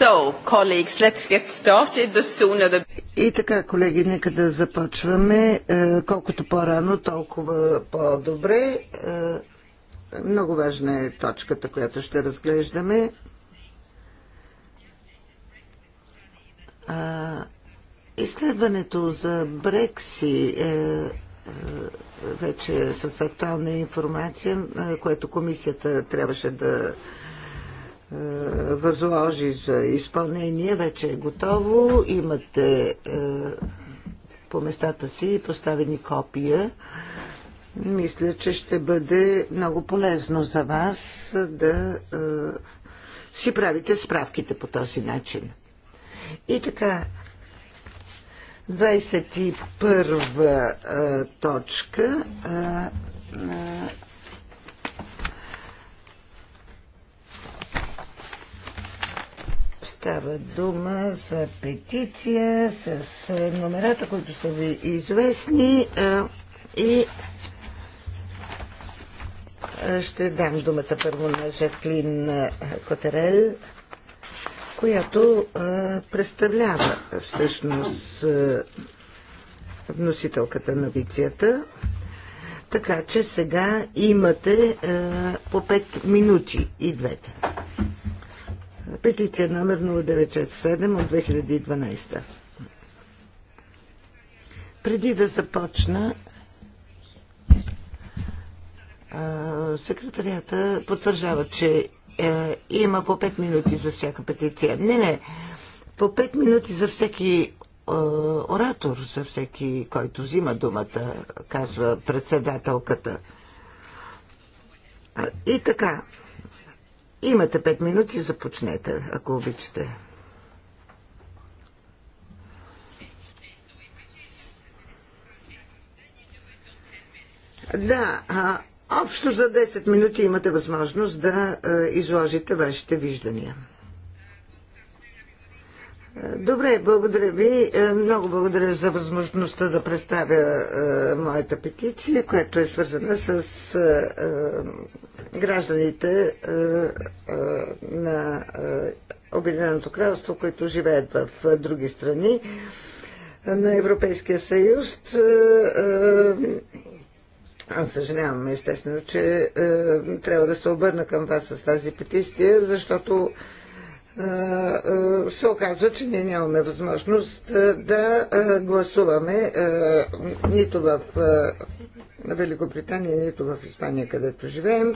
So, colleagues, let's get started. The sooner the... И така, колеги, нека да започваме. Е, колкото по-рано, толкова по-добре. Е, много важна е точката, която ще разглеждаме. Изследването за Брекси е, е вече с актуална информация, което комисията трябваше да е, възложи за изпълнение, вече е готово. Имате е, по местата си поставени копия. Мисля, че ще бъде много полезно за вас да е, си правите справките по този начин. И така, 21 точка Става дума за петиция с е, номерата, които са ви известни е, и е, ще дам думата първо на Жаклин Котерел, която представлява всъщност вносителката на вицията. Така че сега имате по 5 минути и двете. Петиция номер 0967 от 2012. Преди да започна, секретарията потвържава, че е, има по 5 минути за всяка петиция. Не, не. По 5 минути за всеки е, оратор, за всеки, който взима думата, казва председателката. И така, Имате 5 минути, започнете, ако обичате. Да, а, общо за 10 минути имате възможност да а, изложите вашите виждания. Добре, благодаря ви. Е, много благодаря за възможността да представя е, моята петиция, която е свързана с е, гражданите е, е, на е, Обединеното кралство, които живеят в други страни на Европейския съюз. Аз съжалявам, естествено, че е, трябва да се обърна към вас с тази петиция, защото се оказва, че ние нямаме възможност да гласуваме нито в на Великобритания, нито в Испания, където живеем.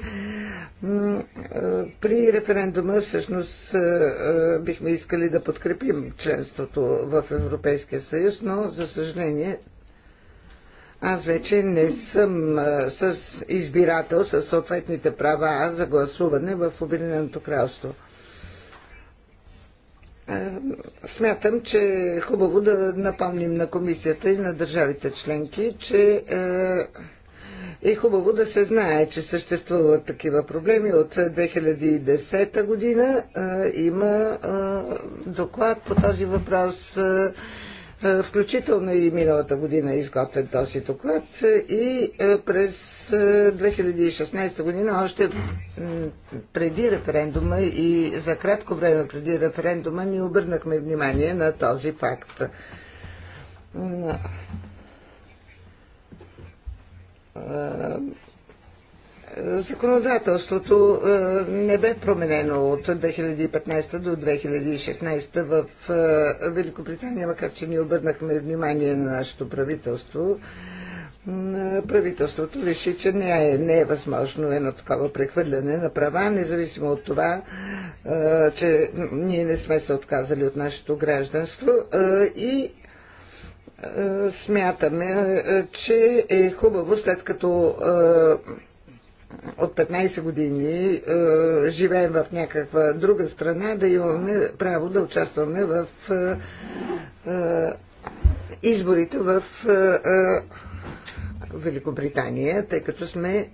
При референдума всъщност бихме искали да подкрепим членството в Европейския съюз, но за съжаление аз вече не съм с избирател, с съответните права за гласуване в Обединеното кралство. Смятам, че е хубаво да напомним на комисията и на държавите членки, че е хубаво да се знае, че съществуват такива проблеми. От 2010 година има доклад по този въпрос. Включително и миналата година е изготвен този доклад и през 2016 година, още преди референдума и за кратко време преди референдума, ни обърнахме внимание на този факт. Е, законодателството е, не бе променено от 2015 до 2016 в е, Великобритания, макар че ние обърнахме внимание на нашето правителство. Правителството реши, че не е, не е възможно едно такова прехвърляне на права, независимо от това, че ние не сме се отказали от нашето гражданство и смятаме, е, че е хубаво след като е, от 15 години е, живеем в някаква друга страна, да имаме право да участваме в е, е, изборите в е, Великобритания, тъй като сме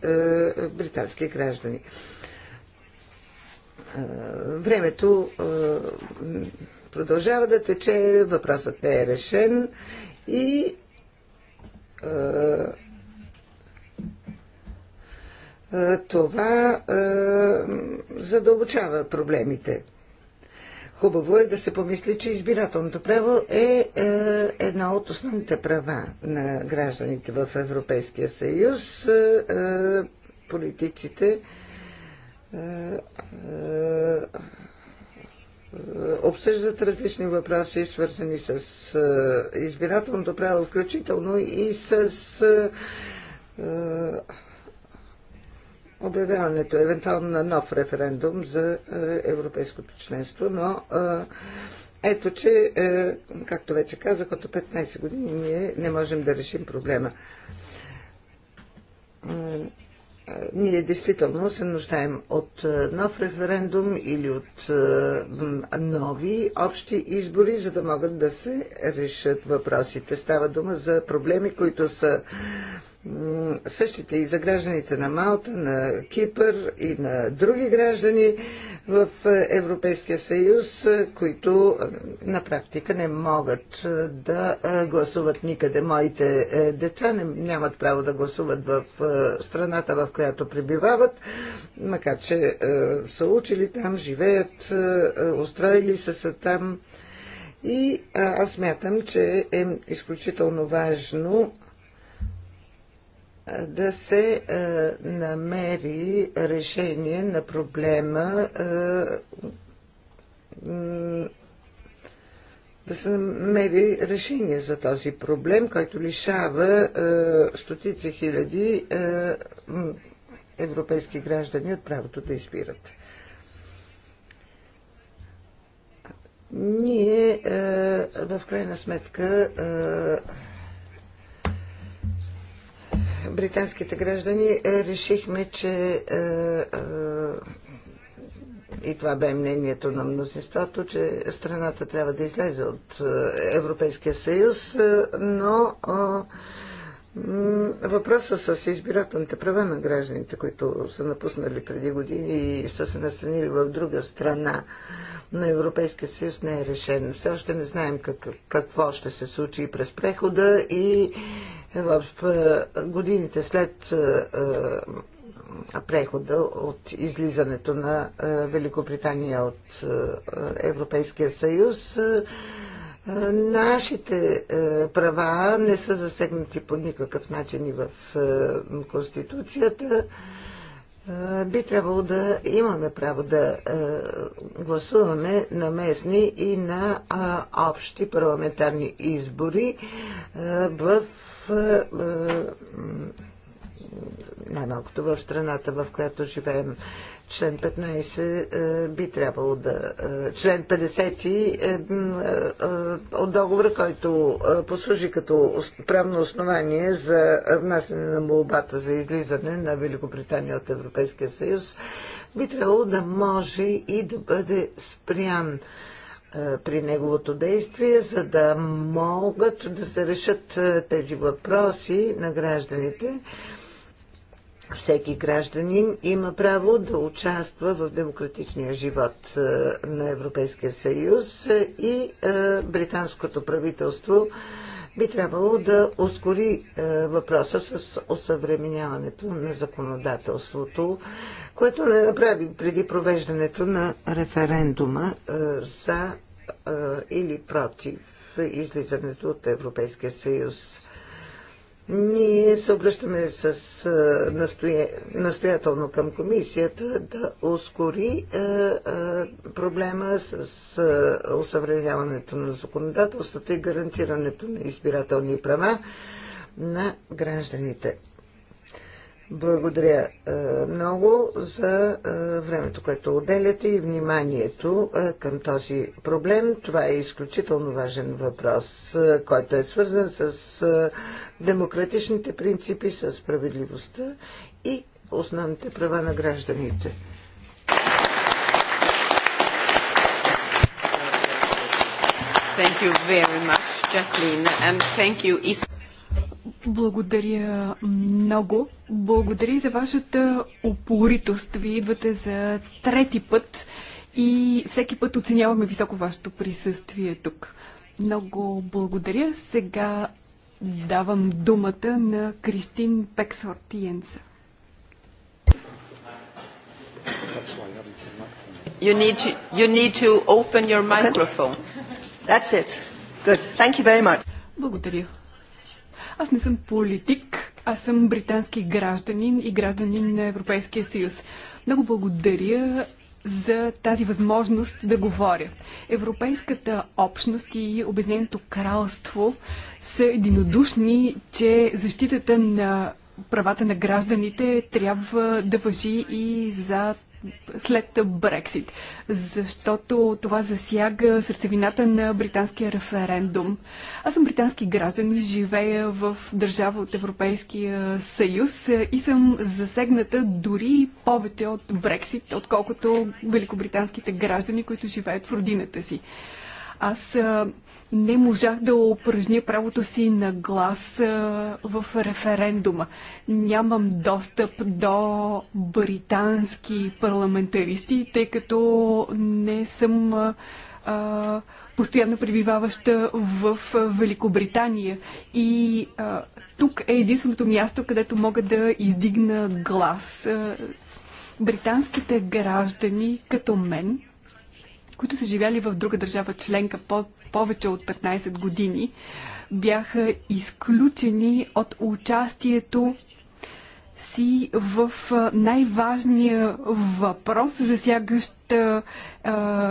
британски граждани. времето продължава да тече, въпросът не е решен и това задълбочава проблемите. Хубаво е да се помисли, че избирателното право е, е една от основните права на гражданите в Европейския съюз. Е, е, политиците е, е, обсъждат различни въпроси, свързани с е, избирателното право, включително и с е, обявяването евентуално на нов референдум за е, европейското членство, но ето, че, както вече казах, от 15 години ние не можем да решим проблема. Е, ние действително се нуждаем от е, нов референдум или от е, нови общи избори, за да могат да се решат въпросите. Става дума за проблеми, които са същите и за гражданите на Малта, на Кипър и на други граждани в е, Европейския съюз, е, които е, на практика не могат да гласуват никъде. Моите деца не, нямат право да гласуват в страната, в която пребивават, макар че са учили там, живеят, устроили се са там. И аз мятам, че е изключително важно да се е, намери решение на проблема е, да се намери решение за този проблем, който лишава е, стотици хиляди европейски граждани от правото да избират. Ние в крайна сметка британските граждани е, решихме, че е, е, и това бе мнението на мнозинството, че страната трябва да излезе от Европейския съюз, но въпросът с избирателните права на гражданите, които са напуснали преди години и са се настанили в друга страна на Европейския съюз не е решен. Все още не знаем как, какво ще се случи и през прехода и в годините след прехода от излизането на Великобритания от Европейския съюз, нашите права не са засегнати по никакъв начин и в Конституцията. Би трябвало да имаме право да гласуваме на местни и на общи парламентарни избори в най-малкото в страната, в която живеем. Член 15 би трябвало да. Член 50 е, от договора, който послужи като правно основание за внасяне на молбата за излизане на Великобритания от Европейския съюз, би трябвало да може и да бъде спрян е, при неговото действие, за да могат да се решат е, тези въпроси на гражданите. Всеки гражданин има право да участва в демократичния живот е, на Европейския съюз и британското правителство би трябвало да ускори въпроса с осъвременяването на законодателството, което не направи преди провеждането на референдума за или против излизането от Европейския съюз. Ние се обръщаме с настоя... настоятелно към комисията да ускори е, е, проблема с е, усъвременяването на законодателството и гарантирането на избирателни права на гражданите. Благодаря е, много за е, времето, което отделяте и вниманието е, към този проблем. Това е изключително важен въпрос, който е свързан с демократичните принципи, с справедливостта и основните права на гражданите. Thank you very much, Jacqueline, and thank you, Isabel. Благодаря много. Благодаря и за вашата упоритост. Вие идвате за трети път и всеки път оценяваме високо вашето присъствие тук. Много благодаря. Сега давам думата на Кристин Пексорт Йенса. You need, to, you need to open your microphone. That's it. Good. Thank you very much. Благодаря. Аз не съм политик, аз съм британски гражданин и гражданин на Европейския съюз. Много благодаря за тази възможност да говоря. Европейската общност и Обединеното кралство са единодушни, че защитата на правата на гражданите трябва да въжи и за след Брексит, защото това засяга сърцевината на британския референдум. Аз съм британски граждан и живея в държава от Европейския съюз и съм засегната дори повече от Брексит, отколкото великобританските граждани, които живеят в родината си. Аз не можах да упражня правото си на глас в референдума. Нямам достъп до британски парламентаристи, тъй като не съм а, постоянно пребиваваща в Великобритания. И а, тук е единственото място, където мога да издигна глас. Британските граждани, като мен, които са живяли в друга държава членка под повече от 15 години, бяха изключени от участието си в най-важния въпрос, засягащ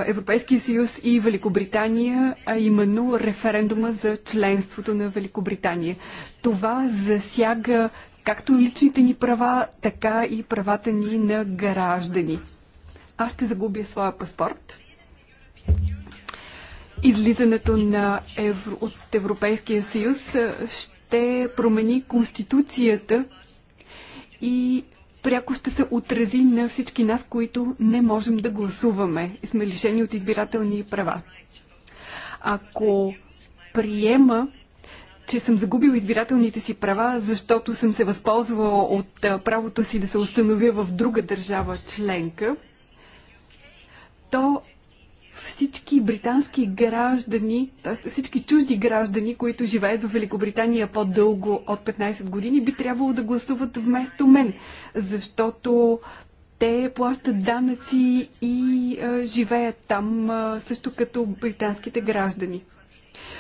Европейския съюз и Великобритания, а именно референдума за членството на Великобритания. Това засяга както личните ни права, така и правата ни на граждани. Аз ще загубя своя паспорт излизането на евро, от Европейския съюз ще промени конституцията и пряко ще се отрази на всички нас, които не можем да гласуваме и сме лишени от избирателни права. Ако приема, че съм загубил избирателните си права, защото съм се възползвала от правото си да се установя в друга държава членка, то всички британски граждани, т.е. всички чужди граждани, които живеят в Великобритания по-дълго от 15 години, би трябвало да гласуват вместо мен, защото те плащат данъци и а, живеят там а, също като британските граждани.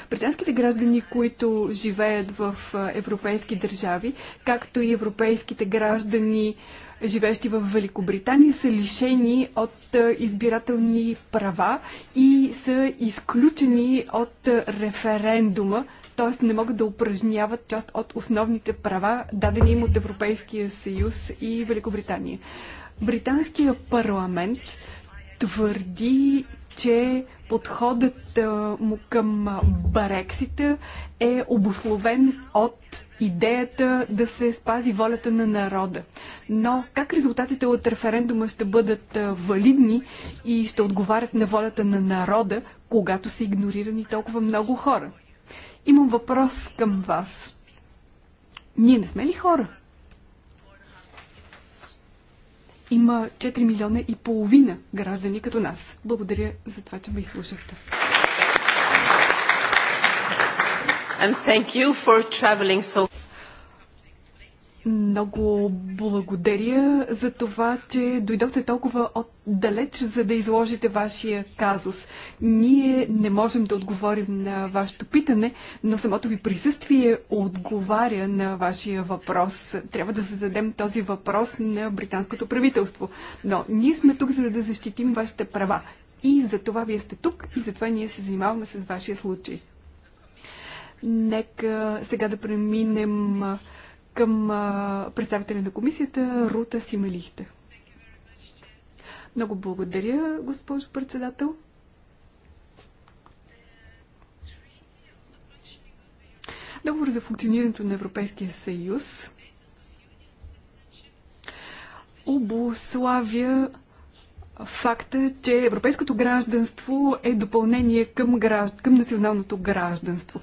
Британските граждани, които живеят в европейски държави, както и европейските граждани, живещи в Великобритания, са лишени от избирателни права и са изключени от референдума, т.е. не могат да упражняват част от основните права, дадени им от Европейския съюз и Великобритания. Британския парламент твърди, че подходът му към Барексита е обословен от идеята да се спази волята на народа. Но как резултатите от референдума ще бъдат валидни и ще отговарят на волята на народа, когато са игнорирани толкова много хора? Имам въпрос към вас. Ние не сме ли хора? има 4 милиона и половина граждани като нас. Благодаря за това, че ме изслушахте. And thank you for traveling so много благодаря за това, че дойдохте толкова отдалеч, за да изложите вашия казус. Ние не можем да отговорим на вашето питане, но самото ви присъствие отговаря на вашия въпрос. Трябва да зададем този въпрос на британското правителство. Но ние сме тук, за да защитим вашите права. И за това вие сте тук и за това ние се занимаваме с вашия случай. Нека сега да преминем към представители на комисията Рута Симелихте. Много благодаря, госпожо председател. Договор за функционирането на Европейския съюз обославя факта, че европейското гражданство е допълнение към, гражд... към националното гражданство.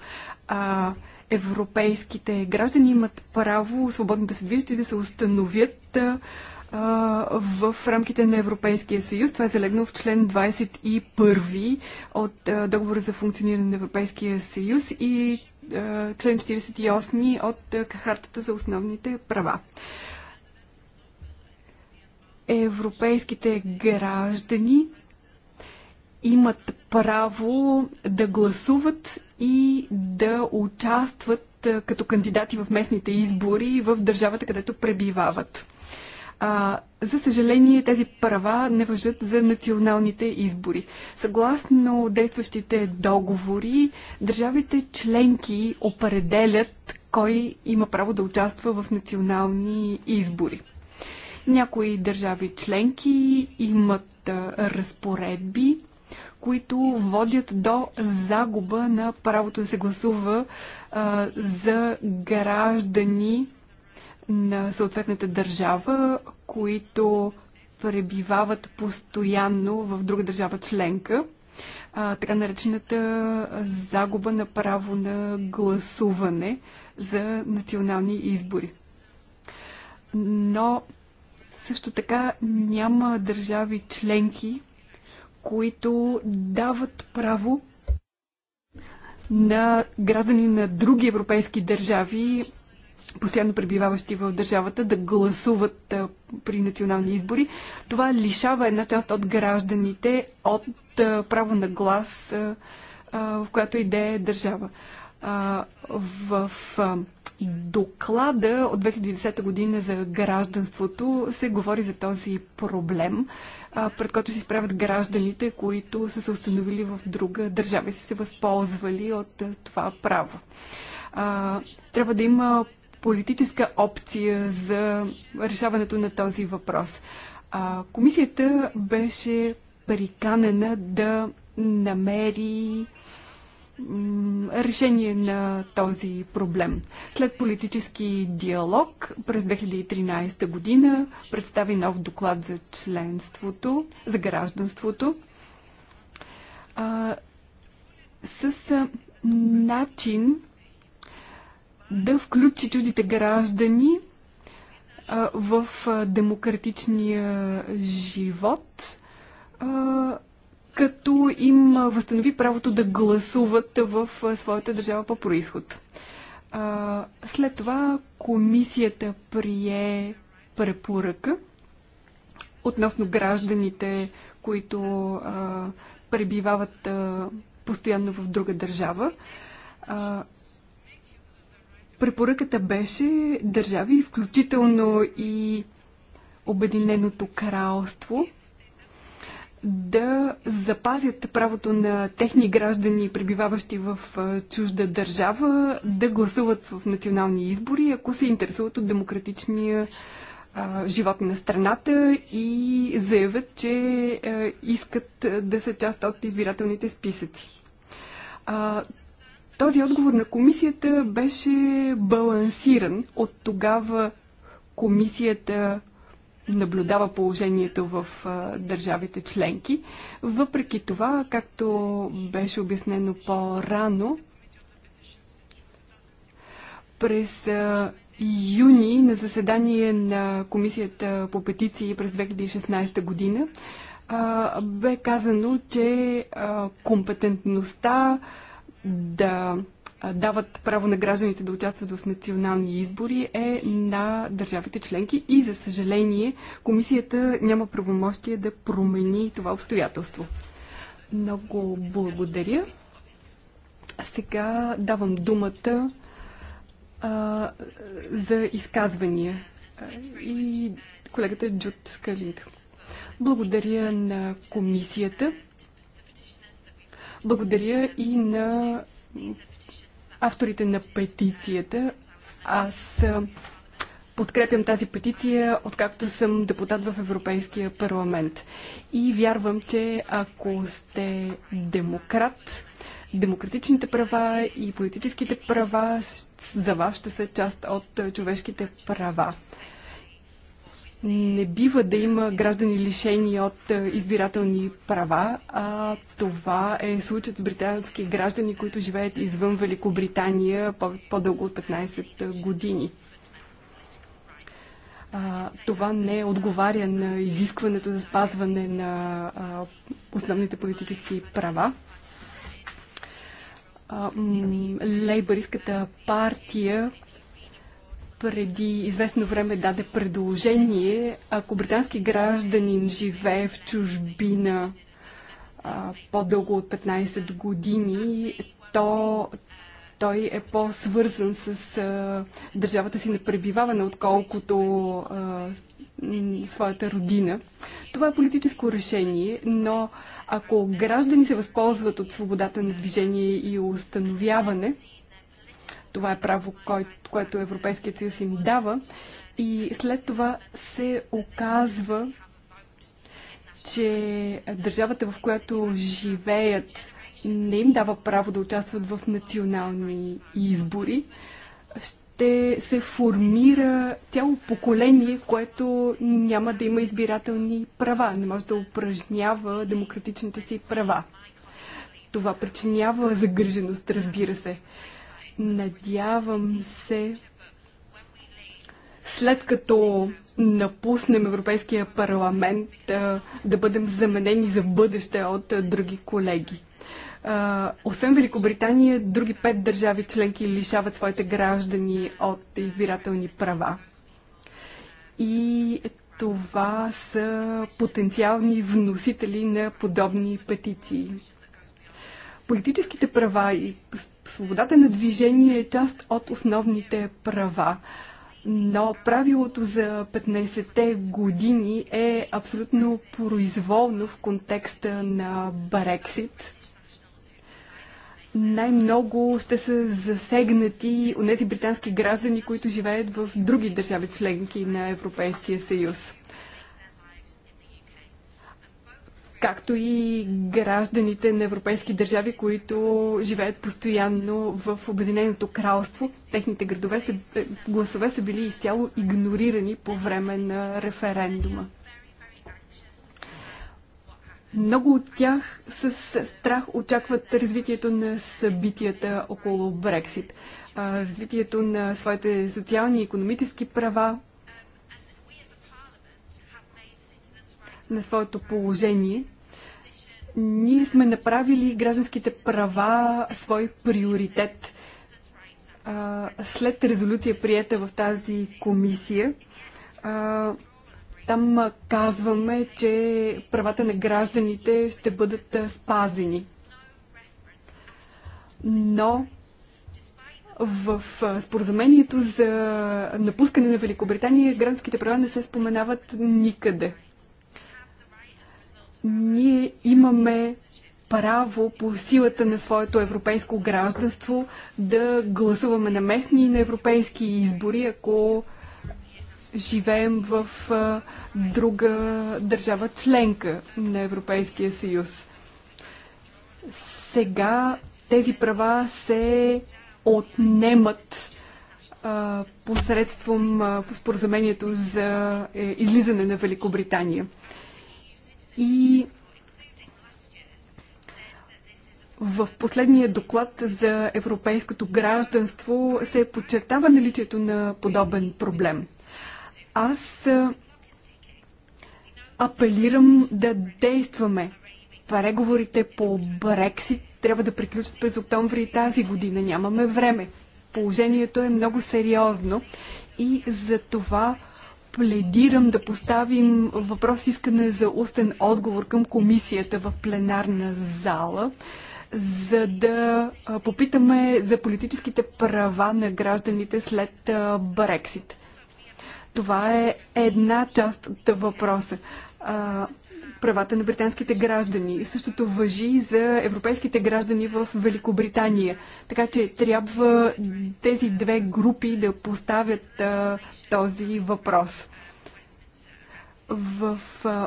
А, европейските граждани имат право свободно да се движат и да се установят в рамките на Европейския съюз. Това е залегнало в член 21 от договора за функциониране на Европейския съюз и член 48 от Хартата за основните права. Европейските граждани имат право да гласуват и да участват като кандидати в местните избори в държавата, където пребивават. А, за съжаление, тези права не въжат за националните избори. Съгласно действащите договори, държавите членки определят кой има право да участва в национални избори. Някои държави членки имат а, разпоредби, които водят до загуба на правото да се гласува а, за граждани на съответната държава, които пребивават постоянно в друга държава членка. А, така наречената загуба на право на гласуване за национални избори. Но също така няма държави членки, които дават право на граждани на други европейски държави, постоянно пребиваващи в държавата, да гласуват при национални избори. Това лишава една част от гражданите от право на глас, в която идея е държава. В доклада от 2010 година за гражданството се говори за този проблем пред който се изправят гражданите, които са се установили в друга държава и са се възползвали от това право. Трябва да има политическа опция за решаването на този въпрос. Комисията беше приканена да намери решение на този проблем. След политически диалог през 2013 година представи нов доклад за членството, за гражданството, а, с а, начин да включи чудите граждани а, в а, демократичния живот а, като им възстанови правото да гласуват в своята държава по происход. След това комисията прие препоръка относно гражданите, които пребивават постоянно в друга държава. препоръката беше държави, включително и Обединеното кралство, да запазят правото на техни граждани, пребиваващи в чужда държава, да гласуват в национални избори, ако се интересуват от демократичния живот на страната и заявят, че искат да са част от избирателните списъци. Този отговор на комисията беше балансиран. От тогава комисията наблюдава положението в а, държавите членки. Въпреки това, както беше обяснено по-рано, през а, юни на заседание на Комисията по петиции през 2016 година а, бе казано, че компетентността да дават право на гражданите да участват в национални избори е на държавите членки и за съжаление комисията няма правомощие да промени това обстоятелство. Много благодаря. Сега давам думата а, за изказвания и колегата Джуд Калинг. Благодаря на комисията. Благодаря и на авторите на петицията. Аз подкрепям тази петиция, откакто съм депутат в Европейския парламент. И вярвам, че ако сте демократ, демократичните права и политическите права за вас ще са част от човешките права не бива да има граждани лишени от е, избирателни права, а това е случат с британски граждани, които живеят извън Великобритания по-дълго от 15 години. това не отговаря на изискването за спазване на основните политически права. А, лейбористската партия преди известно време даде предложение, ако британски гражданин живее в чужбина по-дълго от 15 години, то той е по-свързан с а, държавата си на пребиваване, отколкото а, своята родина. Това е политическо решение, но ако граждани се възползват от свободата на движение и установяване, това е право, кое, което Европейският съюз им дава. И след това се оказва, че държавата, в която живеят, не им дава право да участват в национални избори. Ще се формира цяло поколение, което няма да има избирателни права, не може да упражнява демократичните си права. Това причинява загриженост, разбира се. Надявам се, след като напуснем Европейския парламент, да бъдем заменени за бъдеще от други колеги. Освен Великобритания, други пет държави членки лишават своите граждани от избирателни права. И това са потенциални вносители на подобни петиции. Политическите права и Свободата на движение е част от основните права, но правилото за 15-те години е абсолютно произволно в контекста на Брексит. Най-много ще са засегнати от тези британски граждани, които живеят в други държави членки на Европейския съюз. както и гражданите на европейски държави, които живеят постоянно в Обединеното кралство. Техните градове са, е, гласове са били изцяло игнорирани по време на референдума. Много от тях с страх очакват развитието на събитията около Брексит. Развитието на своите социални и економически права, на своето положение. Ние сме направили гражданските права свой приоритет. След резолюция приета в тази комисия, там казваме, че правата на гражданите ще бъдат спазени. Но в споразумението за напускане на Великобритания гражданските права не се споменават никъде ние имаме право по силата на своето европейско гражданство да гласуваме на местни и на европейски избори, ако живеем в друга държава членка на Европейския съюз. Сега тези права се отнемат а, посредством а, споразумението за е, излизане на Великобритания. И в последния доклад за европейското гражданство се подчертава наличието на подобен проблем. Аз апелирам да действаме. Преговорите по Брексит трябва да приключат през октомври тази година. Нямаме време. Положението е много сериозно и за това пледирам да поставим въпрос искане за устен отговор към комисията в пленарна зала, за да попитаме за политическите права на гражданите след Брексит. Това е една част от въпроса. Правата на британските граждани. Същото въжи и за европейските граждани в Великобритания. Така че трябва тези две групи да поставят този въпрос. В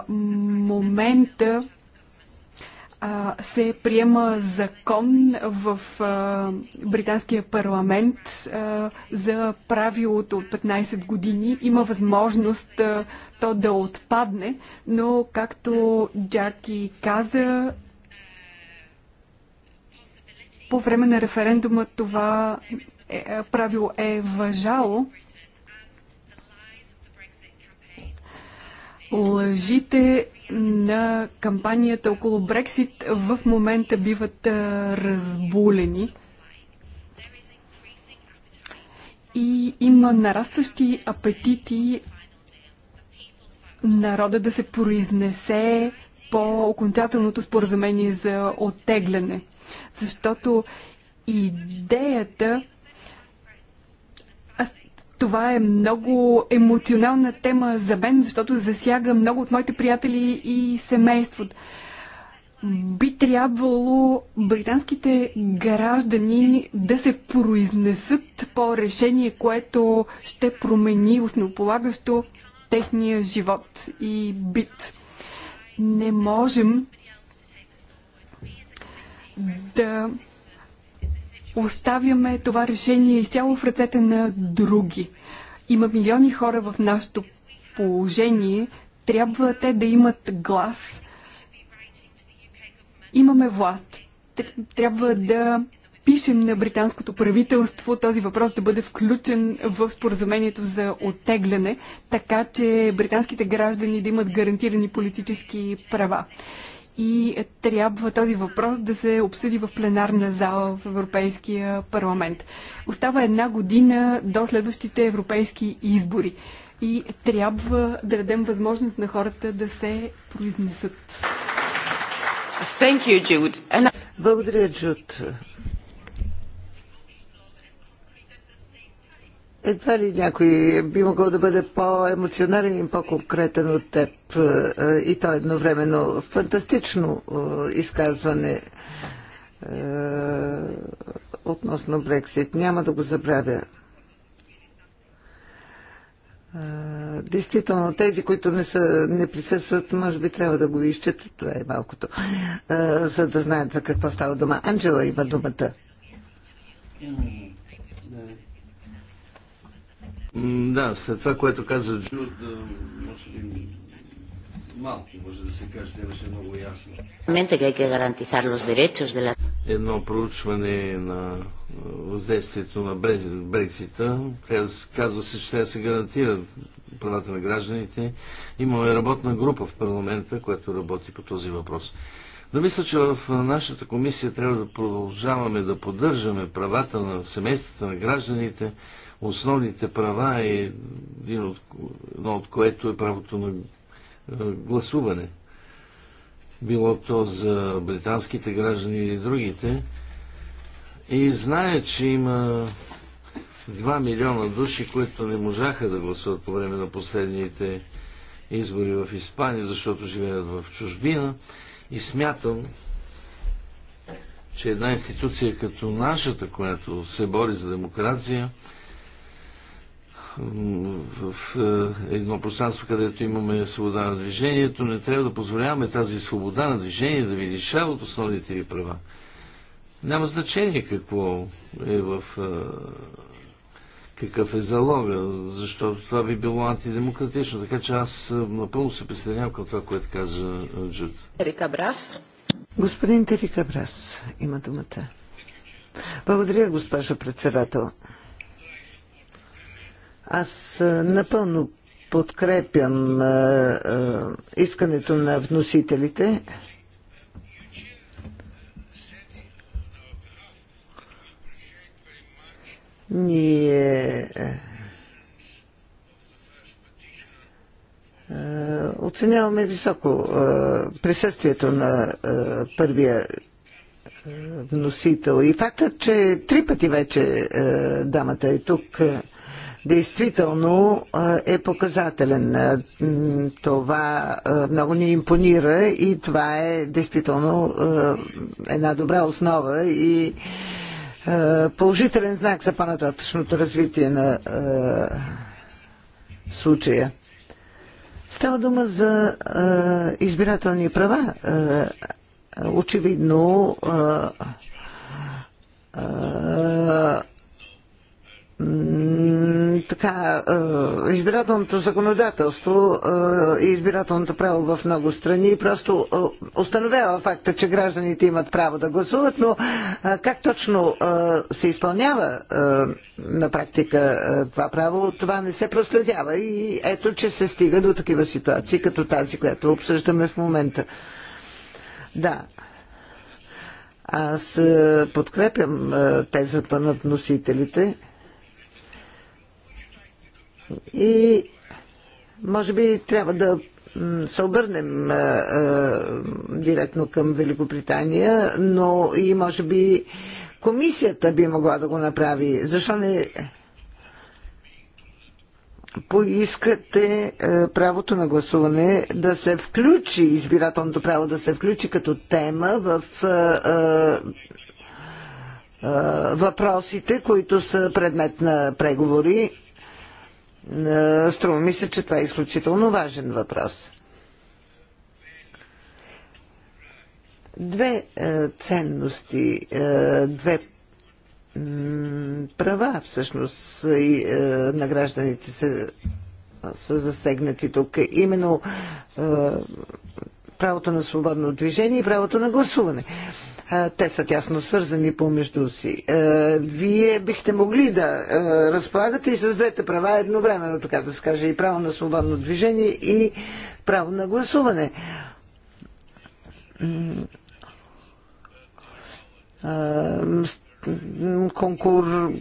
момента се приема закон в британския парламент за правилото от 15 години. Има възможност то да отпадне, но както Джаки каза, по време на референдума това е, правило е въжало. лъжите на кампанията около Брексит в момента биват разбулени. И има нарастващи апетити народа да се произнесе по окончателното споразумение за оттегляне. Защото идеята това е много емоционална тема за мен, защото засяга много от моите приятели и семейството. Би трябвало британските граждани да се произнесат по решение, което ще промени основополагащо техния живот и бит. Не можем да оставяме това решение изцяло в ръцете на други. Има милиони хора в нашето положение. Трябва те да имат глас. Имаме власт. Трябва да пишем на британското правителство този въпрос да бъде включен в споразумението за оттегляне, така че британските граждани да имат гарантирани политически права и трябва този въпрос да се обсъди в пленарна зала в Европейския парламент. Остава една година до следващите европейски избори и трябва да дадем възможност на хората да се произнесат. Благодаря, Джуд. Едва ли някой би могъл да бъде по-емоционален и по-конкретен от теб е, е, и то едновременно. Фантастично е, изказване относно Брексит. Няма да го забравя. Действително, тези, които не, са, не присъстват, може би трябва да го изчетат, това е малкото, за да знаят за какво става дума. Анджела има думата. Да, след това, което каза Джуд, може би малко може да се каже, не беше много ясно. Едно проучване на въздействието на Брексита. Казва се, че трябва да се гарантират правата на гражданите. Имаме работна група в парламента, която работи по този въпрос. Но мисля, че в нашата комисия трябва да продължаваме да поддържаме правата на семействата на гражданите, основните права е едно от което е правото на гласуване. Било то за британските граждани или другите. И знае, че има 2 милиона души, които не можаха да гласуват по време на последните избори в Испания, защото живеят в чужбина. И смятам, че една институция като нашата, която се бори за демокрация, в е, едно пространство, където имаме свобода на движението, не трябва да позволяваме тази свобода на движение да ви лишава от основните ви права. Няма значение какво е в е, какъв е залога, защото това би било антидемократично. Така че аз е, напълно се присъединявам към това, което каза Джуд. Терика Брас. Господин Терика Брас има думата. Благодаря, госпожо председател. Аз напълно подкрепям искането на вносителите. Ние оценяваме високо присъствието на първия вносител и фактът, че три пъти вече дамата е тук действително е показателен. Това много ни импонира и това е действително една добра основа и положителен знак за по-нататъчното развитие на случая. Става дума за избирателни права. Очевидно така, е, избирателното законодателство е, и избирателното право в много страни просто е, установява факта, че гражданите имат право да гласуват, но как точно се изпълнява на практика това право, това не се проследява и ето, че се стига до такива ситуации, като тази, която обсъждаме в момента. Да. Аз подкрепям тезата на вносителите. И може би трябва да се обърнем а, а, директно към Великобритания, но и може би комисията би могла да го направи. Защо не поискате а, правото на гласуване да се включи, избирателното право да се включи като тема в. А, а, въпросите, които са предмет на преговори е, струва ми се, че това е изключително важен въпрос. Две е, ценности, е, две права всъщност на гражданите са, са засегнати тук. Именно правото на свободно движение и правото на гласуване. Те са тясно свързани помежду си. Вие бихте могли да разполагате и с двете права едновременно, така да се каже, и право на свободно движение, и право на гласуване. Конкур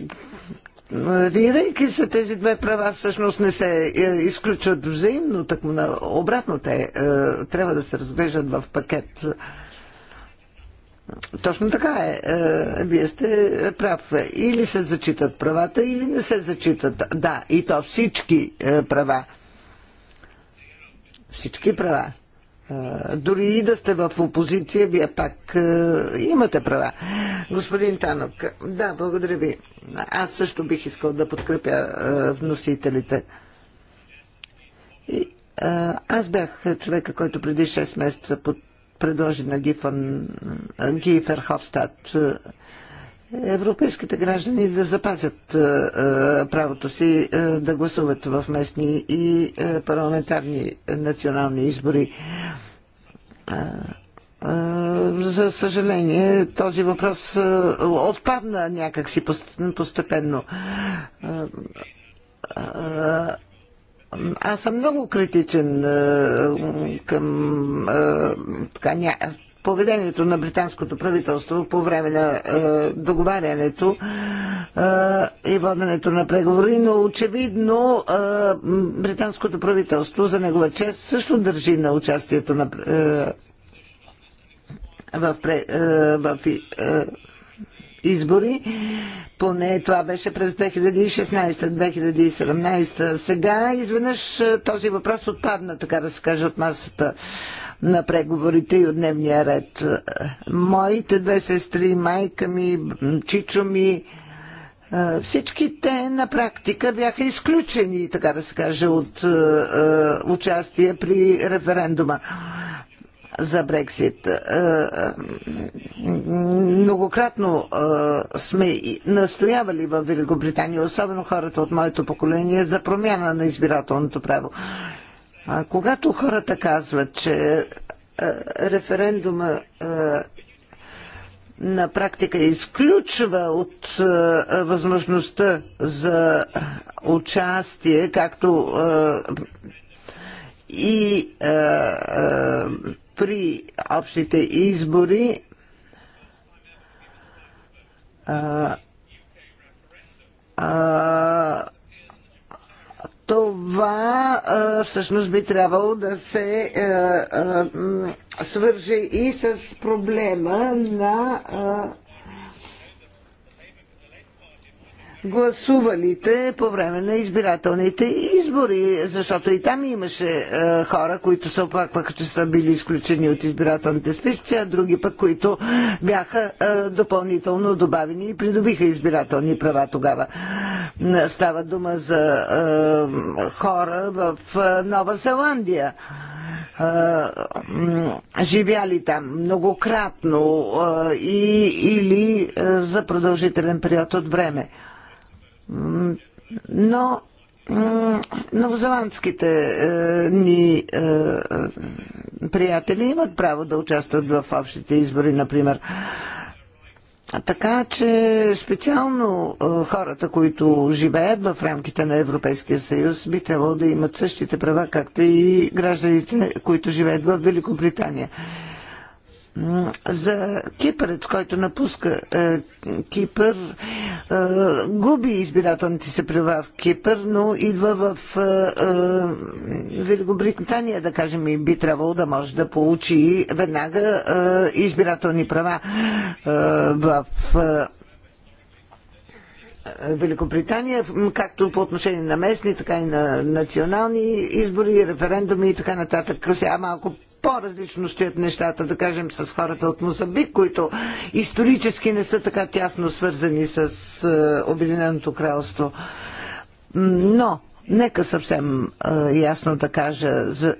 Рирайки се тези две права, всъщност не се е, изключват взаимно, так обратно те е, трябва да се разглеждат в пакет. Точно така е. е. Вие сте прав. Или се зачитат правата, или не се зачитат. Да, и то всички е, права. Всички права. Е, дори и да сте в опозиция, вие пак имате права. Господин Танок, да, благодаря ви. Аз също бих искал да подкрепя вносителите. И, аз бях човека, който преди 6 месеца под предложи на Гифон, Ги Ферховстад. Европейските граждани да запазят е, е, правото си е, да гласуват в местни и парламентарни национални избори. За съжаление, този въпрос отпадна някакси постепенно аз съм много критичен а, към а, така, ня, поведението на британското правителство по време на а, договарянето а, и воденето на преговори, но очевидно а, британското правителство за негова чест също държи на участието на, а, в, а, в а, избори. Поне това беше през 2016-2017. Сега изведнъж този въпрос отпадна, така да се каже, от масата на преговорите и от дневния ред. Моите две сестри, майка ми, чичо ми, всички те на практика бяха изключени, така да се каже, от участие при референдума за Брексит. Е, многократно е, сме настоявали в Великобритания, особено хората от моето поколение, за промяна на избирателното право. Когато хората казват, че е, референдума на практика изключва от възможността за участие, както и при общите избори а, а, това а, всъщност би трябвало да се а, а, свърже и с проблема на а, гласувалите по време на избирателните избори, защото и там имаше е, хора, които се оплакваха, че са били изключени от избирателните списъци, а други пък, които бяха е, допълнително добавени и придобиха избирателни права тогава. Става дума за е, хора в е, Нова Зеландия е, живяли там многократно е, и, или е, за продължителен период от време. Но новозеландските е, ни е, е, приятели имат право да участват в общите избори, например. Така че специално е, хората, които живеят в рамките на Европейския съюз, би трябвало да имат същите права, както и гражданите, които живеят в Великобритания за кипърец, който напуска е, Кипър, е, губи избирателните си права в Кипър, но идва в е, е, Великобритания, да кажем, и би трябвало да може да получи веднага е, избирателни права е, в. Е, Великобритания, както по отношение на местни, така и на национални избори, референдуми и така нататък. Сега малко по-различно стоят нещата, да кажем, с хората от Мозамбик, които исторически не са така тясно свързани с е, Обединеното кралство. Но Нека съвсем е, ясно да кажа, за,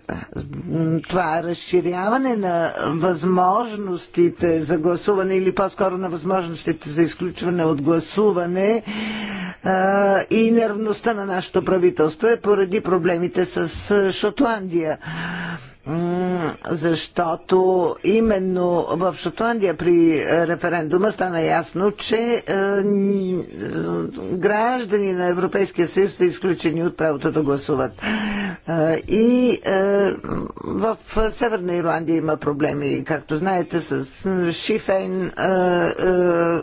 това разширяване на възможностите за гласуване или по-скоро на възможностите за изключване от гласуване е, и нервността на нашето правителство е поради проблемите с Шотландия защото именно в Шотландия при е, референдума стана ясно, че е, граждани на Европейския съюз са изключени от правото да гласуват. Е, и в Северна Ирландия има проблеми, както знаете, с Шифейн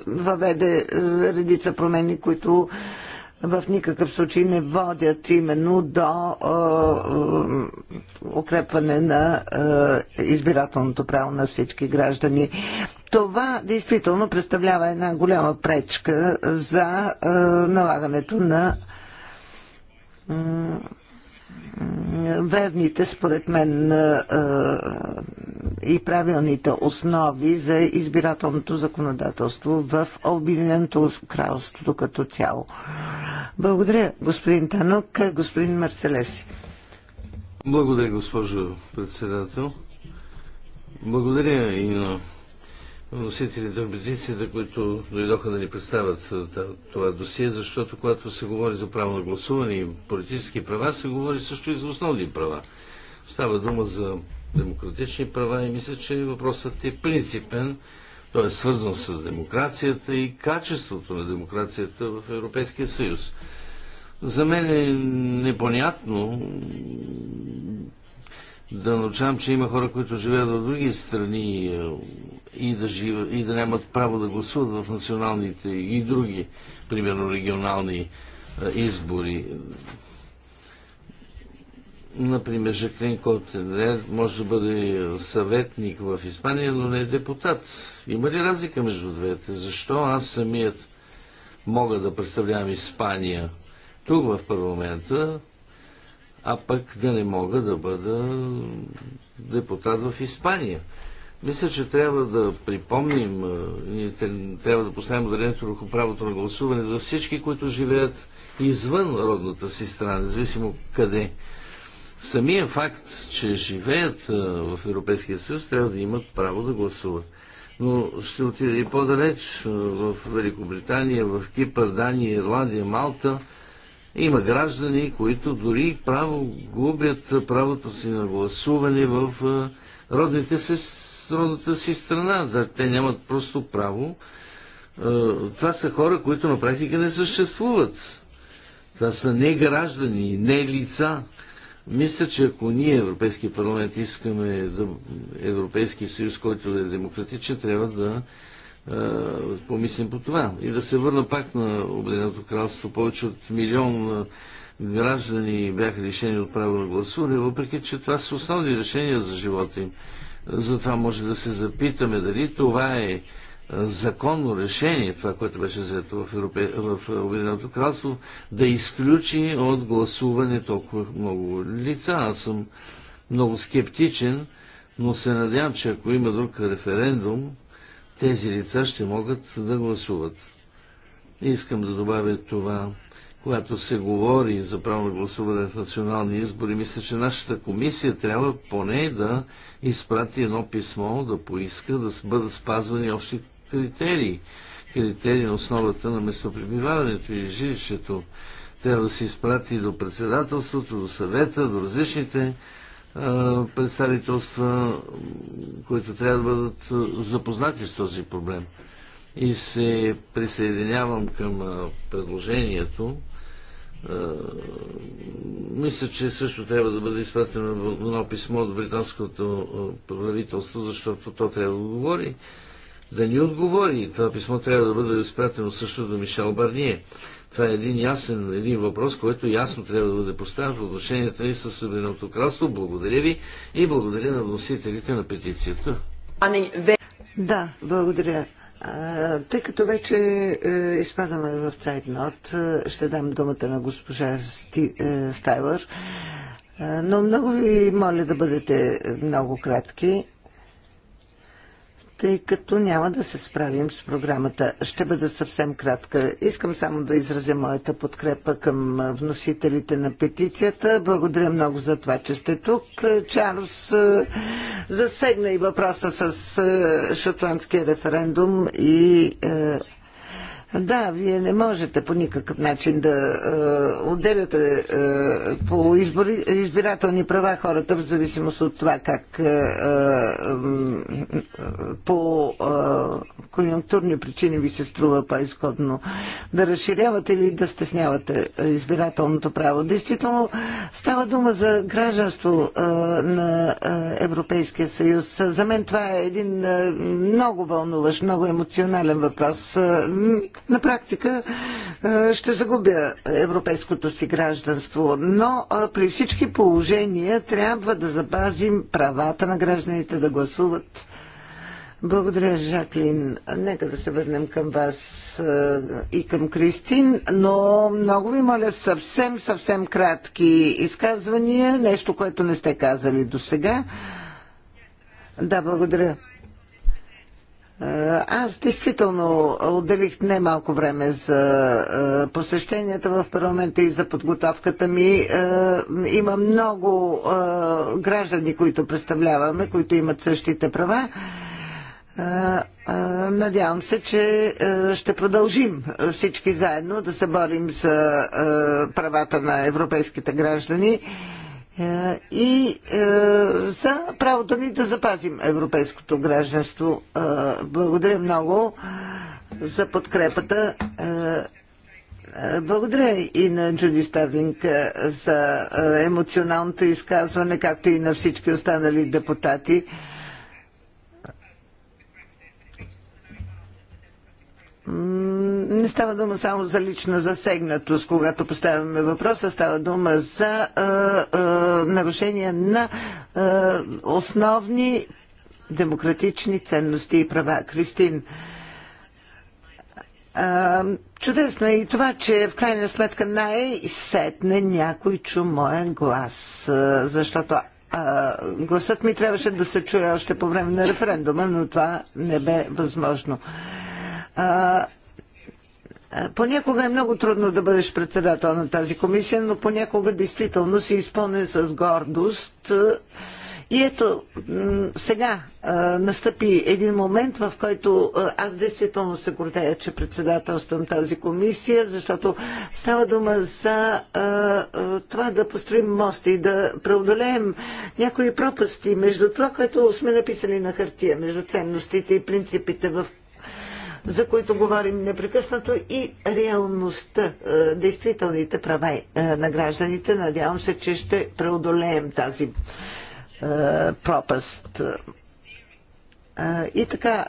въведе редица промени, които в никакъв случай не водят именно до е, укрепване на е, избирателното право на всички граждани. Това действително представлява една голяма пречка за е, налагането на верните, според мен, и правилните основи за избирателното законодателство в Обединеното кралство като цяло. Благодаря, господин Танок, господин Марселевси. Благодаря, госпожо председател. Благодаря и на носителите на петицията, които дойдоха да ни представят е, това досие, защото когато се говори за право на гласуване и политически права, се говори също и за основни права. Става дума за демократични права и мисля, че въпросът е принципен. Той е свързан с демокрацията и качеството на демокрацията в Европейския съюз. За мен е непонятно да научавам, че има хора, които живеят в други страни е, и да, жива, и да нямат право да гласуват в националните и други, примерно регионални е, избори. Например, Жаклин Котенер може да бъде съветник в Испания, но не е депутат. Има ли разлика между двете? Защо аз самият мога да представлявам Испания тук в парламента, а пък да не мога да бъда депутат в Испания. Мисля, че трябва да припомним, трябва да поставим ударението върху правото на гласуване за всички, които живеят извън родната си страна, независимо къде. Самия факт, че живеят в Европейския съюз, трябва да имат право да гласуват. Но ще отида и по-далеч в Великобритания, в Кипър, Дания, Ирландия, Малта – има граждани, които дори право губят правото си на гласуване в родните си, родната си страна. Да, те нямат просто право. Това са хора, които на практика не съществуват. Това са не граждани, не лица. Мисля, че ако ние, Европейския парламент, искаме да, Европейски съюз, който да е демократичен, трябва да е, помислим по това. И да се върна пак на Обединеното кралство. Повече от милион е, граждани бяха решени от право на гласуване, въпреки че това са основни решения за живота им. Затова може да се запитаме дали това е, е законно решение, това, което беше взето в, Европе... в Обединеното кралство, да изключи от гласуване толкова много лица. Аз съм много скептичен, но се надявам, че ако има друг референдум, тези лица ще могат да гласуват. Искам да добавя това, когато се говори за право на гласуване в национални избори, мисля, че нашата комисия трябва поне да изпрати едно писмо, да поиска да бъдат спазвани още критерии. Критерии на основата на местопребиваването и жилището. Трябва да се изпрати до председателството, до съвета, до различните представителства, които трябва да бъдат запознати с този проблем. И се присъединявам към предложението. Мисля, че също трябва да бъде изпратено едно писмо от британското правителство, защото то трябва да говори, да ни отговори. Това писмо трябва да бъде изпратено също до Мишел Барние. Това е един ясен един въпрос, който ясно трябва да бъде поставен в отношенията ни с Съединеното кралство. Благодаря ви и благодаря на вносителите на петицията. Да, благодаря. Тъй като вече е, изпадаме в цайтнот, е, ще дам думата на госпожа Сти, е, Стайлър. Но много ви моля да бъдете много кратки тъй като няма да се справим с програмата. Ще бъда съвсем кратка. Искам само да изразя моята подкрепа към вносителите на петицията. Благодаря много за това, че сте тук. Чарлз е, засегна и въпроса с е, шотландския референдум и е, да, вие не можете по никакъв начин да е, отделяте е, по избори, избирателни права хората в зависимост от това как е, е, по е, конъюнктурни причини ви се струва по-изходно да разширявате или да стеснявате избирателното право. Действително става дума за гражданство е, на е, Европейския съюз. За мен това е един е, много вълнуващ, много емоционален въпрос на практика ще загубя европейското си гражданство. Но при всички положения трябва да запазим правата на гражданите да гласуват. Благодаря, Жаклин. Нека да се върнем към вас и към Кристин, но много ви моля съвсем, съвсем кратки изказвания, нещо, което не сте казали до сега. Да, благодаря. Е, аз действително отделих немалко време за е, посещенията в парламента и за подготовката ми. Е, има много граждани, които представляваме, които имат същите права. Надявам се, че ще продължим всички заедно да се борим за правата на европейските граждани е, и е, за правото ни да запазим европейското гражданство. Е, благодаря много за подкрепата. Благодаря и на Джуди Старлинг за емоционалното изказване, както и на всички останали депутати. Не става дума само за лична засегнатост, когато поставяме въпроса, става дума за а, а, нарушения на а, основни демократични ценности и права. Кристин, а, чудесно е и това, че в крайна сметка най-сетне някой чу моя глас, а, защото а, гласът ми трябваше да се чуе още по време на референдума, но това не бе възможно. А, понякога е много трудно да бъдеш председател на тази комисия, но понякога действително си изпълнен с гордост. И ето, сега настъпи един момент, в който аз действително се гордея, че председателствам тази комисия, защото става дума за това да построим мости и да преодолеем някои пропасти между това, което сме написали на хартия, между ценностите и принципите, в за които говорим непрекъснато и реалността, е, действителните права е, на гражданите. Надявам се, че ще преодолеем тази е, пропаст. И така,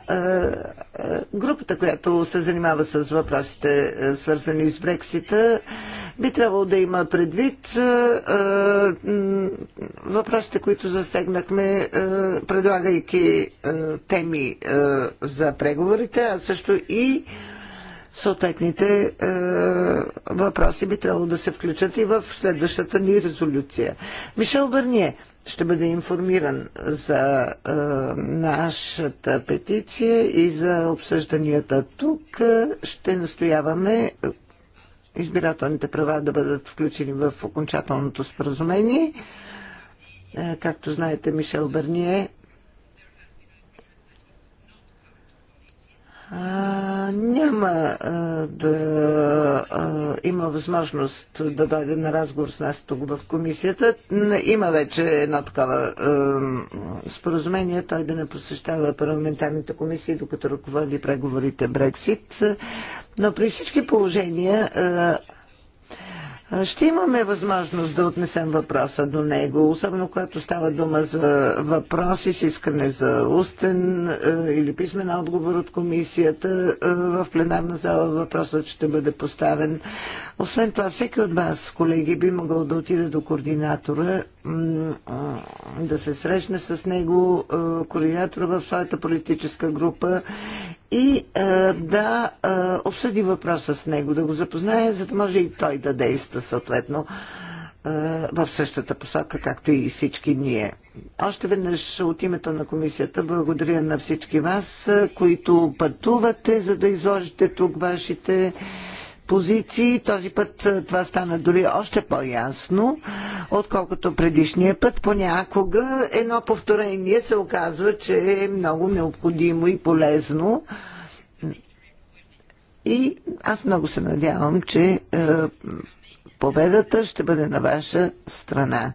групата, която се занимава с въпросите, свързани с Брексита, би трябвало да има предвид въпросите, които засегнахме, предлагайки теми за преговорите, а също и съответните е, въпроси би трябвало да се включат и в следващата ни резолюция. Мишел Бърние ще бъде информиран за е, нашата петиция и за обсъжданията тук. Е, ще настояваме избирателните права да бъдат включени в окончателното споразумение. Е, както знаете, Мишел Бърние няма да има възможност да дойде на разговор с нас тук в комисията. Има вече едно такова споразумение, той да не посещава парламентарните комисии, докато ръководи преговорите Брексит. Но при всички положения ще имаме възможност да отнесем въпроса до него, особено когато става дума за въпроси с искане за устен е, или писмен отговор от комисията. Е, в пленарна зала въпросът ще бъде поставен. Освен това, всеки от вас, колеги, би могъл да отиде до координатора, е, да се срещне с него, координатора в своята политическа група и е, да е, обсъди въпроса с него, да го запознае, за да може и той да действа съответно е, в същата посока, както и всички ние. Още веднъж от името на комисията благодаря на всички вас, които пътувате, за да изложите тук вашите позиции. Този път това стана дори още по-ясно, отколкото предишния път. Понякога едно повторение се оказва, че е много необходимо и полезно. И аз много се надявам, че е, победата ще бъде на ваша страна.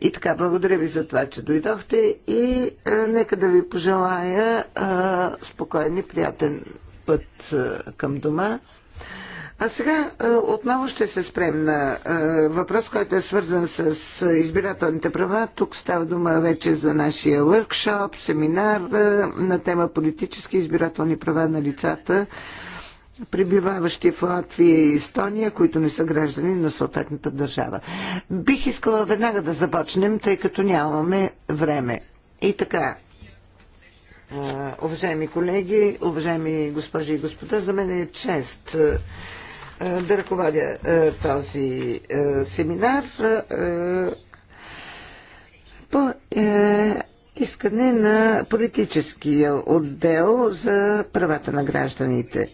И така, благодаря ви за това, че дойдохте и е, нека да ви пожелая е, и приятен път към дома. А сега отново ще се спрем на въпрос, който е свързан с избирателните права. Тук става дума вече за нашия въркшоп, семинар на тема политически избирателни права на лицата, пребиваващи в Латвия и Естония, които не са граждани на съответната държава. Бих искала веднага да започнем, тъй като нямаме време. И така, Уважаеми колеги, уважаеми госпожи и господа, за мен е чест да ръководя този семинар по е, искане на политическия отдел за правата на гражданите.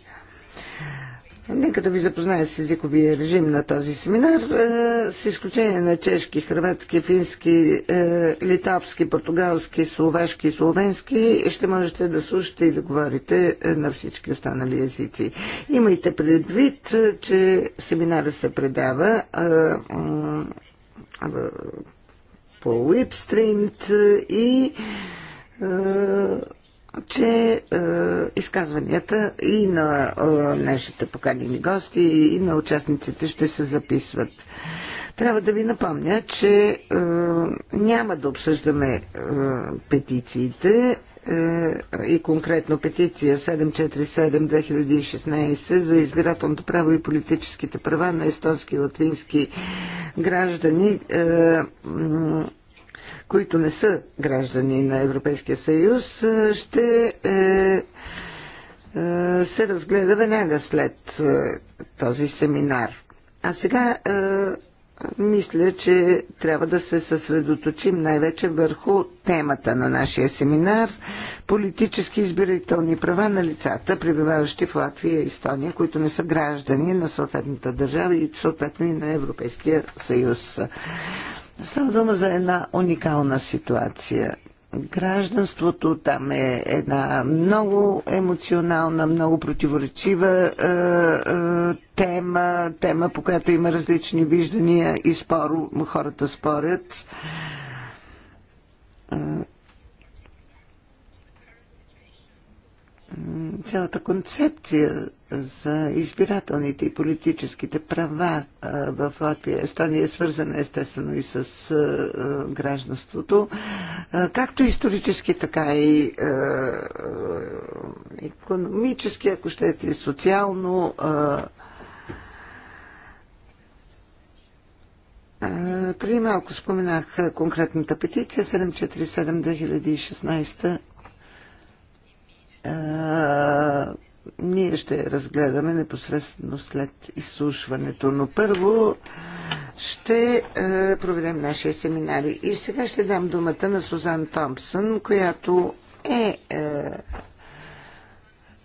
Нека да ви запозная с езиковия режим на този семинар, е, с изключение на чешки, хрватски, фински, е, литавски, португалски, словашки и словенски. Ще можете да слушате и да говорите е, на всички останали езици. Имайте предвид, че семинара се предава по уипстримт и че е, изказванията и на е, нашите поканени гости, и на участниците ще се записват. Трябва да ви напомня, че е, няма да обсъждаме е, петициите е, и конкретно петиция 747-2016 за избирателното право и политическите права на естонски и латвински граждани. Е, които не са граждани на Европейския съюз, ще е, е, се разгледа веднага след е, този семинар. А сега е, мисля, че трябва да се съсредоточим най-вече върху темата на нашия семинар политически избирателни права на лицата, пребиваващи в Латвия и Естония, които не са граждани на съответната държава и съответно и на Европейския съюз. Става дума за една уникална ситуация. Гражданството там е една много емоционална, много противоречива е, е, тема, тема по която има различни виждания и спор, хората спорят. Е, цялата концепция за избирателните и политическите права в Латвия, и Естония е свързана естествено и с гражданството, както исторически, така и економически, ако щете, и социално. Преди малко споменах конкретната петиция 747-2016 ние ще разгледаме непосредствено след изслушването. Но първо ще проведем нашия семинар. И сега ще дам думата на Сузан Томпсън, която е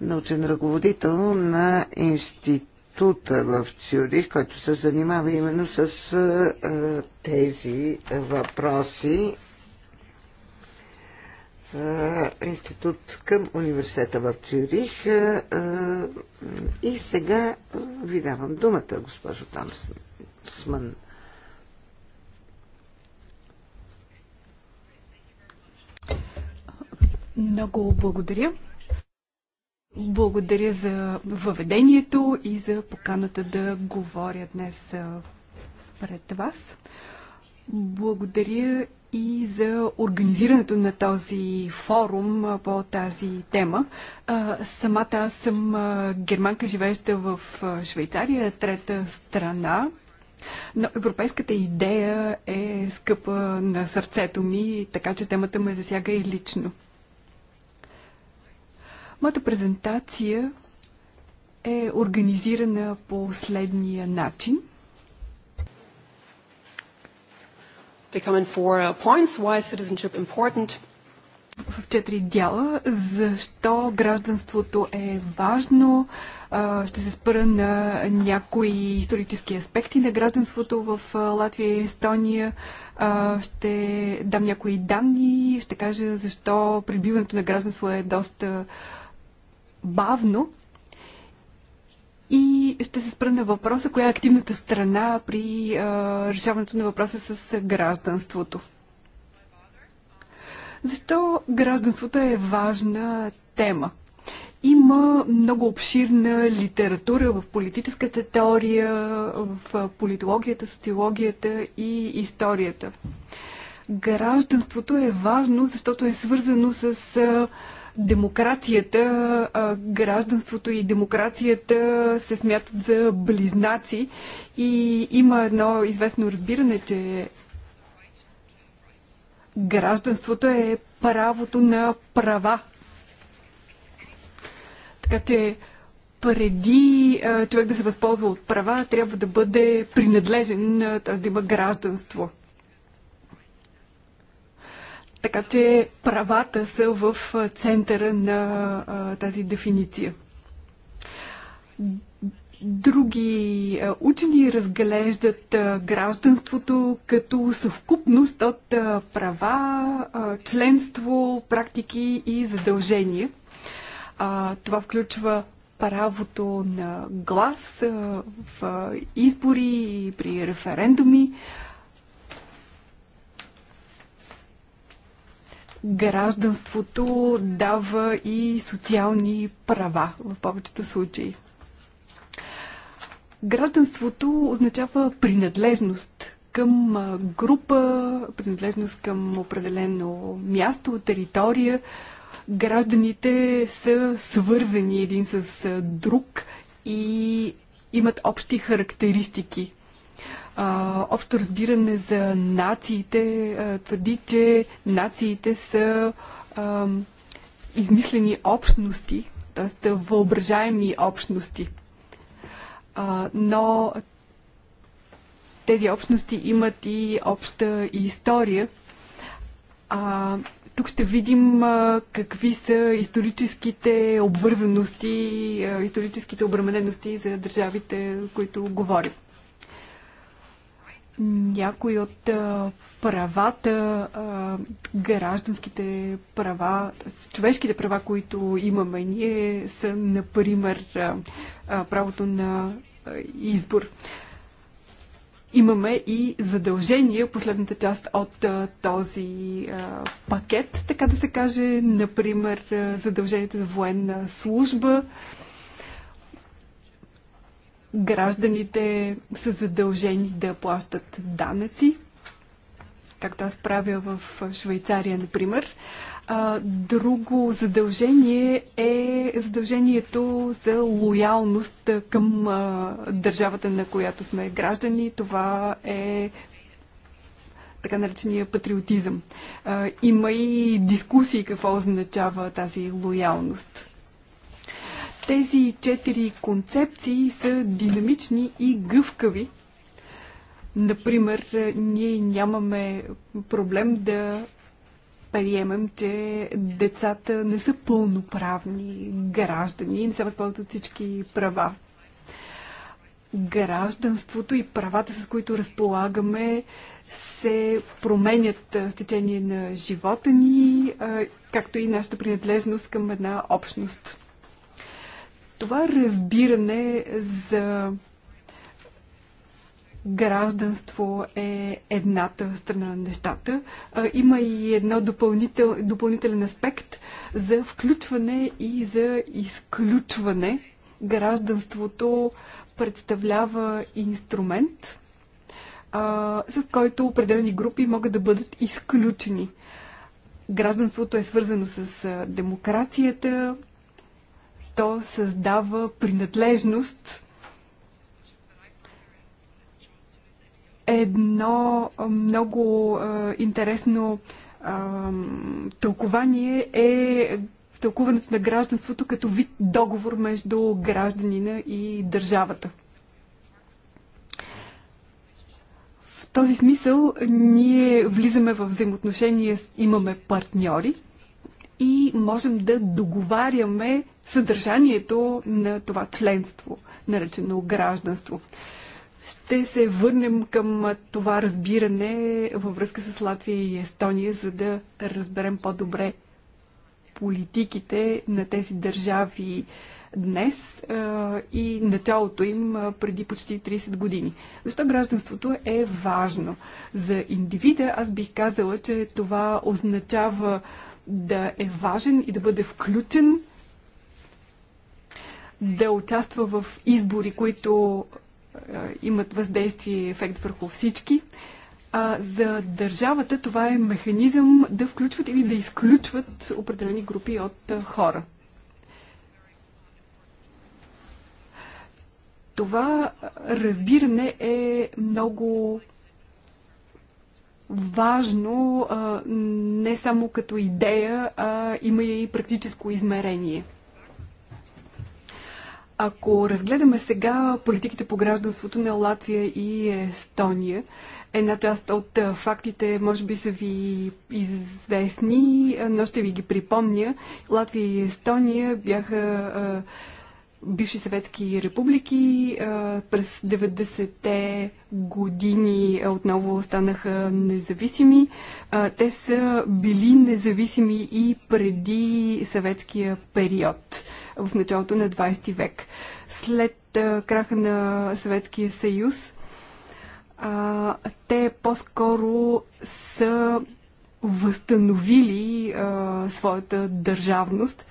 научен ръководител на института в Цюрих, който се занимава именно с тези въпроси институт към университета в Цюрих. И сега ви давам думата, госпожо Томсман. Много благодаря. Благодаря за въведението и за поканата да говоря днес пред вас. Благодаря и за организирането на този форум по тази тема. Самата аз съм германка, живееща в Швейцария, трета страна. Но европейската идея е скъпа на сърцето ми, така че темата ме засяга и лично. Моята презентация е организирана по следния начин – They come in four uh, points. Why is citizenship important? в четири дяла. Защо гражданството е важно? Ще се спра на някои исторически аспекти на гражданството в Латвия и Естония. Ще дам някои данни, ще кажа защо прибиването на гражданство е доста бавно. И ще се спра на въпроса, коя е активната страна при а, решаването на въпроса с гражданството. Защо гражданството е важна тема? Има много обширна литература в политическата теория, в политологията, социологията и историята. Гражданството е важно, защото е свързано с демокрацията, гражданството и демокрацията се смятат за близнаци и има едно известно разбиране, че гражданството е правото на права. Така че преди човек да се възползва от права, трябва да бъде принадлежен, т.е. да има гражданство. Така че правата са в центъра на а, тази дефиниция. Други а, учени разглеждат а, гражданството като съвкупност от а, права, а, членство, практики и задължения. А, това включва правото на глас а, в избори и при референдуми, гражданството дава и социални права в повечето случаи. Гражданството означава принадлежност към група, принадлежност към определено място, територия. Гражданите са свързани един с друг и имат общи характеристики – а, общо разбиране за нациите а, твърди, че нациите са а, измислени общности, т.е. въображаеми общности. А, но тези общности имат и обща история. А, тук ще видим а, какви са историческите обвързаности, а, историческите обременености за държавите, които говорим някои от правата, гражданските права, човешките права, които имаме ние, са, например, правото на избор. Имаме и задължение, последната част от този пакет, така да се каже, например, задължението за военна служба, гражданите са задължени да плащат данъци, както аз правя в Швейцария, например. Друго задължение е задължението за лоялност към държавата, на която сме граждани. Това е така наречения патриотизъм. Има и дискусии какво означава тази лоялност. Тези четири концепции са динамични и гъвкави. Например, е, ние нямаме проблем да приемем, че децата не са пълноправни граждани и не се възползват от всички права. Гражданството и правата, с които разполагаме, се променят е, с течение на живота ни, е, както и нашата принадлежност към една общност. Това разбиране за гражданство е едната страна на нещата. Има и едно допълнител, допълнителен аспект за включване и за изключване. Гражданството представлява инструмент, а, с който определени групи могат да бъдат изключени. Гражданството е свързано с демокрацията, то създава принадлежност. Едно много а, интересно а, тълкование е тълкуването на гражданството като вид договор между гражданина и държавата. В този смисъл ние влизаме в взаимоотношения, имаме партньори и можем да договаряме съдържанието на това членство, наречено гражданство. Ще се върнем към това разбиране във връзка с Латвия и Естония, за да разберем по-добре политиките на тези държави днес а, и началото им а, преди почти 30 години. Защо гражданството е важно? За индивида аз бих казала, че това означава да е важен и да бъде включен, да участва в избори, които имат въздействие и ефект върху всички. А за държавата това е механизъм да включват или да изключват определени групи от хора. Това разбиране е много важно а, не само като идея, а има и практическо измерение. Ако разгледаме сега политиките по гражданството на Латвия и Естония, една част от фактите може би са ви известни, но ще ви ги припомня. Латвия и Естония бяха а, бивши съветски републики. През 90-те години отново станаха независими. Те са били независими и преди съветския период, в началото на 20 век. След краха на Съветския съюз, те по-скоро са възстановили своята държавност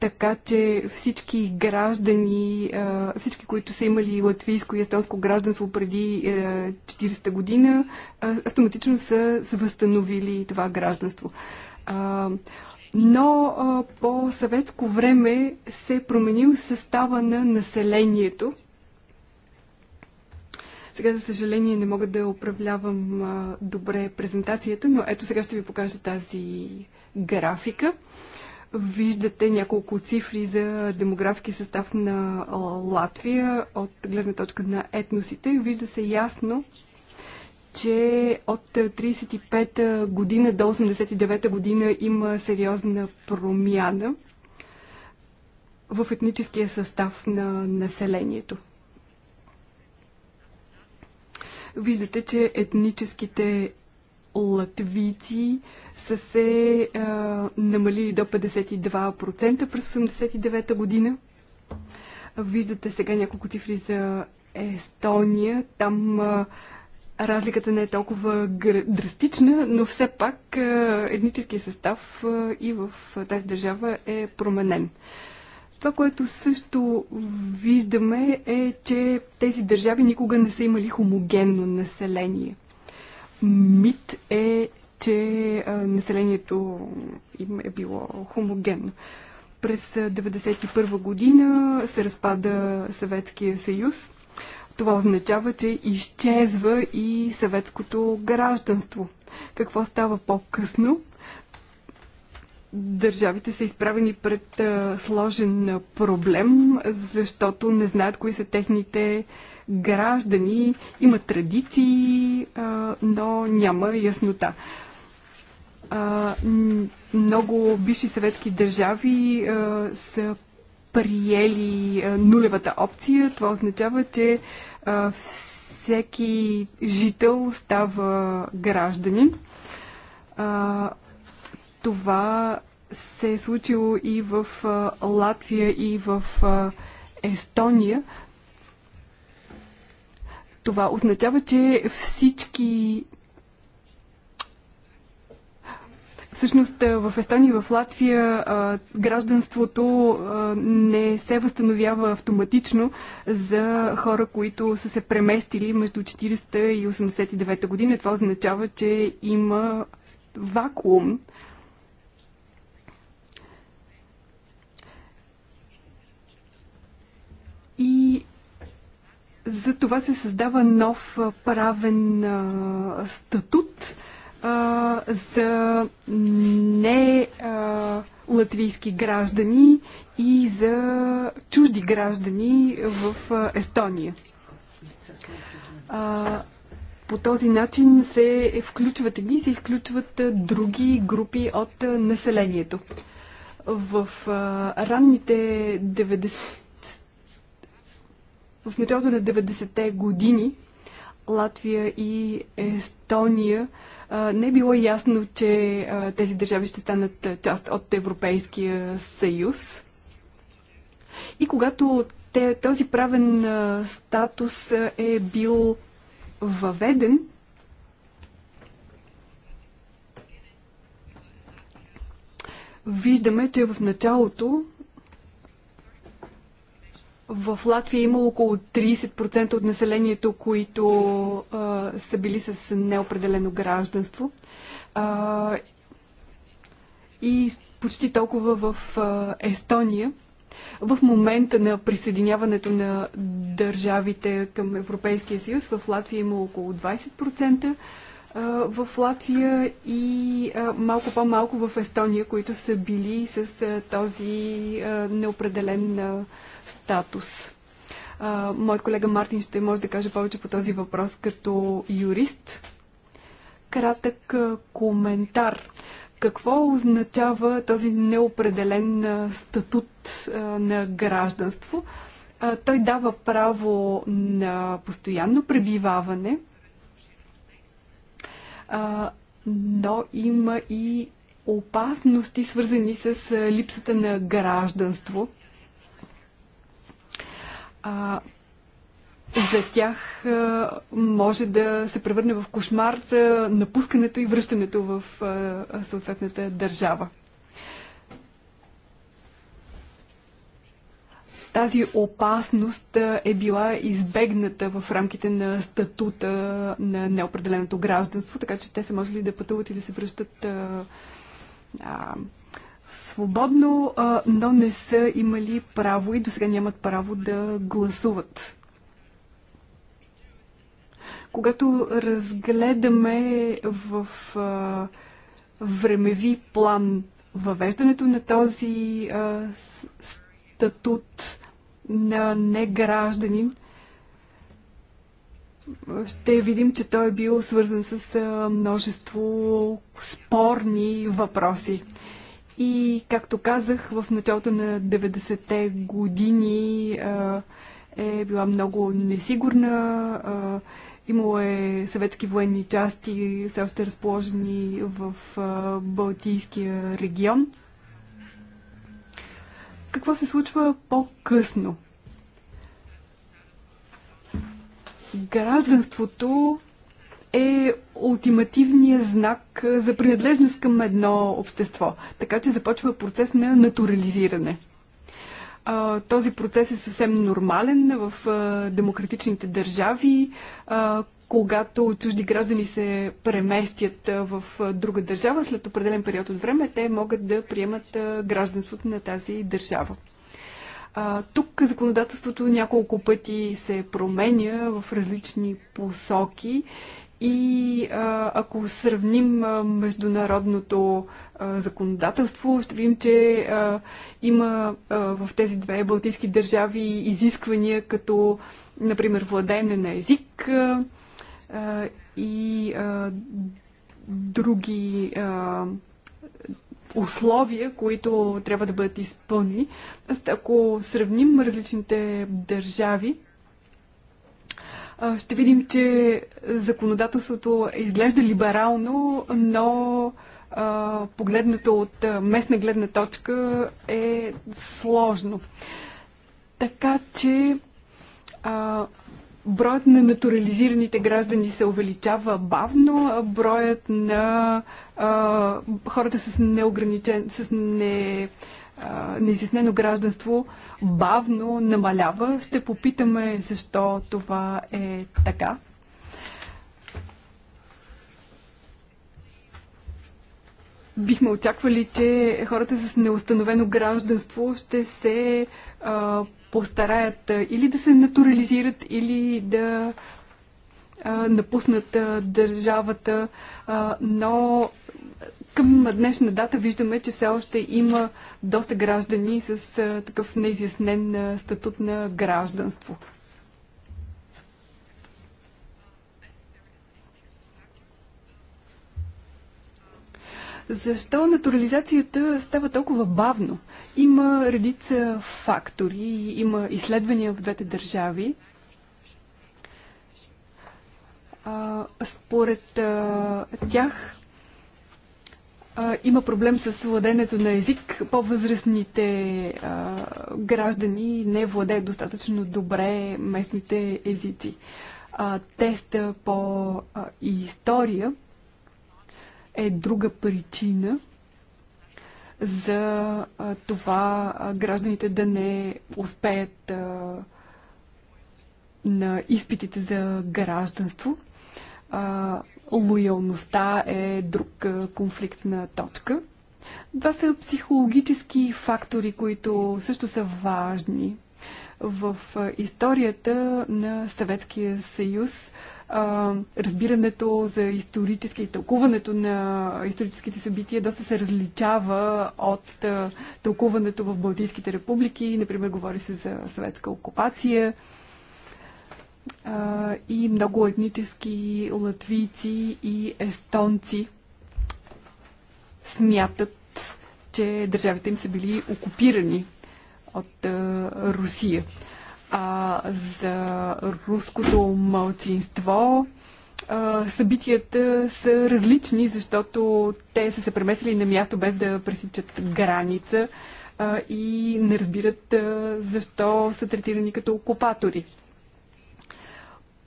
така че всички граждани, всички, които са имали латвийско и естонско гражданство преди 40-та е, година, автоматично са възстановили това гражданство. Но по съветско време се е променил състава на населението. Сега, за съжаление, не мога да управлявам добре презентацията, но ето сега ще ви покажа тази графика. Виждате няколко цифри за демографски състав на Латвия от гледна точка на етносите. Вижда се ясно, че от 35-та година до 89-та година има сериозна промяна в етническия състав на населението. Виждате, че етническите латвийци са се а, намалили до 52% през 89-та година. Виждате сега няколко цифри за Естония. Там а, разликата не е толкова драстична, но все пак а, етническия състав а, и в тази държава е променен. Това, което също виждаме е, че тези държави никога не са имали хомогенно население – мит е, че населението им е било хомогенно. През 1991 година се разпада Съветския съюз. Това означава, че изчезва и съветското гражданство. Какво става по-късно? Държавите са изправени пред сложен проблем, защото не знаят кои са техните граждани, има традиции, но няма яснота. Много бивши съветски държави са приели нулевата опция. Това означава, че всеки жител става гражданин. Това се е случило и в Латвия, и в Естония, това означава, че всички Всъщност в Естония и в Латвия гражданството не се възстановява автоматично за хора, които са се преместили между 40 и 89 година. Това означава, че има вакуум. И за това се създава нов правен а, статут а, за не а, латвийски граждани и за чужди граждани в а, Естония. А, по този начин се включват и се изключват други групи от населението. В а, ранните 90 в началото на 90-те години Латвия и Естония не е било ясно, че тези държави ще станат част от Европейския съюз. И когато този правен статус е бил въведен, виждаме, че в началото в Латвия има около 30% от населението, които а, са били с неопределено гражданство. А, и почти толкова в а, Естония. В момента на присъединяването на държавите към Европейския съюз в Латвия има около 20% в Латвия и малко по-малко в Естония, които са били с този неопределен статус. Моят колега Мартин ще може да каже повече по този въпрос като юрист. Кратък коментар. Какво означава този неопределен статут на гражданство? Той дава право на постоянно пребиваване, но има и опасности, свързани с липсата на гражданство – а, за тях а, може да се превърне в кошмар а, напускането и връщането в а, съответната държава. Тази опасност е била избегната в рамките на статута на неопределеното гражданство, така че те са можели да пътуват и да се връщат а, свободно, но не са имали право и до сега нямат право да гласуват. Когато разгледаме в времеви план въвеждането на този статут на негражданин, ще видим, че той е бил свързан с множество спорни въпроси. И, както казах, в началото на 90-те години а, е била много несигурна. А, имало е съветски военни части, все още разположени в а, Балтийския регион. Какво се случва по-късно? Гражданството е ултимативният знак за принадлежност към едно общество. Така че започва процес на натурализиране. Този процес е съвсем нормален в демократичните държави, когато чужди граждани се преместят в друга държава, след определен период от време те могат да приемат гражданството на тази държава. тук законодателството няколко пъти се променя в различни посоки и а, ако сравним а, международното а, законодателство, ще видим, че а, има а, в тези две балтийски държави изисквания като, например, владеене на език а, а, и а, други а, условия, които трябва да бъдат изпълнени. Ако сравним различните държави, ще видим, че законодателството изглежда либерално, но погледнато от местна гледна точка е сложно. Така че а, броят на натурализираните граждани се увеличава бавно, а броят на а, хората с неограничен, с не, а, неизяснено гражданство бавно намалява. Ще попитаме защо това е така. Бихме очаквали, че хората с неустановено гражданство ще се а, постараят или да се натурализират, или да напуснат държавата, но към днешна дата виждаме, че все още има доста граждани с такъв неизяснен статут на гражданство. Защо натурализацията става толкова бавно? Има редица фактори, има изследвания в двете държави. А, според а, тях а, има проблем с владенето на език. По-възрастните а, граждани не владеят достатъчно добре местните езици. А, теста по а, история е друга причина за а, това а, гражданите да не успеят а, на изпитите за гражданство. А, Лоялността е друг конфликтна точка. Това са психологически фактори, които също са важни. В историята на Съветския съюз разбирането за исторически и тълкуването на историческите събития доста се различава от тълкуването в Балтийските републики. Например, говори се за съветска окупация, а, и много етнически латвийци и естонци смятат, че държавите им са били окупирани от а, Русия. А за руското малцинство събитията са различни, защото те са се преместили на място без да пресичат граница и не разбират защо са третирани като окупатори.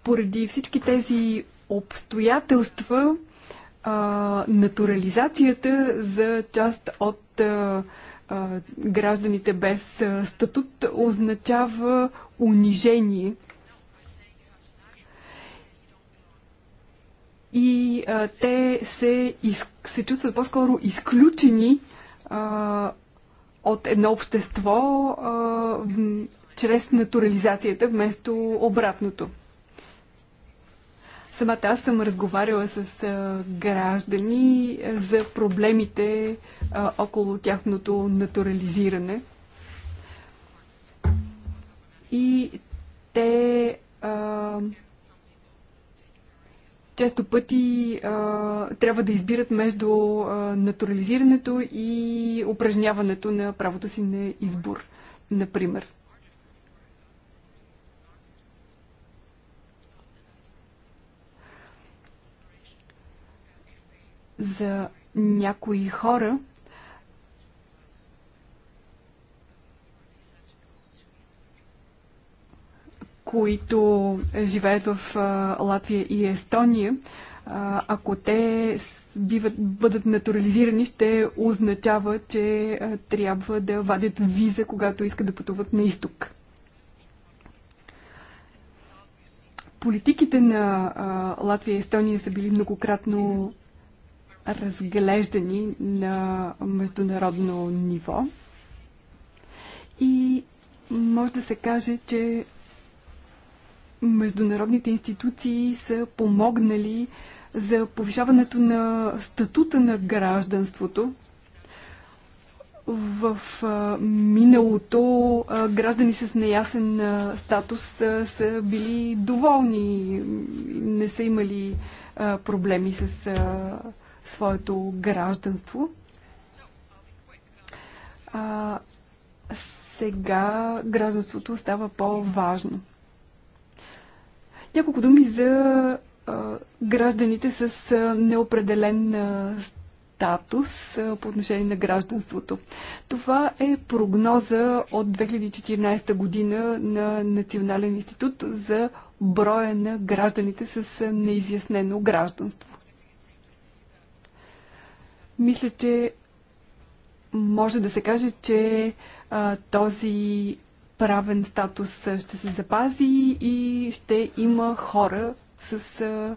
Поради всички тези обстоятелства, а, натурализацията за част от а, а, гражданите без а, статут означава унижение. И а, те се, из, се чувстват по-скоро изключени а, от едно общество а, чрез натурализацията, вместо обратното. Самата аз съм разговаряла с граждани за проблемите около тяхното натурализиране. И те а, често пъти а, трябва да избират между а, натурализирането и упражняването на правото си на избор, например. за някои хора, които живеят в Латвия и Естония, ако те биват, бъдат натурализирани, ще означава, че трябва да вадят виза, когато искат да пътуват на изток. Политиките на Латвия и Естония са били многократно разглеждани на международно ниво. И може да се каже, че международните институции са помогнали за повишаването на статута на гражданството. В миналото граждани с неясен статус са били доволни, не са имали проблеми с своето гражданство. А, сега гражданството става по-важно. Няколко думи за а, гражданите с а, неопределен а, статус а, по отношение на гражданството. Това е прогноза от 2014 година на Национален институт за броя на гражданите с неизяснено гражданство. Мисля, че може да се каже, че а, този правен статус ще се запази и ще има хора с а,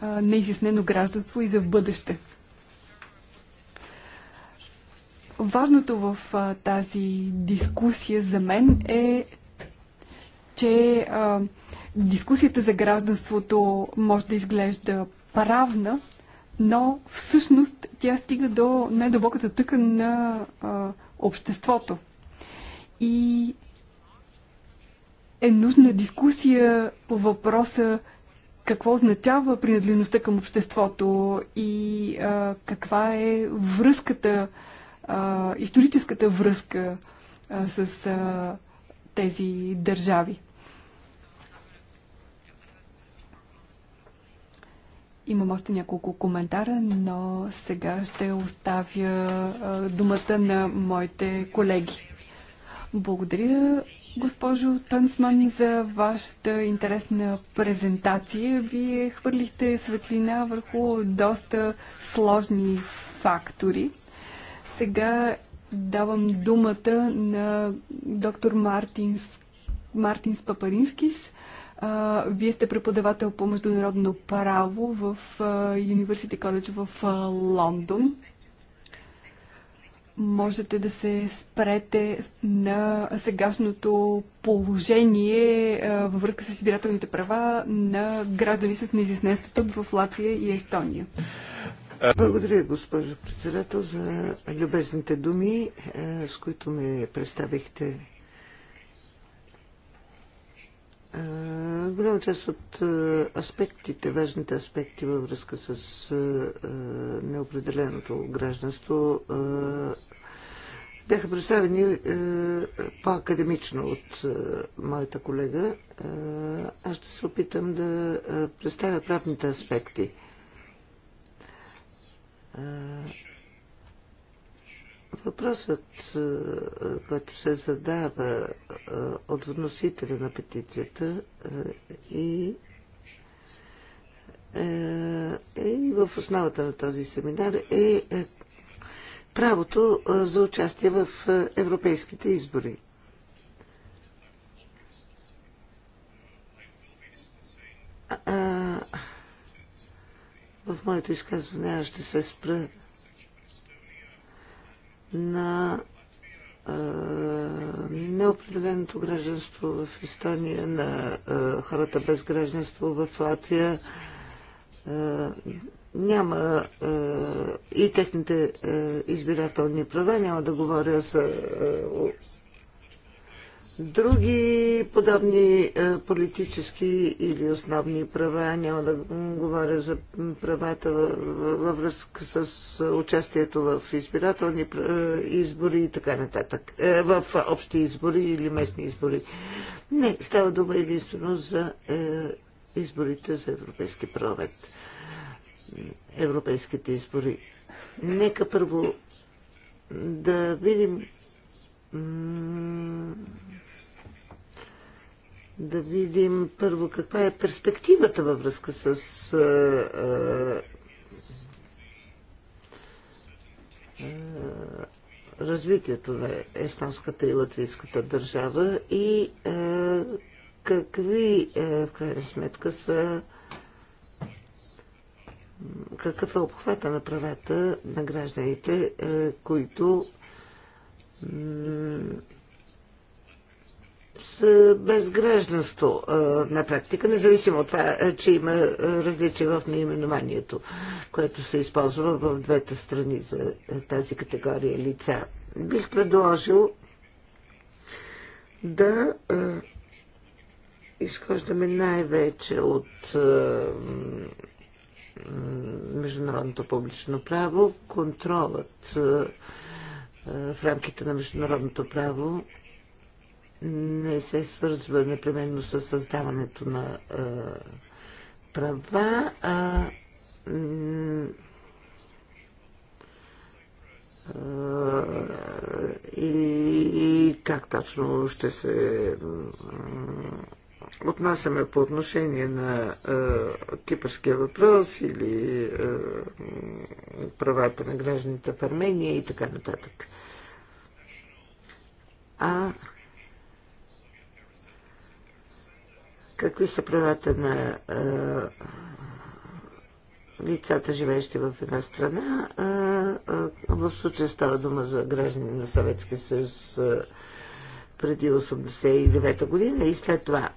а, неизяснено гражданство и за бъдеще. Важното в а, тази дискусия за мен е, че а, дискусията за гражданството може да изглежда правна, но всъщност тя стига до най-дълбоката тъкан на а, обществото. И е нужна дискусия по въпроса какво означава принадлежността към обществото и а, каква е връзката, а, историческата връзка а, с а, тези държави. Имам още няколко коментара, но сега ще оставя думата на моите колеги. Благодаря, госпожо Тънсман, за вашата интересна презентация. Вие хвърлихте светлина върху доста сложни фактори. Сега давам думата на доктор Мартинс, Мартинс Папаринскис а, вие сте преподавател по международно право в University коледж в а, Лондон. Можете да се спрете на сегашното положение а, във връзка с избирателните права на граждани с неизяснен статут в Латвия и Естония. Благодаря, госпожо председател, за любезните думи, с които ме представихте Голяма част от аспектите, важните аспекти във връзка с неопределеното гражданство бяха представени по-академично от моята колега. Аз ще се опитам да представя правните аспекти. Въпросът, е, който се задава е, от вносителя на петицията е, и е е, в основата на този семинар е правото за участие в европейските избори. в моето изказване аз ще се спра на неопределеното гражданство в Естония, на хората без гражданство в Латвия. Няма и техните избирателни права, няма да говоря за други подобни е, политически или основни права. Няма да говоря за правата във връзка с е, участието в избирателни е, избори и така нататък. В общи избори или местни избори. Не, става дума единствено за изборите за Европейски правед. Европейските избори. Нека първо да видим да видим първо каква е перспективата във връзка с а, а, развитието на естонската и латвийската държава и а, какви в крайна сметка са какъв е обхвата на правата на гражданите, които с безгражданство на практика, независимо от това, че има различия в наименованието, което се използва в двете страни за тази категория лица. Бих предложил да изхождаме най-вече от международното публично право, контролът в рамките на международното право не се свързва непременно с създаването на а, права, а, и, и как точно ще се отнасяме по отношение на е, кипърския въпрос или е, правата на гражданите в Армения и така нататък. А Какви са правата на лицата, живеещи в една страна? в случая става дума за граждани на Съветския съюз преди 89-та година и след това.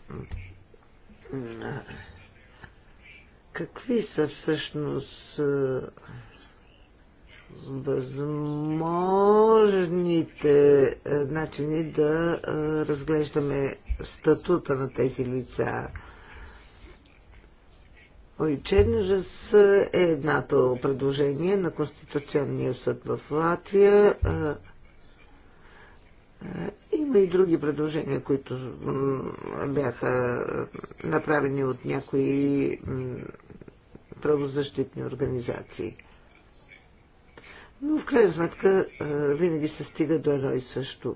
Какви са всъщност възможните е, начини да е, разглеждаме статута на тези лица. Ойчен раз е едното предложение на Конституционния съд в Латвия. Е, има и други предложения, които бяха направени от някои правозащитни организации. Но в крайна сметка винаги се стига до едно и също.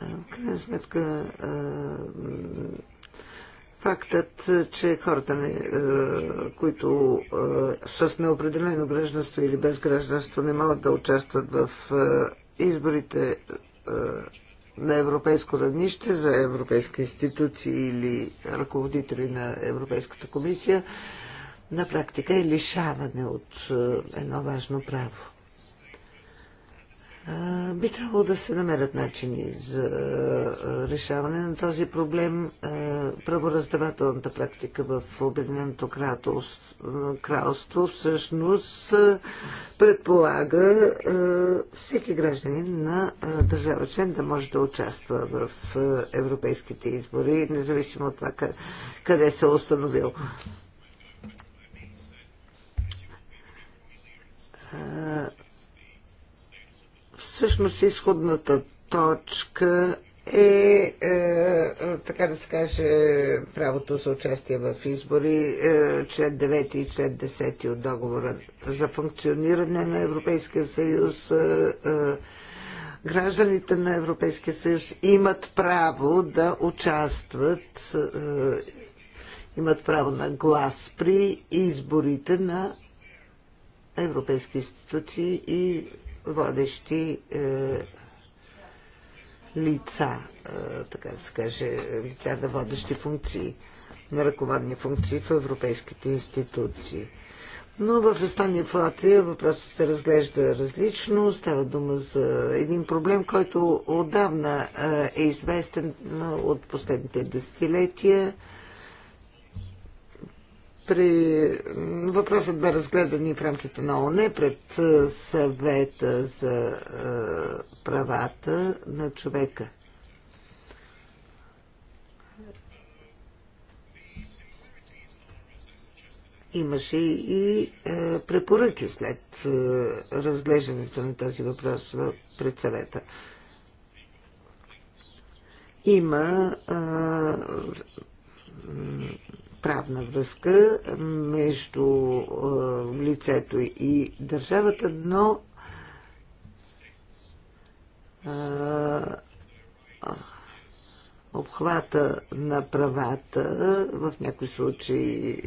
В крайна сметка фактът, че хората, които с неопределено гражданство или без гражданство не могат да участват в изборите, на европейско равнище за европейски институции или ръководители на Европейската комисия на практика е лишаване от е, едно важно право. Би трябвало да се намерят начини за решаване на този проблем. Правораздавателната практика в Обединеното кралство всъщност предполага всеки гражданин на държава член да може да участва в европейските избори, независимо от това къде се е установил. Всъщност изходната точка е, е, е, така да се каже, правото за участие в избори, е, член 9 и член 10 от договора за функциониране на Европейския съюз. Е, е, гражданите на Европейския съюз имат право да участват, е, имат право на глас при изборите на европейски институции и водещи е, лица, е, така да се каже, лица на водещи функции, на ръководни функции в европейските институции. Но в Естония и Латвия въпросът се разглежда различно. Става дума за един проблем, който отдавна е известен е, от последните десетилетия при... Въпросът бе разгледан и в рамките на ОНЕ пред съвета за е, правата на човека. Имаше и е, препоръки след е, разглеждането на този въпрос пред съвета. Има е, правна връзка между лицето и държавата, но обхвата на правата в някои случаи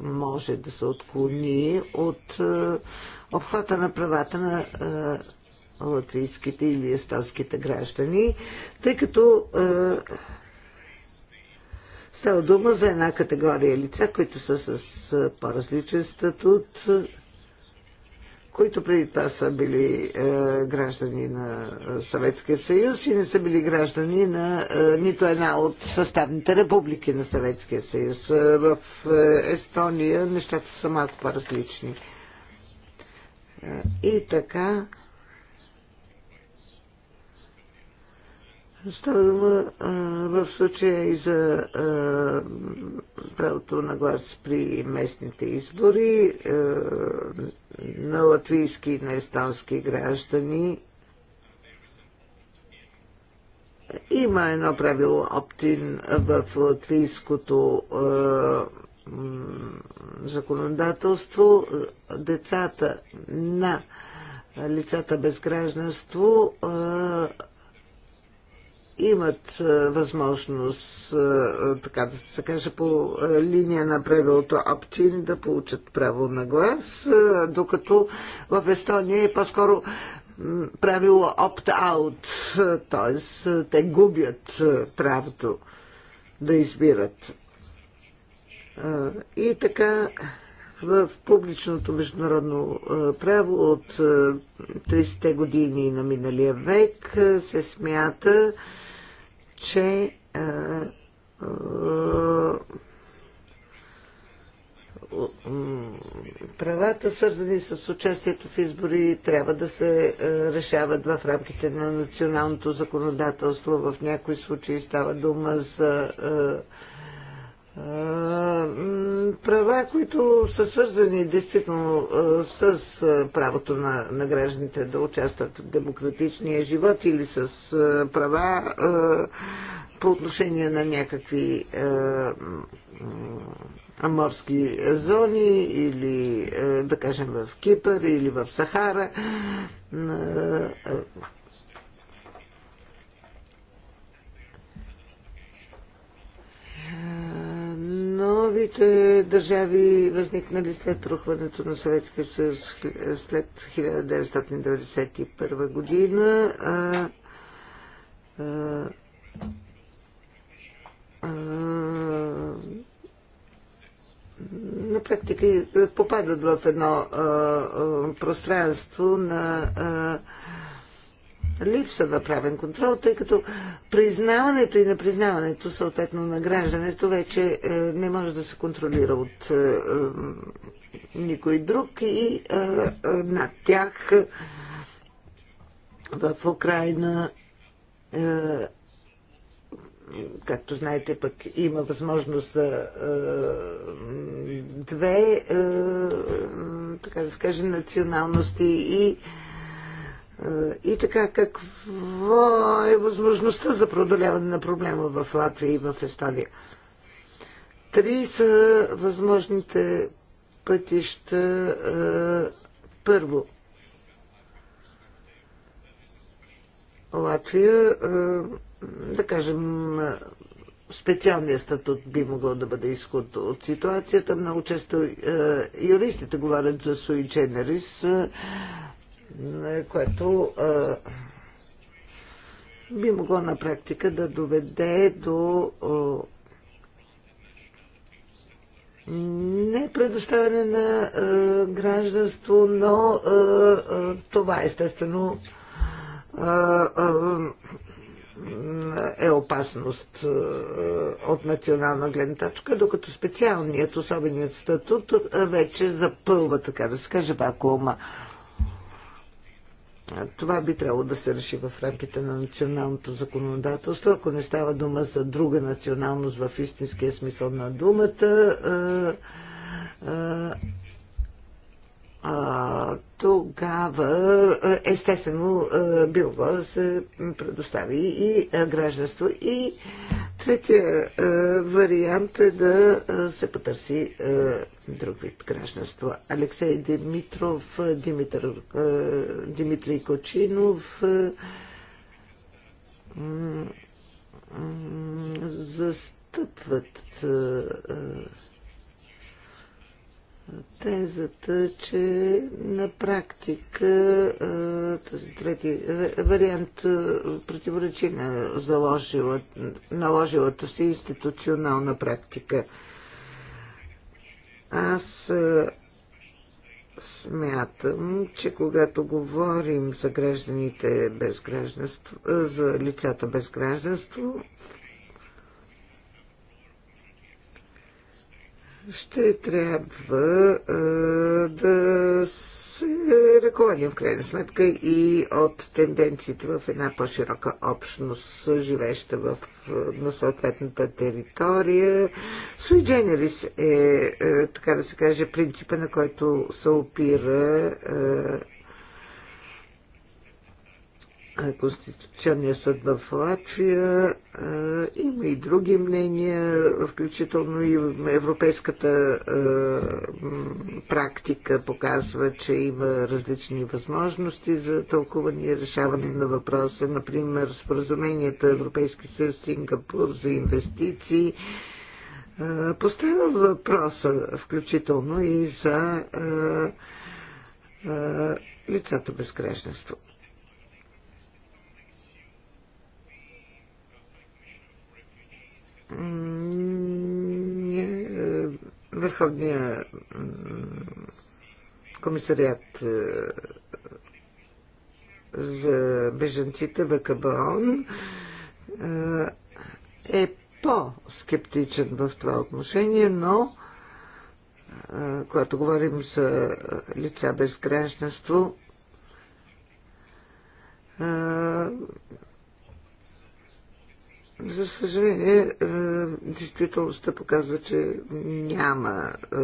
може да се отклони от обхвата на правата на латвийските или естонските граждани, тъй като Става дума за една категория лица, които са с по-различен статут, които преди това са били е, граждани на е, Съветския съюз и не са били граждани на е, нито една от съставните републики на Съветския съюз. Е, в е, Естония нещата са малко по-различни. Е, и така, Става дума в случая и за правото на глас при местните избори на латвийски и на естонски граждани. Има едно правило оптин в латвийското законодателство. Децата на лицата без гражданство имат е, възможност, е, е, така да се каже, по линия на правилото Аптин да получат право на глас, докато в Естония е по-скоро правило опт-аут, т.е. те губят правото да избират. И така в публичното международно право от 30-те години на миналия век се смята, че правата, свързани с участието в избори, трябва да се решават в рамките на националното законодателство. В някои случаи става дума за а, права, които са свързани действително с правото на, на гражданите да участват в демократичния живот или с права по отношение на някакви морски зони или, да кажем, в Кипър или в Сахара новите държави, възникнали след рухването на Съветския съюз след 1991 година. А, а, а, на практика попадат в едно а, а, пространство на а, липса на правен контрол, тъй като признаването и непризнаването, съответно награждането, вече е, не може да се контролира от е, е, никой друг и над тях в Украина както знаете, пък има възможност за е, две, е, така да се каже, националности и и така, какво е възможността за продоляване на проблема в Латвия и в Естония? Три са възможните пътища. Първо, Латвия, да кажем, специалния статут би могъл да бъде изход от ситуацията. Много често юристите говорят за суиченерис, е, което е, би могло на практика да доведе до е, не предоставяне на гражданство, но това естествено е опасност от национална гледна точка, докато специалният, особеният статут вече запълва, така да се каже, вакуума. Това би трябвало да се реши в рамките на националното законодателство, ако не става дума за друга националност в истинския смисъл на думата. А, тогава естествено било да се предостави и гражданство и Третия е, вариант е да е, се потърси е, друг вид гражданство. Алексей Димитров, е, Димитър, е, Димитрий Кочинов, е, застъпват е, тезата, че на практика този трети вариант противоречи на заложила, наложилата си институционална практика. Аз смятам, че когато говорим за гражданите без гражданство, за лицата без гражданство, ще трябва а, да се ръководим в крайна сметка и от тенденциите в една по-широка общност, живеща в, на съответната територия. Sui generis е, е, така да се каже, принципа, на който се опира е, Конституционния съд в Латвия. Има и други мнения, включително и европейската практика показва, че има различни възможности за тълкуване и решаване на въпроса. Например, споразумението Европейски съюз Сингапур за инвестиции поставя въпроса, включително и за лицата без гражданство. Е, Върховния комисариат е, за беженците ВКБОН е, е по-скептичен в това отношение, но когато говорим за лица без гражданство, за съжаление, е, действителността показва, че няма е,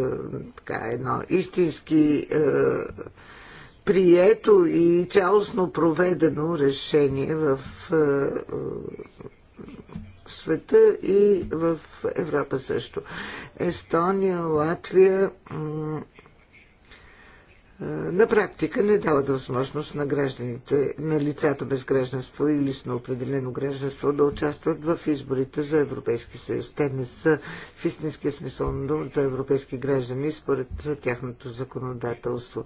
така едно истински е, прието и цялостно проведено решение в света и в Европа също. Естония, Латвия на практика не дават възможност на гражданите, на лицата без гражданство или с на определено гражданство да участват в изборите за Европейски съюз. Те не са в истинския смисъл на думата европейски граждани според тяхното законодателство.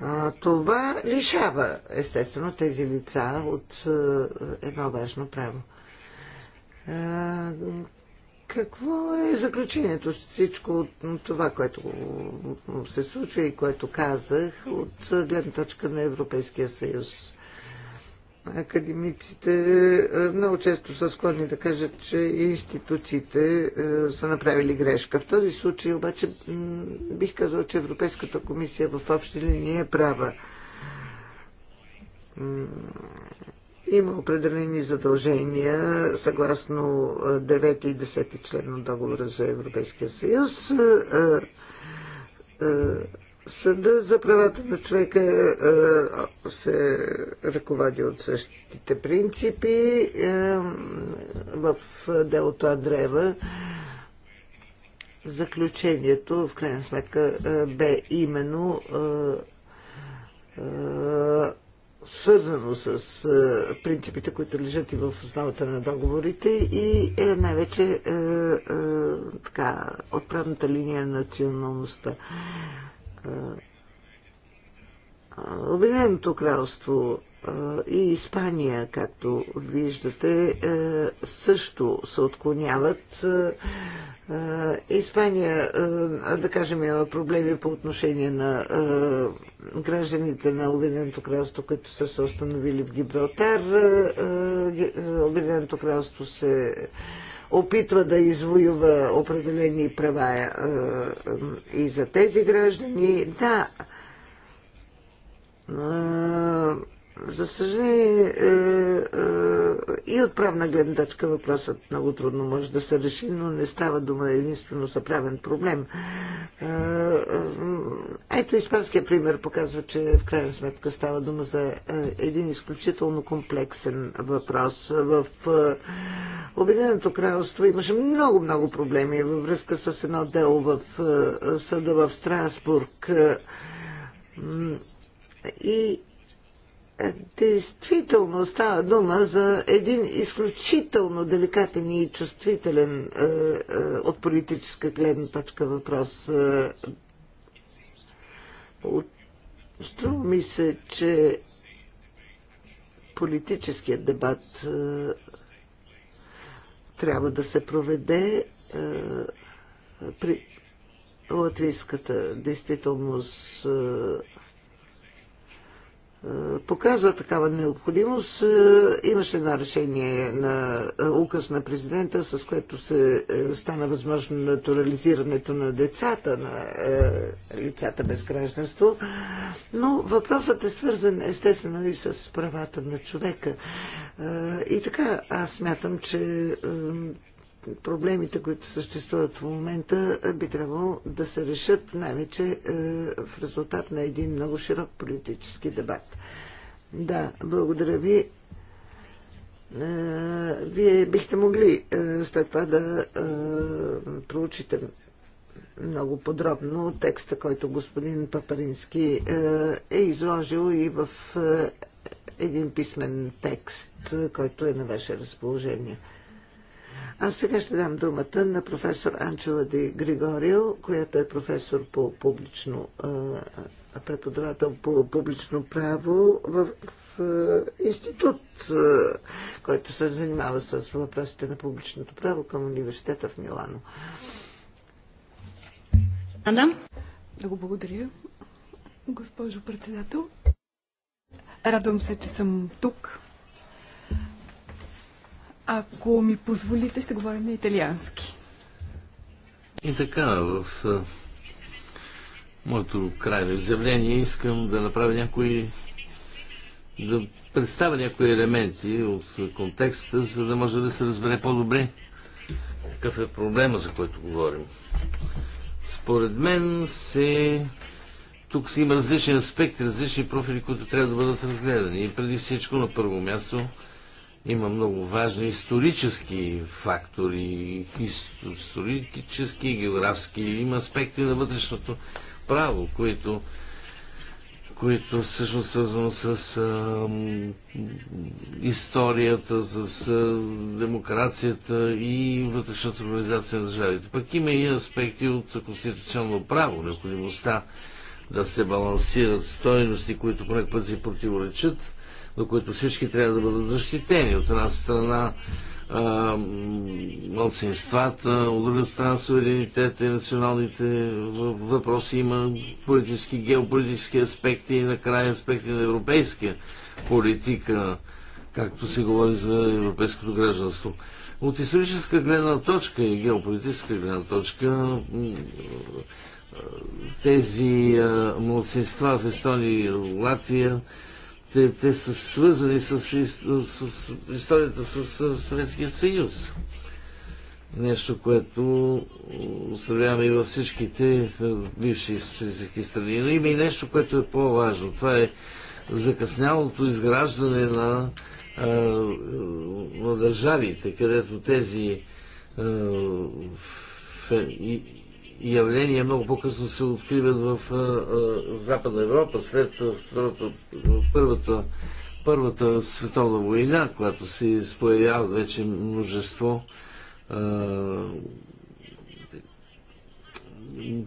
А, това лишава, естествено, тези лица от едно важно право. Какво е заключението с всичко от това, което се случва и което казах от гледна точка на Европейския съюз? Академиците е, много често са склонни да кажат, че институциите е, са направили грешка. В този случай обаче бих казал, че Европейската комисия в общи линии е права има определени задължения съгласно 9 и 10 член от договора за Европейския съюз. Съда за правата на човека се ръководи от същите принципи в делото Андреева. Заключението, в крайна сметка, бе именно свързано с е, принципите, които лежат и в основата на договорите и е най-вече е, е, така, отправната линия на националността. Обединеното кралство и Испания, както виждате, е, също се отклоняват. Е, е, Испания, да кажем, има проблеми по отношение на гражданите на Обединеното кралство, които са се установили в Гибралтар. Обединеното кралство се опитва да извоюва определени права и за тези граждани. Да, за съжаление, е, е, и от правна гледна точка въпросът много трудно може да се реши, но не става дума единствено за правен проблем. Е, е ето, испанския пример показва, че в крайна сметка става дума за е, един изключително комплексен въпрос. В е, Обединеното кралство имаше много-много проблеми във връзка с едно дело в съда в Страсбург. И действително става дума за един изключително деликатен и чувствителен е, е, от политическа гледна точка въпрос. Е, струва ми се, че политическият дебат е, трябва да се проведе е, при латвийската действителност показва такава необходимост. Е, имаше едно решение на е, указ на президента, с което се е, стана възможно натурализирането на децата, на лицата без гражданство. Но въпросът е свързан естествено и с правата на човека. И така, аз смятам, че проблемите, които съществуват в момента, е, би трябвало да се решат най-вече е, в резултат на един много широк политически дебат. Да, благодаря ви. Е, вие бихте могли след това да проучите много подробно текста, който господин Папарински е изложил и в един писмен текст, който е на ваше разположение. Аз сега ще дам думата на професор Анчела Ди Григорио, която е професор по публично, преподавател по публично право в институт, който се занимава с въпросите на публичното право към университета в Милано. Андам? Много благодаря, госпожо председател. Радвам се, че съм тук ако ми позволите, ще говоря на италиански. И така, в моето крайно изявление искам да направя някои да представя някои елементи от контекста, за да може да се разбере по-добре какъв е проблема, за който говорим. Според мен се... тук има различни аспекти, различни профили, които трябва да бъдат разгледани. И преди всичко, на първо място, има много важни исторически фактори, исторически, географски. Има аспекти на вътрешното право, които които всъщност свързано с а, историята, с а, демокрацията и вътрешната организация на държавите. Пък има и аспекти от конституционно право, необходимостта да се балансират стоености, които понякога път си противоречат до които всички трябва да бъдат защитени. От една страна младсинствата, от друга страна суверенитета и националните въпроси има политически, геополитически аспекти и накрая аспекти на европейска политика, както се говори за европейското гражданство. От историческа гледна точка и геополитическа гледна точка тези младсинства в Естония и Латвия те, те са свързани с, с, с историята с, с Съветския съюз. Нещо, което оставяваме и във всичките бивши исторически страни. Но има и нещо, което е по-важно. Това е закъснялото изграждане на, на държавите, където тези явления е много по-късно се откриват в Западна Европа, след втората, първата, първата световна война, която се появяват вече множество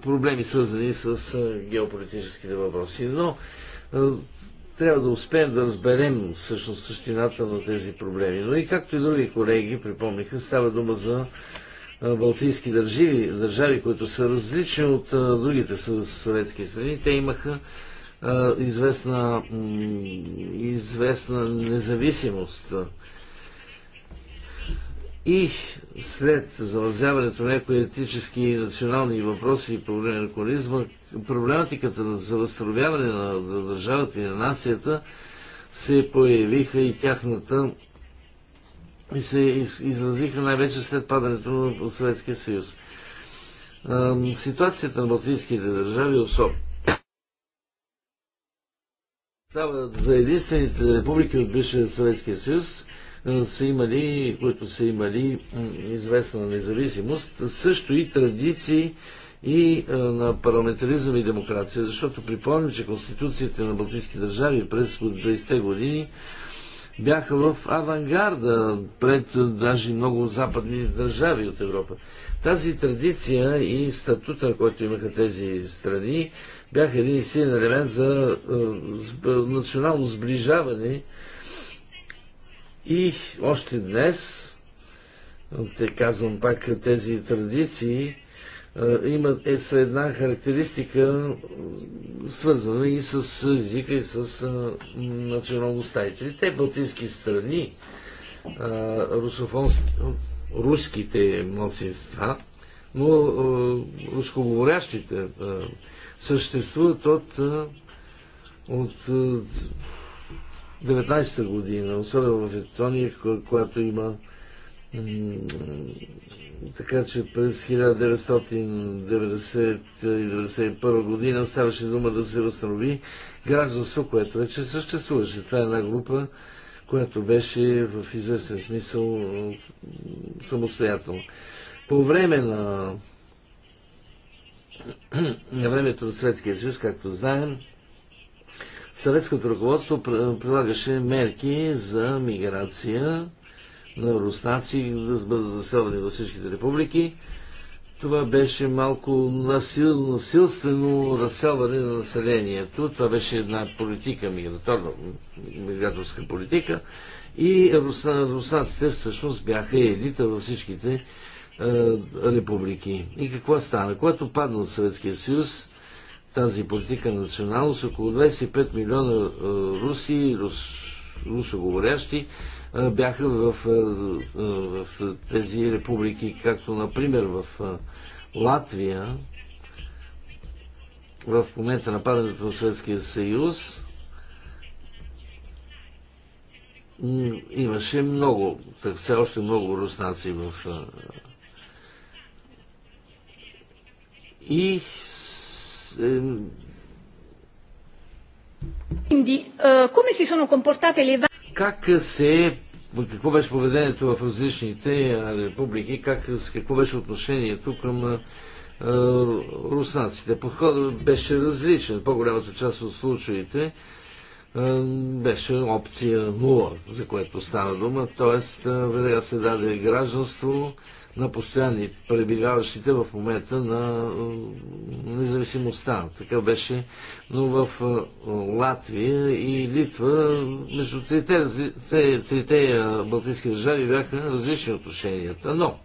проблеми, свързани с геополитическите въпроси. Но трябва да успеем да разберем всъщност същината на тези проблеми. Но и както и други колеги припомниха, става дума за балтийски държави, държави, които са различни от другите съветски страни, те имаха известна, известна независимост. И след завързяването на някои етически и национални въпроси и проблеми на колизма, проблематиката за възстановяване на държавата и на нацията се появиха и тяхната и се изразиха най-вече след падането на Съветския съюз. Ситуацията на балтийските държави особено става за единствените републики от бившия Съветския съюз, са имали, които са имали известна независимост, също и традиции и на парламентаризъм и демокрация, защото припомням, че конституциите на балтийски държави през 20-те години бяха в авангарда пред даже много западни държави от Европа. Тази традиция и статута, който имаха тези страни, бяха един силен елемент за национално сближаване и още днес, те казвам пак, тези традиции е, има, е с една характеристика свързана и с езика, и с е, националността. И трите балтийски страни, е, руските младсинства, но рускоговорящите съществуват от, от 19-та година, особено в Етония, която има така че през 1990 1991 година ставаше дума да се възстанови гражданство, което вече съществуваше. Това е една група, която беше в известен смисъл самостоятелна. По време на, на времето на Светския съюз, както знаем, съветското ръководство прилагаше мерки за миграция на руснаци да бъдат заселени във всичките републики. Това беше малко насил, насилствено разселване на населението. Това беше една политика, миграторна, миграторска политика. И русна, руснаците всъщност бяха елита във всичките е, републики. И какво стана? Когато падна от Съветския съюз, тази политика на националност, около 25 милиона е, руси, рус, русоговорящи, бяха в, в, в тези републики, както например в Латвия, в момента на падането на Съветския съюз, имаше много, так, все още много руснаци в... И е, Quindi, eh, come si sono comportate le как се какво беше поведението в различните републики, как, какво беше отношението към руснаците. Подходът беше различен. По-голямата част от случаите беше опция 0, за което стана дума. Тоест, веднага се даде гражданство, на постоянни пребиваващите в момента на независимостта. Така беше, но в Латвия и Литва между трите, трите, трите балтийски държави бяха различни отношенията. Но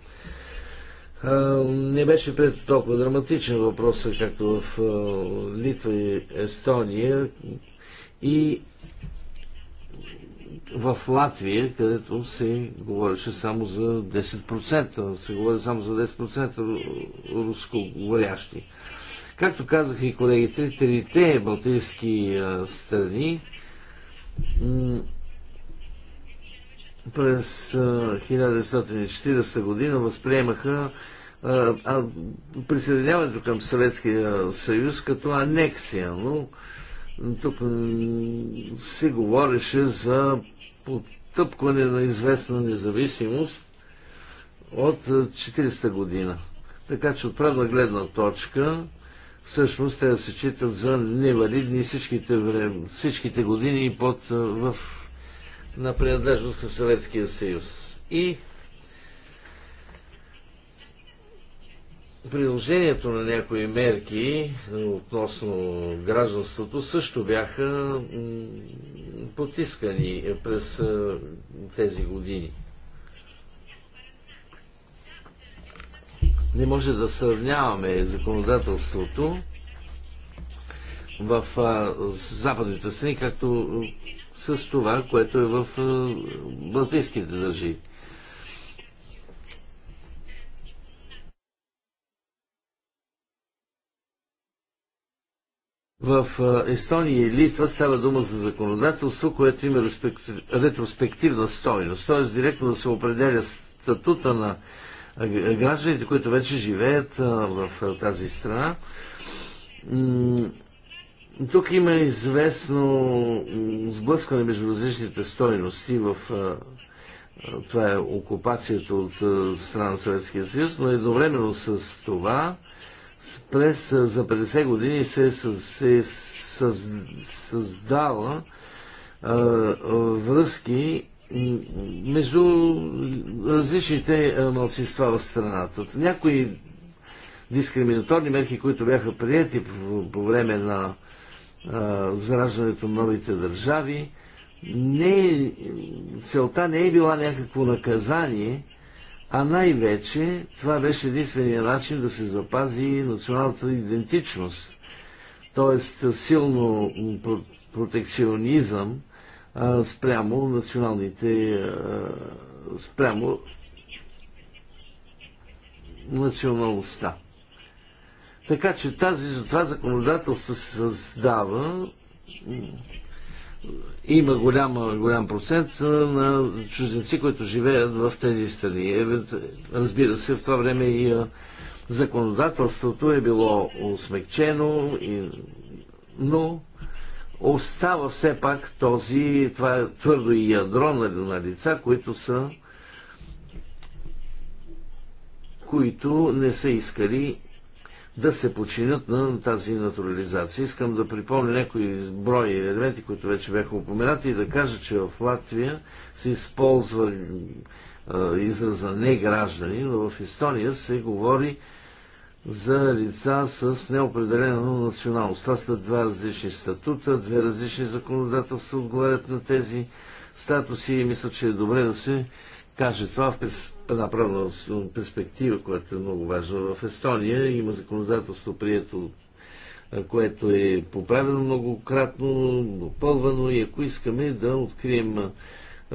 не беше пред толкова драматичен въпрос, както в Литва и Естония. И в Латвия, където се говореше само за 10%, се говори само за 10% руско говорящи. Както казаха и колегите, трите балтийски страни през 1940 година възприемаха присъединяването към Съветския съюз като анексия, но тук се говореше за потъпкване на известна независимост от 40-та е, година. Така че от правна гледна точка всъщност те да се читат за невалидни всичките, време, всичките години и под, е, в, на принадлежност към Съветския съюз. И приложението на някои мерки относно гражданството също бяха потискани през тези години. Не може да сравняваме законодателството в западните страни, както с това, което е в балтийските държави. В Естония и Литва става дума за законодателство, което има ретроспективна стойност, т.е. директно да се определя статута на гражданите, които вече живеят в тази страна. Тук има известно сблъскване между различните стойности в това е окупацията от страна на Съветския съюз, но едновременно с това през, за 50 години се, се, създава а, а, връзки между различните малцинства в страната. Някои дискриминаторни мерки, които бяха прияти по, по време на а, зараждането на новите държави, не, целта не е била някакво наказание, а най-вече това беше единствения начин да се запази националната идентичност. Тоест силно протекционизъм а, спрямо националните а, спрямо националността. Така че тази, това законодателство се създава има голям, голям процент на чужденци, които живеят в тези страни. Е, разбира се, в това време и законодателството е било усмекчено, и... но остава все пак този, това е твърдо и ядро на, на лица, които са които не са искали да се починят на тази натурализация. Искам да припомня някои брои елементи, които вече бяха упоменати и да кажа, че в Латвия се използва израза не граждани, но в Естония се говори за лица с неопределено националност. Това са два различни статута, две различни законодателства отговарят на тези статуси и мисля, че е добре да се каже това в една правна перспектива, която е много важна. В Естония има законодателство, прието което е поправено многократно, допълвано и ако искаме да открием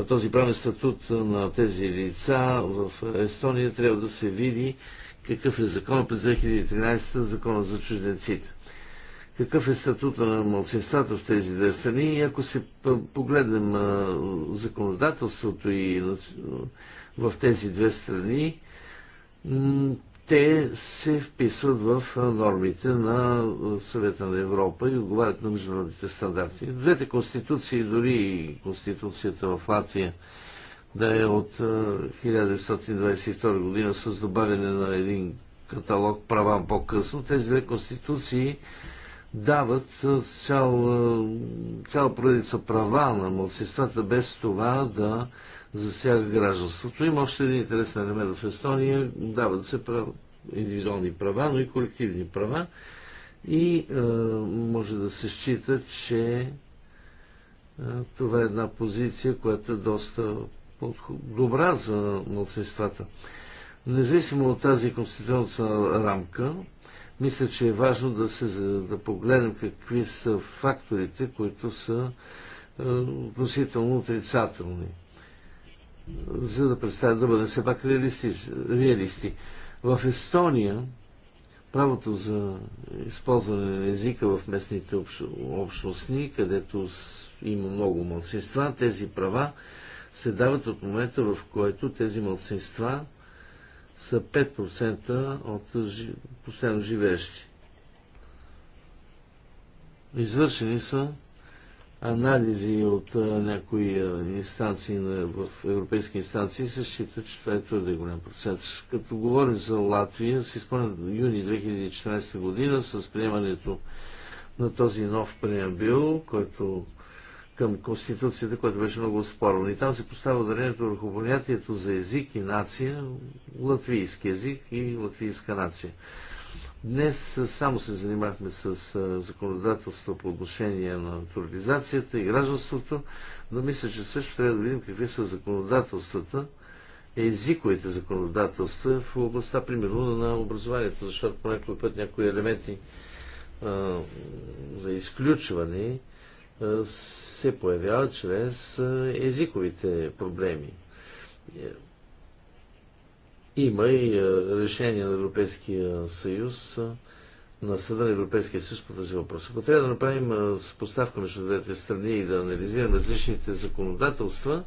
този правен статут на тези лица в Естония, трябва да се види какъв е закон през 2013, закона за чужденците. Какъв е статута на младсинствата в тези две страни и ако се погледнем законодателството и в тези две страни, те се вписват в нормите на Съвета на Европа и отговарят на международните стандарти. Двете конституции, дори и конституцията в Латвия, да е от 1922 година с добавяне на един каталог права по-късно, тези две конституции дават цяла цял поредица права на младсинствата без това да засяга гражданството. Има още един интересен елемент в Естония. Дават се прав... индивидуални права, но и колективни права. И е, може да се счита, че е, това е една позиция, която е доста добра за младсинствата. Независимо от тази конституционна рамка, мисля, че е важно да, се, да погледнем какви са факторите, които са е, относително отрицателни за да представят да бъдем все пак реалисти. реалисти. В Естония правото за използване на езика в местните общ... общностни, където има много младсинства, тези права се дават от момента, в който тези младсинства са 5% от жи... постоянно живеещи. Извършени са анализи от някои инстанции в европейски инстанции се счита, че това е твърде голям процент. Като говорим за Латвия, си спомням юни 2014 година с приемането на този нов преамбил, който към Конституцията, която беше много спорно. И там се поставя ударението върху понятието за език и нация, латвийски език и латвийска нация. Днес само се занимахме с законодателство по отношение на натурализацията и гражданството, но мисля, че също трябва да видим какви са законодателствата, езиковите законодателства в областта, примерно, на образованието, защото по някой път някои елементи а, за изключване а, се появяват чрез езиковите проблеми. Има и е, решение на Европейския съюз, е, на Съда на Европейския съюз по този въпрос. Ако трябва да направим е, поставка между двете страни и да анализираме различните законодателства,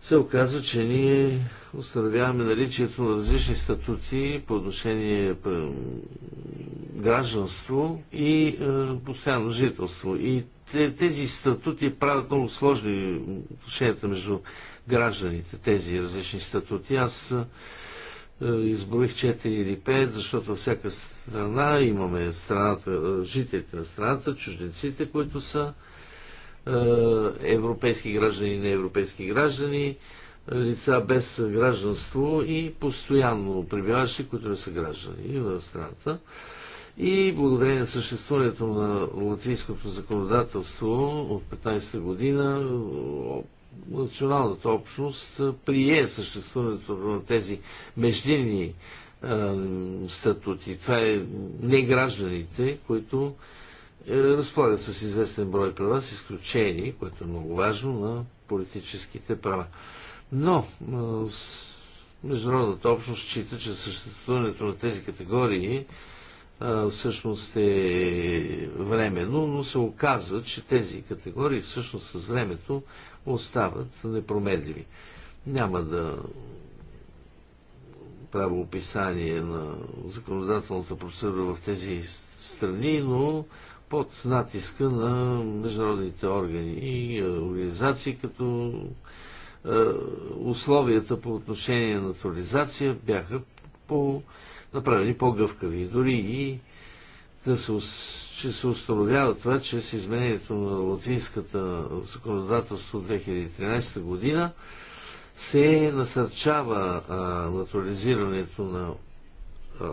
се оказва, че ние установяваме наличието на различни статути по отношение гражданство и постоянно жителство. И тези статути правят много сложни отношенията между гражданите, тези различни статути. Аз е, изброих 4 или 5, защото всяка страна имаме страната, жителите на страната, чужденците, които са е, европейски граждани и неевропейски граждани, лица без гражданство и постоянно пребиващи, които не са граждани на страната. И благодарение на съществуването на латвийското законодателство от 15-та година, националната общност прие съществуването на тези междинни статути. Това е не гражданите, които е, разполагат с известен брой права, с изключение, което е много важно, на политическите права. Но международната общност счита, че съществуването на тези категории всъщност е временно, но се оказва, че тези категории всъщност с времето остават непромедливи. Няма да правя описание на законодателната процедура в тези страни, но под натиска на международните органи и е, организации, като е, условията по отношение на натурализация бяха по, направени по-гъвкави. Дори и да се, че се установява това, че с изменението на латинската законодателство 2013 година се насърчава а, натурализирането на а,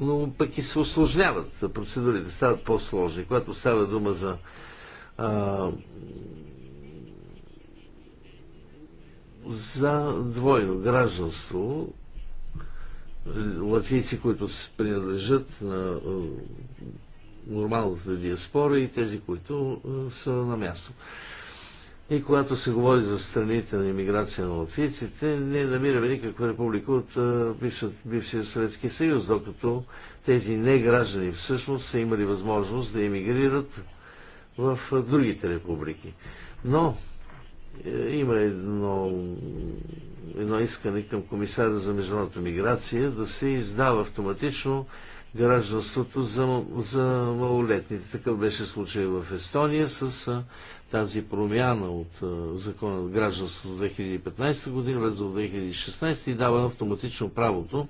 но пък и се осложняват процедурите, стават по-сложни. Когато става дума за а, за двойно гражданство, латвийци, които принадлежат на е, нормалната диаспора и тези, които е, са на място. И когато се говори за страните на иммиграция на латвийците, не намираме никаква република от е, бившия Съветски съюз, докато тези неграждани всъщност са имали възможност да иммигрират в другите републики. Но е, има едно, едно искане към комисаря за международната миграция да се издава автоматично гражданството за, за малолетните. Такъв беше случай в Естония с а, тази промяна от а, закона за гражданството 2015 година, влезе в 2016 и дава автоматично правото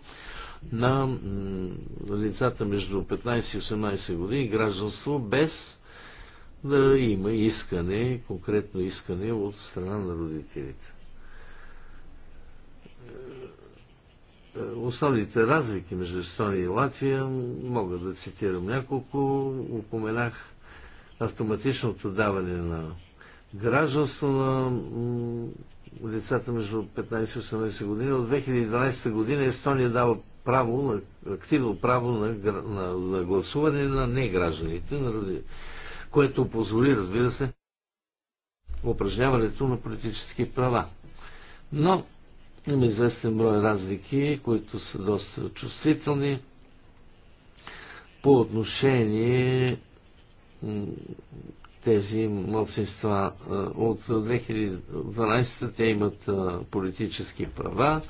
на лицата между 15 и 18 години гражданство без да има искане, конкретно искане от страна на родителите. Основните разлики между Естония и Латвия, мога да цитирам няколко, упоменах автоматичното даване на гражданство на децата между 15 и 18 години. От 2012 година Естония дава право, активно право на, на, на гласуване на негражданите, на родителите което позволи, разбира се, упражняването на политически права. Но има известен брой разлики, които са доста чувствителни по отношение тези младсинства. От 2012 те имат политически права,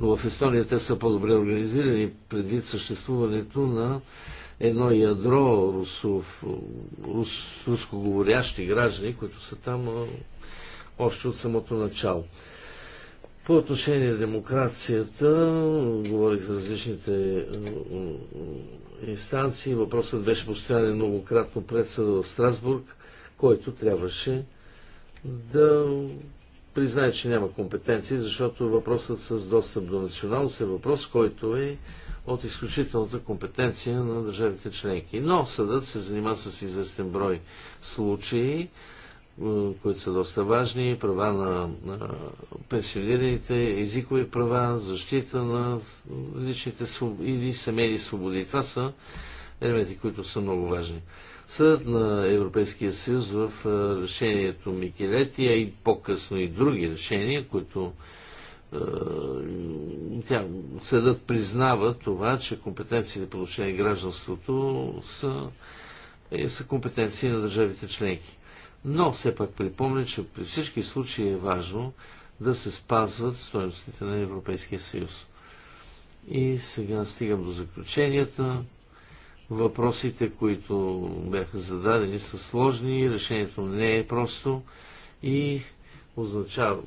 но в Естония те са по-добре организирани предвид съществуването на едно ядро русов, рус, рускоговорящи граждани, които са там още от самото начало. По отношение на демокрацията, говорих за различните инстанции, въпросът беше постоянен многократно пред съда в Страсбург, който трябваше да признае, че няма компетенции, защото въпросът с достъп до националност е въпрос, който е от изключителната компетенция на държавите членки. Но съдът се занима с известен брой случаи, които са доста важни, права на пенсионираните, езикови права, защита на личните или семейни свободи. Това са елементи, които са много важни. Съдът на Европейския съюз в решението Микелети, а и по-късно и други решения, които е, тя, съдът признава това, че компетенциите получение на гражданството са, е, са компетенции на държавите членки. Но все пак припомня, че при всички случаи е важно да се спазват стоеностите на Европейския съюз. И сега стигам до заключенията. Въпросите, които бяха зададени, са сложни, решението не е просто и означава,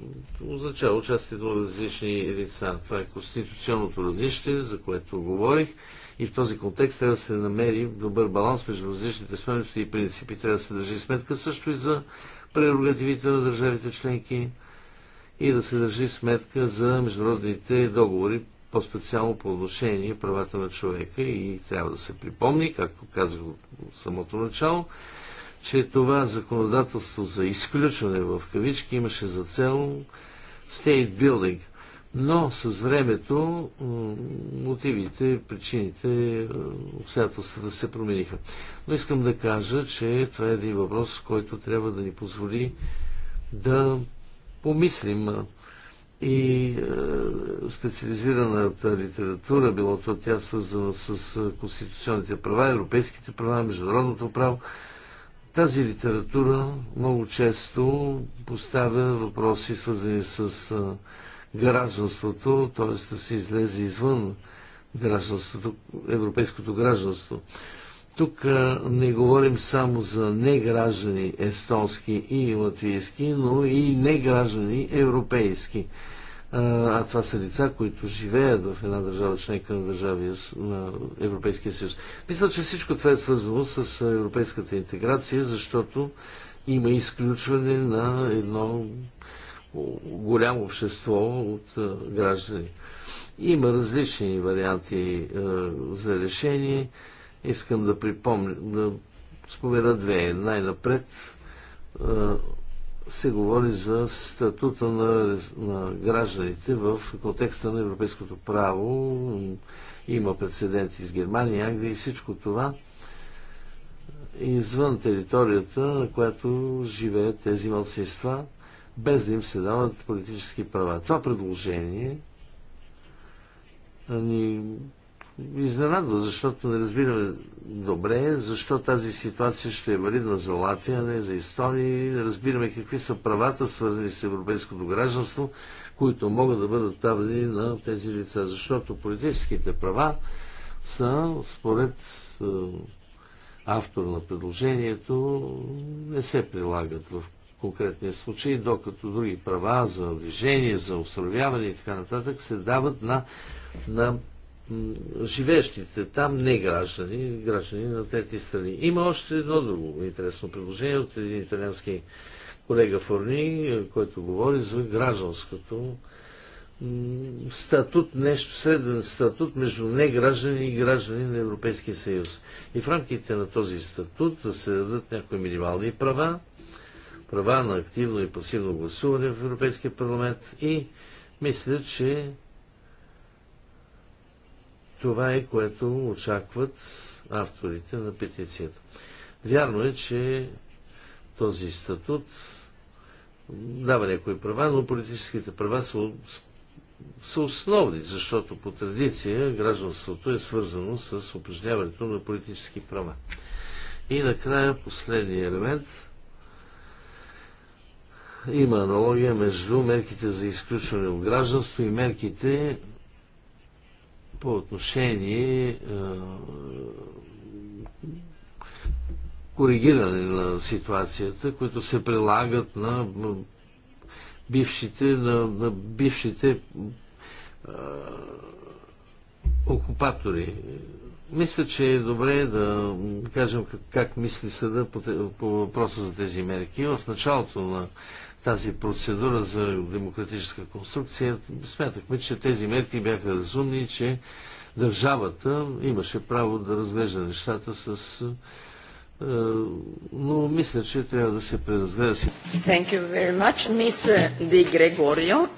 означава участието на различни лица. Това е конституционното различие, за което говорих. И в този контекст трябва да се намери добър баланс между различните стоености и принципи. Трябва да се държи сметка също и за прерогативите на държавите членки и да се държи сметка за международните договори, по-специално по отношение правата на човека и трябва да се припомни, както казах от самото начало, че това законодателство за изключване в кавички имаше за цел state building. Но с времето мотивите, причините, обстоятелствата се промениха. Но искам да кажа, че това е един въпрос, който трябва да ни позволи да помислим и е, специализираната литература, било то тя свързана с е, конституционните права, европейските права, международното право, тази литература много често поставя въпроси, свързани с гражданството, т.е. да се излезе извън гражданството, европейското гражданство. Тук не говорим само за неграждани естонски и латвийски, но и неграждани европейски а това са лица, които живеят в една държава, членка на, държави, на Европейския съюз. Мисля, че всичко това е свързано с европейската интеграция, защото има изключване на едно голямо общество от граждани. Има различни варианти за решение. Искам да припомня, да споведа две. Най-напред се говори за статута на, на гражданите в контекста на европейското право. Има прецеденти с Германия, Англия и всичко това извън територията, на която живеят тези мълцинства, без да им се дават политически права. Това предложение ни изненадва, защото не разбираме добре, защо тази ситуация ще е валидна за Латвия, не за Естония и не разбираме какви са правата, свързани с европейското гражданство, които могат да бъдат давани на тези лица, защото политическите права са, според е, автор на предложението, не се прилагат в конкретния случай, докато други права за движение, за установяване и така нататък се дават на, на живеещите там не граждани, граждани на трети страни. Има още едно друго интересно предложение от един италиански колега Форни, който говори за гражданското статут, нещо среден статут между неграждани и граждани на Европейския съюз. И в рамките на този статут да се дадат някои минимални права, права на активно и пасивно гласуване в Европейския парламент и мисля, че това е което очакват авторите на петицията. Вярно е, че този статут дава някои права, но политическите права са, са основни, защото по традиция гражданството е свързано с упражняването на политически права. И накрая последния елемент – има аналогия между мерките за изключване от гражданство и мерките по отношение е, коригиране на ситуацията, които се прилагат на бившите, на, на бившите е, окупатори. Мисля, че е добре да кажем как, как мисли съда по, по въпроса за тези мерки. В началото на тази процедура за демократическа конструкция, смятахме, че тези мерки бяха разумни, че държавата имаше право да разглежда нещата с... Е, но мисля, че трябва да се преразгледа си. Thank you very much, Miss Di Gregorio.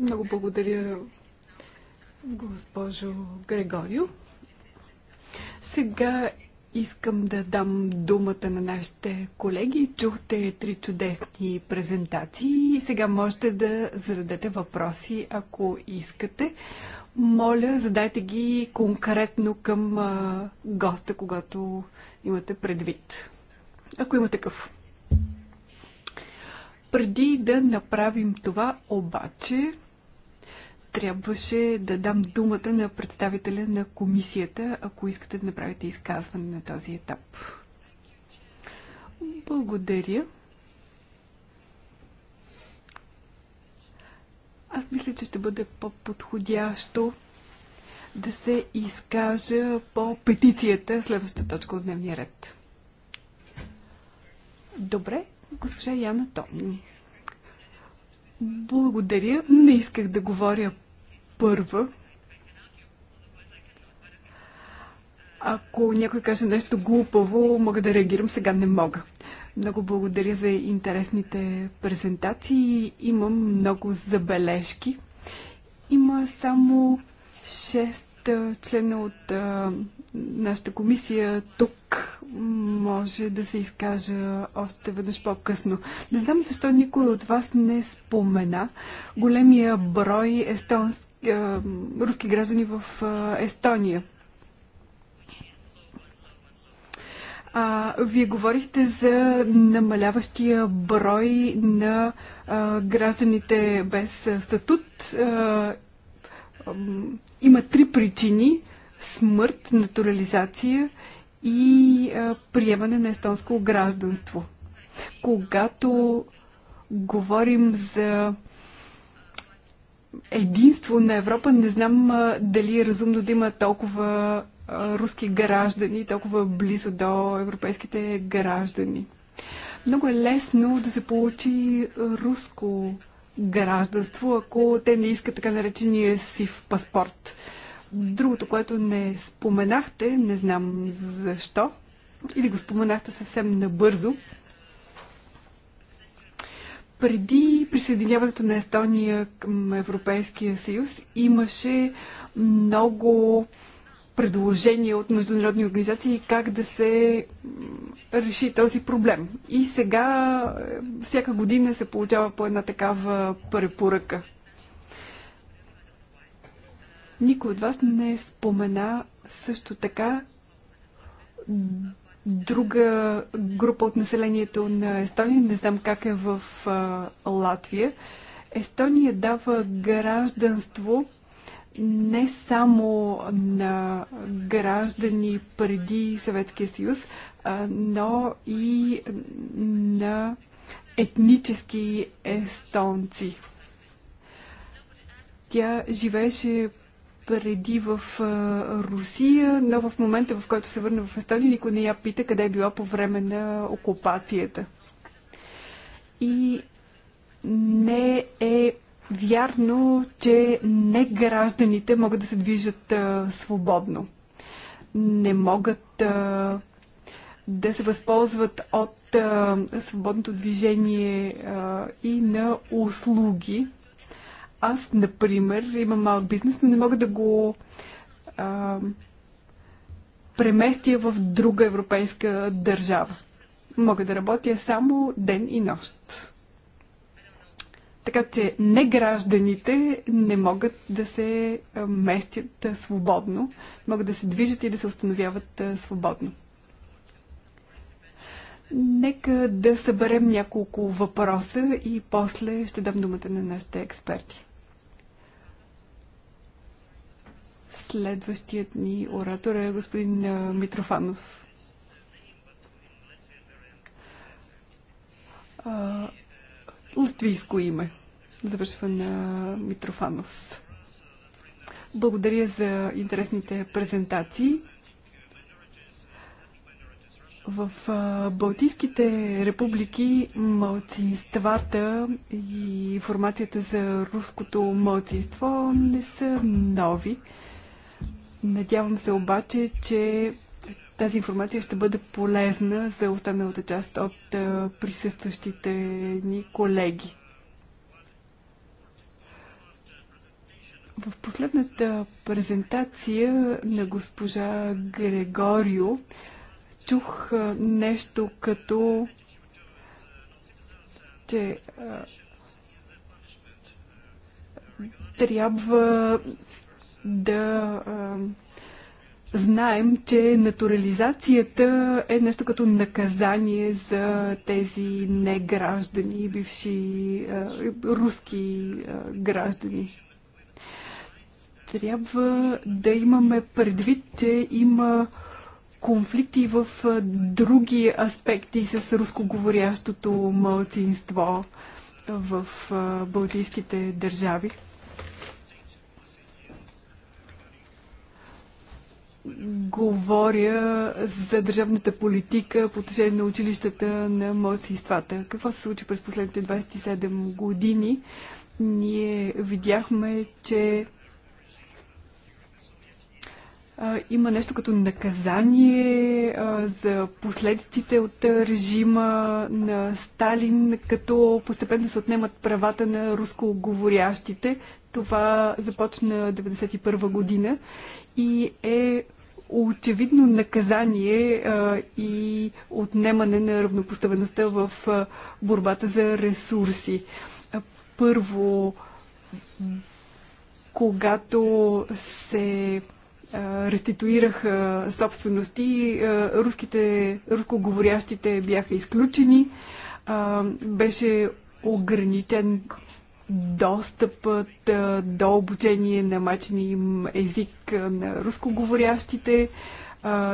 Много благодаря, госпожо Грегорио. Сега Искам да дам думата на нашите колеги. Чухте три чудесни презентации и сега можете да зададете въпроси, ако искате. Моля, задайте ги конкретно към а, госта, когато имате предвид. Ако има такъв. Преди да направим това, обаче, трябваше да дам думата на представителя на комисията, ако искате да направите изказване на този етап. Благодаря. Аз мисля, че ще бъде по-подходящо да се изкажа по петицията, следващата точка от дневния ред. Добре, госпожа Яна Томни. Благодаря. Не исках да говоря първа. Ако някой каже нещо глупаво, мога да реагирам, сега не мога. Много благодаря за интересните презентации. Имам много забележки. Има само 6 члена от а, нашата комисия тук. Може да се изкажа още веднъж по-късно. Не знам защо никой от вас не спомена големия брой естонски руски граждани в Естония. А, вие говорихте за намаляващия брой на а, гражданите без статут. А, има три причини смърт, натурализация и а, приемане на естонско гражданство. Когато говорим за единство на Европа. Не знам дали е разумно да има толкова руски граждани, толкова близо до европейските граждани. Много е лесно да се получи руско гражданство, ако те не искат така наречения сив паспорт. Другото, което не споменахте, не знам защо, или го споменахте съвсем набързо, преди присъединяването на Естония към Европейския съюз имаше много предложения от международни организации как да се реши този проблем. И сега е, всяка година се получава по една такава препоръка. Никой от вас не спомена също така друга група от населението на Естония, не знам как е в а, Латвия. Естония дава гражданство не само на граждани преди Съветския съюз, а, но и на етнически естонци. Тя живееше преди в Русия, но в момента, в който се върна в Естония, никой не я пита къде е била по време на окупацията. И не е вярно, че не гражданите могат да се движат а, свободно. Не могат а, да се възползват от а, свободното движение а, и на услуги. Аз, например, имам малък бизнес, но не мога да го а, преместя в друга европейска държава. Мога да работя само ден и нощ. Така че не гражданите не могат да се местят свободно, могат да се движат и да се установяват свободно. Нека да съберем няколко въпроса и после ще дам думата на нашите експерти. Следващият ни оратор е господин Митрофанов. латвийско име. Завършва на Митрофанос. Благодаря за интересните презентации. В Балтийските републики мълцинствата и информацията за руското мълцинство не са нови. Надявам се обаче, че тази информация ще бъде полезна за останалата част от присъстващите ни колеги. В последната презентация на госпожа Грегорио чух нещо като, че трябва да знаем, че натурализацията е нещо като наказание за тези неграждани, бивши а, руски а, граждани. Трябва да имаме предвид, че има конфликти в други аспекти с рускоговорящото мълцинство в балтийските държави. Говоря за държавната политика по отношение на училищата на младсинствата. Какво се случи през последните 27 години? Ние видяхме, че а, има нещо като наказание а, за последиците от режима на Сталин, като постепенно се отнемат правата на рускоговорящите. Това започна 1991 година и е очевидно наказание а, и отнемане на равнопоставеността в а, борбата за ресурси. А, първо, когато се реституираха собствености. Руските, рускоговорящите бяха изключени. Беше ограничен достъпът до обучение на им език на рускоговорящите,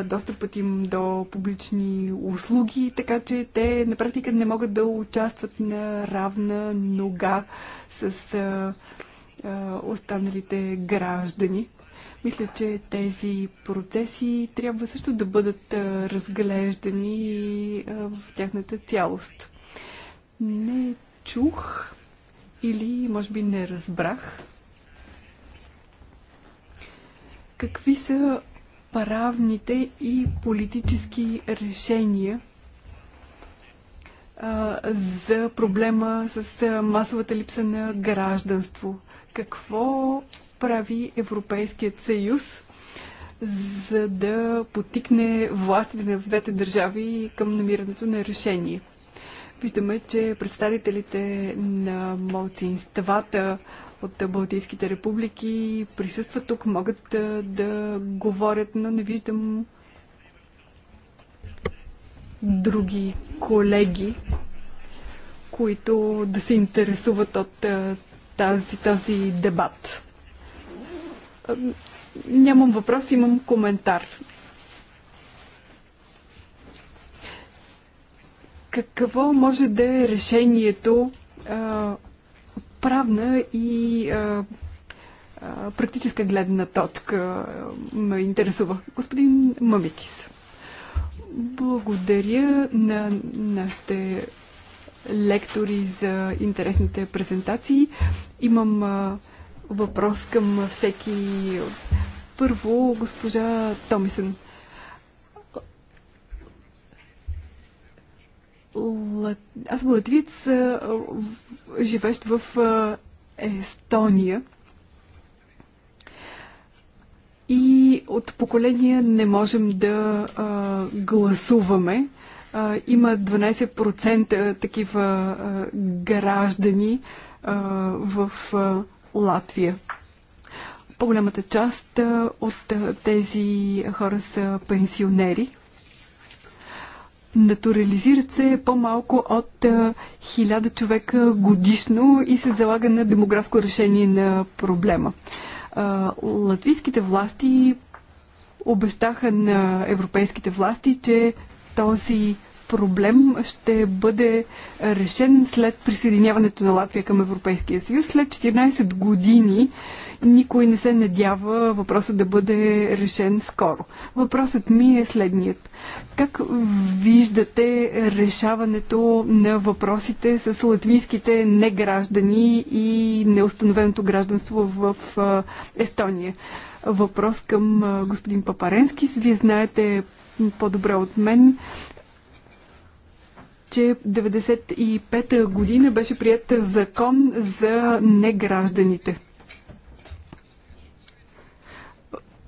достъпът им до публични услуги, така че те на практика не могат да участват на равна нога с останалите граждани. Мисля, че тези процеси трябва също да бъдат разглеждани и в тяхната цялост. Не чух или може би не разбрах какви са правните и политически решения а, за проблема с масовата липса на гражданство. Какво прави Европейският съюз, за да потикне властите на двете държави към намирането на решение. Виждаме, че представителите на малцинствата от Балтийските републики присъстват тук, могат да, да говорят, но не виждам други колеги, които да се интересуват от тази, този дебат. Нямам въпрос, имам коментар. Какво може да е решението а, правна и а, а, практическа гледна точка ме интересува? Господин Мамикис. Благодаря на нашите лектори за интересните презентации. Имам а, въпрос към всеки. Първо, госпожа Томисън. Аз съм латвиец, живещ в Естония. И от поколения не можем да гласуваме. има 12% такива граждани в Латвия. По-голямата част от тези хора са пенсионери. Натурализират се по-малко от 1000 човека годишно и се залага на демографско решение на проблема. Латвийските власти обещаха на европейските власти, че този проблем ще бъде решен след присъединяването на Латвия към Европейския съюз. След 14 години никой не се надява въпросът да бъде решен скоро. Въпросът ми е следният. Как виждате решаването на въпросите с латвийските неграждани и неустановеното гражданство в Естония? Въпрос към господин Папаренски. Вие знаете по-добре от мен че 95-та година беше прият закон за негражданите.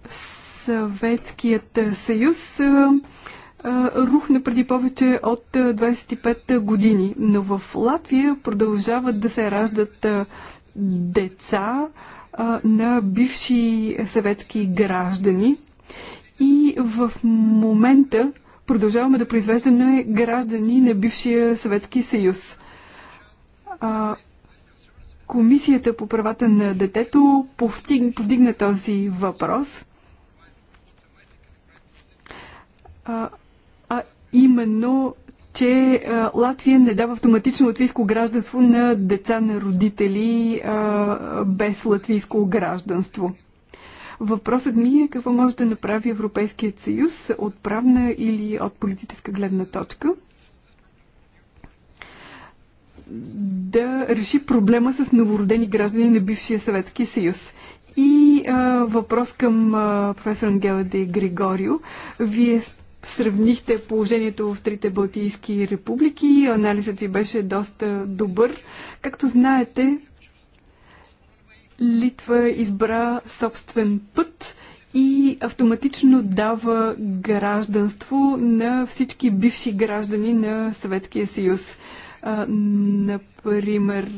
Съветският съюз рухна преди повече от 25 години, но в Латвия продължават да се раждат деца на бивши съветски граждани. И в момента продължаваме да произвеждаме граждани на бившия Съветски съюз. А, Комисията по правата на детето повдиг, повдигна този въпрос. А, а именно, че а, Латвия не дава автоматично латвийско гражданство на деца на родители а, без латвийско гражданство. Въпросът ми е какво може да направи Европейският съюз от правна или от политическа гледна точка да реши проблема с новородени граждани на бившия Съветски съюз. И а, въпрос към а, професор Ангела де Григорио. Вие сравнихте положението в трите Балтийски републики. Анализът ви беше доста добър. Както знаете, Литва избра собствен път и автоматично дава гражданство на всички бивши граждани на Съветския съюз. например,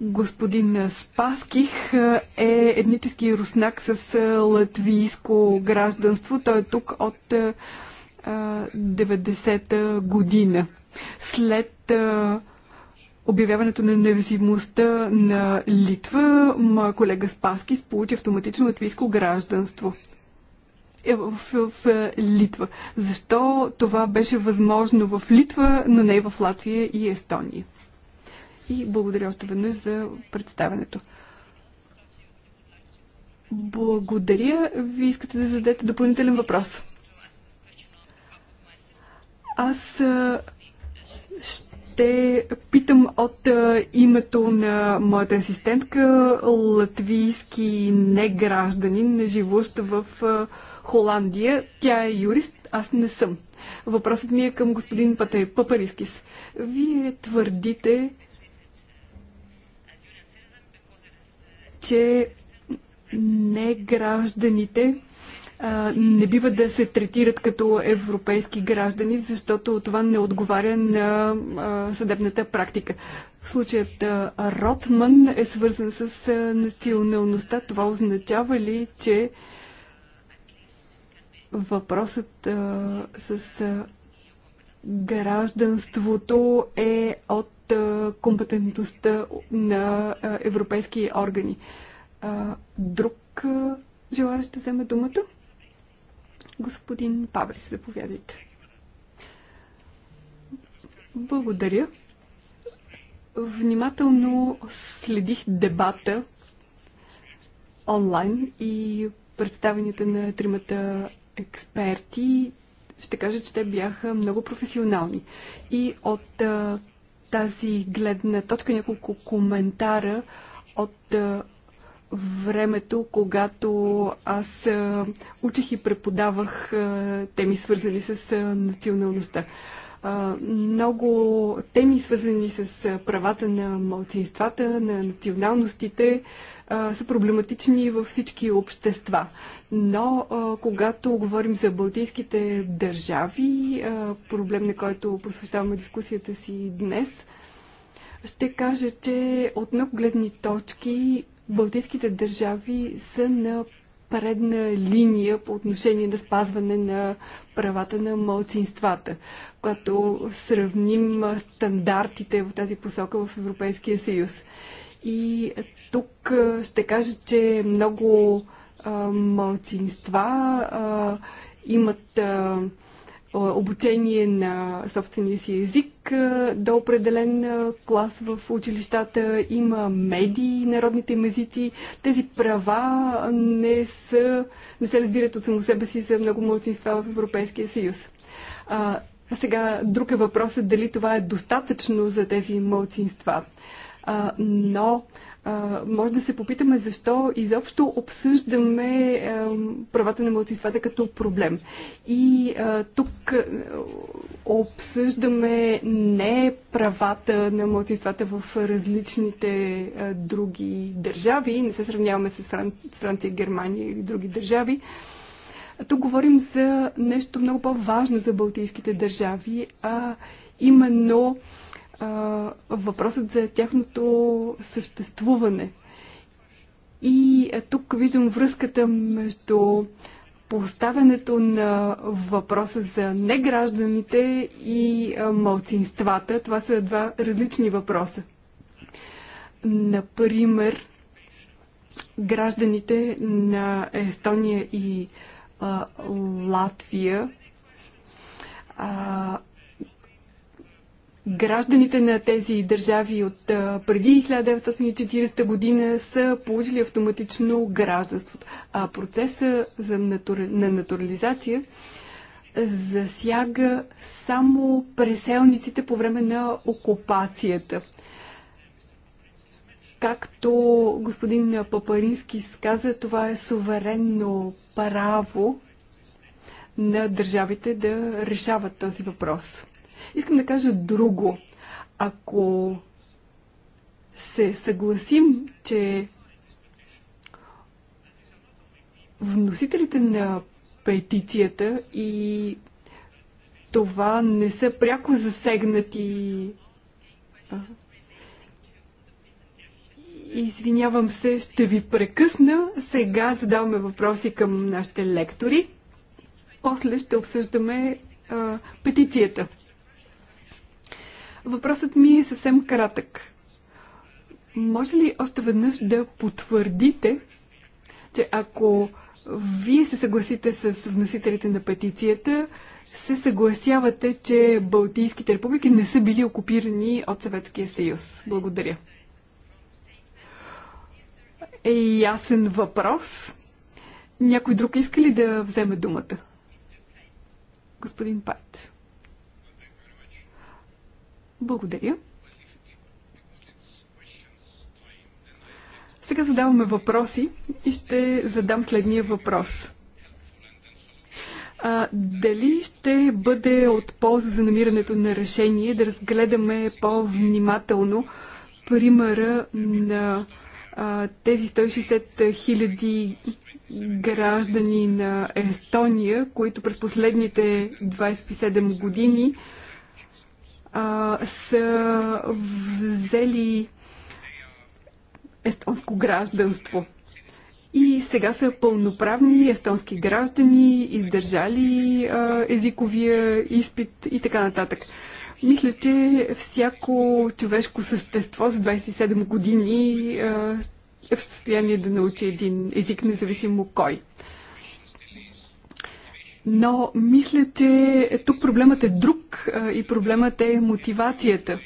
господин Спаских е етнически руснак с латвийско гражданство. Той е тук от 90-та година. След обявяването на невзимостта на Литва, моя колега Спаски получи автоматично латвийско гражданство е, в, в, в е, Литва. Защо това беше възможно в Литва, но не и в Латвия и Естония? И благодаря още веднъж за представенето. Благодаря. Вие искате да зададете допълнителен въпрос. Аз ще те питам от името на моята асистентка, латвийски негражданин, живущ в Холандия. Тя е юрист, аз не съм. Въпросът ми е към господин Папарискис. Вие твърдите, че не гражданите не бива да се третират като европейски граждани, защото това не отговаря на съдебната практика. Случаят Ротман е свързан с националността. Това означава ли, че въпросът с гражданството е от компетентността на европейски органи? друг желаящ да вземе думата? Господин Пабрис, заповядайте. Благодаря. Внимателно следих дебата онлайн и представените на тримата експерти. Ще кажа, че те бяха много професионални. И от а, тази гледна точка няколко коментара от а, времето, когато аз учих и преподавах теми свързани с националността. Много теми свързани с правата на младсинствата, на националностите са проблематични във всички общества. Но когато говорим за балтийските държави, проблем на който посвещаваме дискусията си днес, ще кажа, че от много гледни точки Балтийските държави са на предна линия по отношение на спазване на правата на малцинствата. Когато сравним стандартите в тази посока в Европейския съюз. И тук ще кажа, че много а, малцинства а, имат а, обучение на собствения си език до определен клас в училищата, има медии, народните мезици. Тези права не, са, не се разбират от само себе си за много младсинства в Европейския съюз. А, сега друг е въпросът дали това е достатъчно за тези младсинства. но може да се попитаме защо изобщо обсъждаме правата на младсинствата като проблем. И тук обсъждаме не правата на младсинствата в различните други държави, не се сравняваме с, Фран... с Франция, Германия или други държави. Тук говорим за нещо много по-важно за балтийските държави, а именно въпросът за тяхното съществуване. И тук виждам връзката между поставянето на въпроса за негражданите и малцинствата. Това са два различни въпроса. Например, гражданите на Естония и а, Латвия а, гражданите на тези държави от преди 1940 година са получили автоматично гражданството. А процеса за натур... на натурализация засяга само преселниците по време на окупацията. Както господин Папарински каза, това е суверенно право на държавите да решават този въпрос. Искам да кажа друго. Ако се съгласим, че вносителите на петицията и това не са пряко засегнати. Извинявам се, ще ви прекъсна. Сега задаваме въпроси към нашите лектори. После ще обсъждаме а, петицията. Въпросът ми е съвсем кратък. Може ли още веднъж да потвърдите, че ако вие се съгласите с вносителите на петицията, се съгласявате, че Балтийските републики не са били окупирани от Съветския съюз. Благодаря. Е ясен въпрос. Някой друг иска ли да вземе думата? Господин Пайт. Благодаря. Сега задаваме въпроси и ще задам следния въпрос. А, дали ще бъде от полза за намирането на решение да разгледаме по-внимателно примера на а, тези 160 хиляди граждани на Естония, които през последните 27 години а, са взели естонско гражданство. И сега са пълноправни естонски граждани, издържали а, езиковия изпит и така нататък. Мисля, че всяко човешко същество за 27 години а, е в състояние да научи един език, независимо кой. Но мисля, че тук проблемът е друг и проблемът е мотивацията.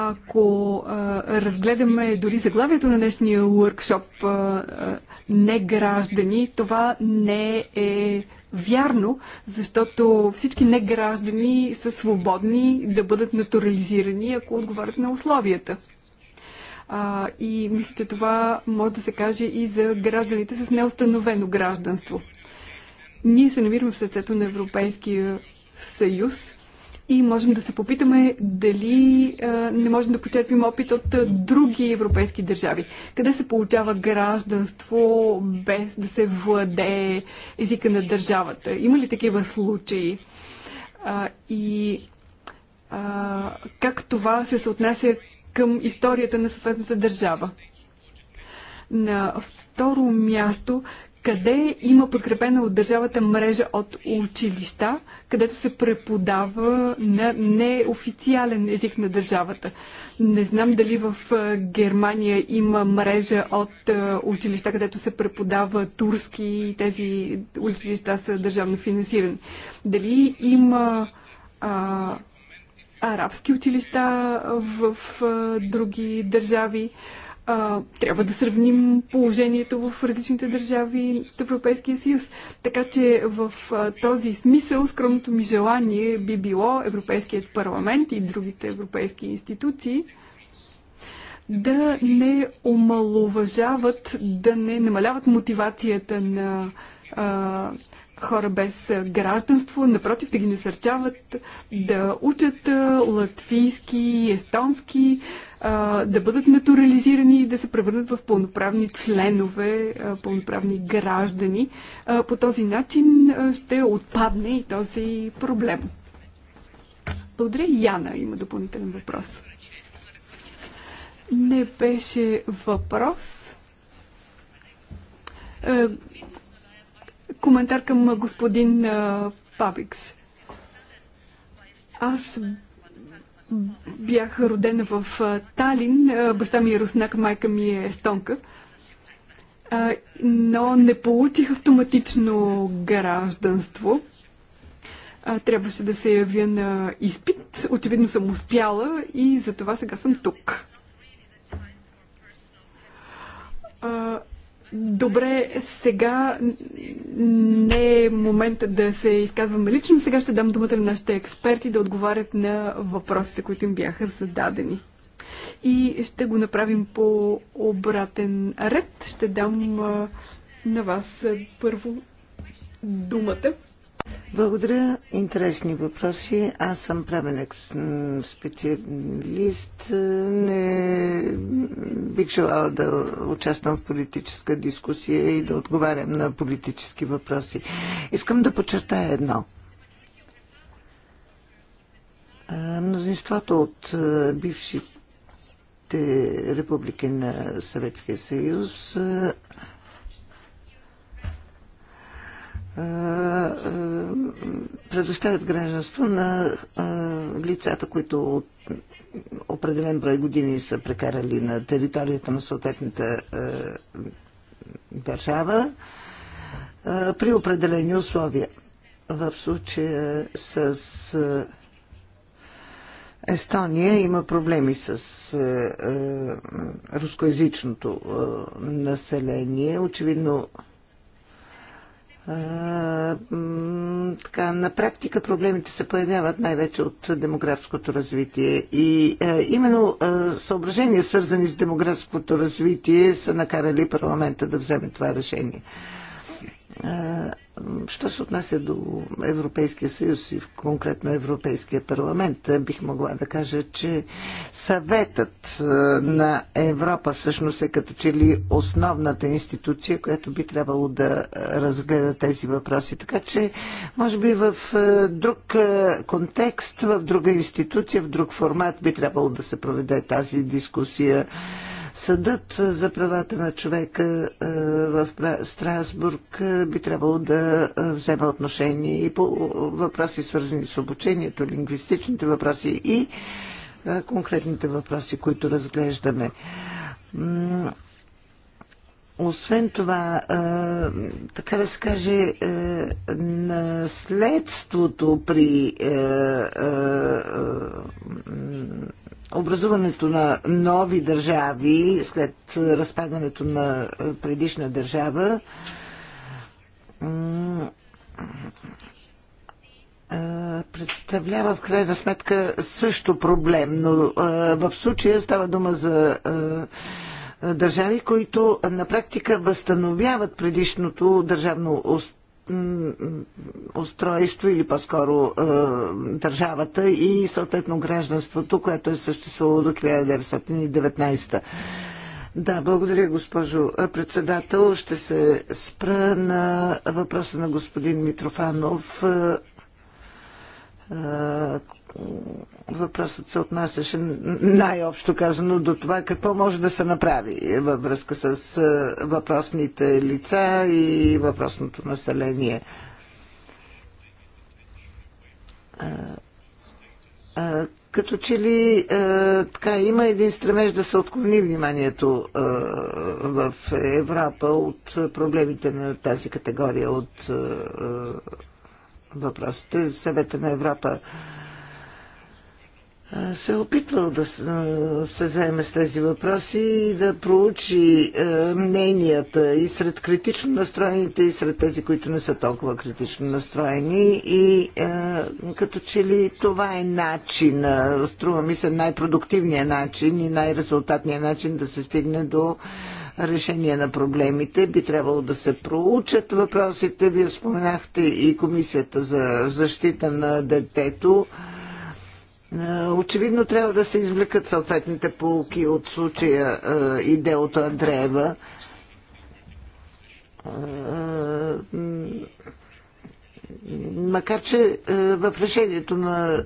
Ако а, разгледаме дори заглавието на днешния уркшоп а, а, не граждани, това не е вярно, защото всички неграждани са свободни да бъдат натурализирани, ако отговарят на условията. А, и мисля, че това може да се каже и за гражданите с неустановено гражданство. Ние се намираме в сърцето на Европейския съюз и можем да се попитаме дали а, не можем да почерпим опит от а, други европейски държави. Къде се получава гражданство без да се владее езика на държавата? Има ли такива случаи? А, и а, как това се съотнася към историята на съответната държава? На второ място, къде има подкрепена от държавата мрежа от училища, където се преподава на неофициален език на държавата. Не знам дали в Германия има мрежа от училища, където се преподава турски и тези училища са държавно финансирани. Дали има а, арабски училища в а, други държави а, трябва да сравним положението в различните държави от Европейския съюз. Така че в а, този смисъл скромното ми желание би било Европейският парламент и другите европейски институции да не омалуважават, да не намаляват мотивацията на а, хора без гражданство, напротив да ги насърчават да учат латвийски, естонски, а, да бъдат натурализирани и да се превърнат в пълноправни членове, а, пълноправни граждани. А, по този начин а, ще отпадне и този проблем. Благодаря. Яна има допълнителен въпрос. Не беше въпрос. коментар към господин Пабикс. Аз Бях родена в Талин. Баща ми е руснак, майка ми е естонка. Но не получих автоматично гражданство. Трябваше да се явя на изпит. Очевидно съм успяла и затова сега съм тук Добре, сега не е момента да се изказваме лично. Сега ще дам думата на нашите експерти да отговарят на въпросите, които им бяха зададени. И ще го направим по обратен ред. Ще дам на вас първо думата. Благодаря. Интересни въпроси. Аз съм правен специалист. Не бих желала да участвам в политическа дискусия и да отговарям на политически въпроси. Искам да подчертая едно. Мнозинството от бившите републики на Съветския съюз предоставят гражданство на лицата, които от определен брой години са прекарали на територията на съответната държава при определени условия. В случая с Естония има проблеми с рускоязичното население. Очевидно така, на практика проблемите се появяват най-вече от демографското развитие. И а, е, именно а, е, съображения, свързани с демографското развитие, са накарали парламента да вземе това решение. Е, Що се отнася до Европейския съюз и конкретно Европейския парламент, бих могла да кажа, че съветът е, на Европа всъщност е като че ли основната институция, която би трябвало да разгледа тези въпроси. Така че, може би в е, друг е, контекст, в друга институция, в друг формат би трябвало да се проведе тази дискусия Съдът за правата на човека е, в Страсбург е, би трябвало да е, взема отношение и по въпроси свързани с обучението, лингвистичните въпроси и конкретните въпроси, които разглеждаме. Освен това, така да се каже, наследството при образуването на нови държави след разпадането на предишна държава представлява в крайна сметка също проблем, но в случая става дума за държави, които на практика възстановяват предишното държавно устройство устройство или по-скоро държавата и съответно гражданството, което е съществувало до 1919. Да, благодаря, госпожо председател. Ще се спра на въпроса на господин Митрофанов Въпросът се отнасяше най-общо казано до това какво може да се направи във връзка с въпросните лица и въпросното население. Като че ли така има един стремеж да се отклони вниманието в Европа от проблемите на тази категория, от въпросите. Съвета на Европа се е опитвал да се заеме с тези въпроси и да проучи мненията и сред критично настроените, и сред тези, които не са толкова критично настроени. И като че ли това е начин, струва ми се най-продуктивният начин и най-резултатният начин да се стигне до решение на проблемите. Би трябвало да се проучат въпросите. Вие споменахте и Комисията за защита на детето. Е, очевидно трябва да се извлекат съответните полки от случая е, и делото Андреева. Е, макар, че в решението на,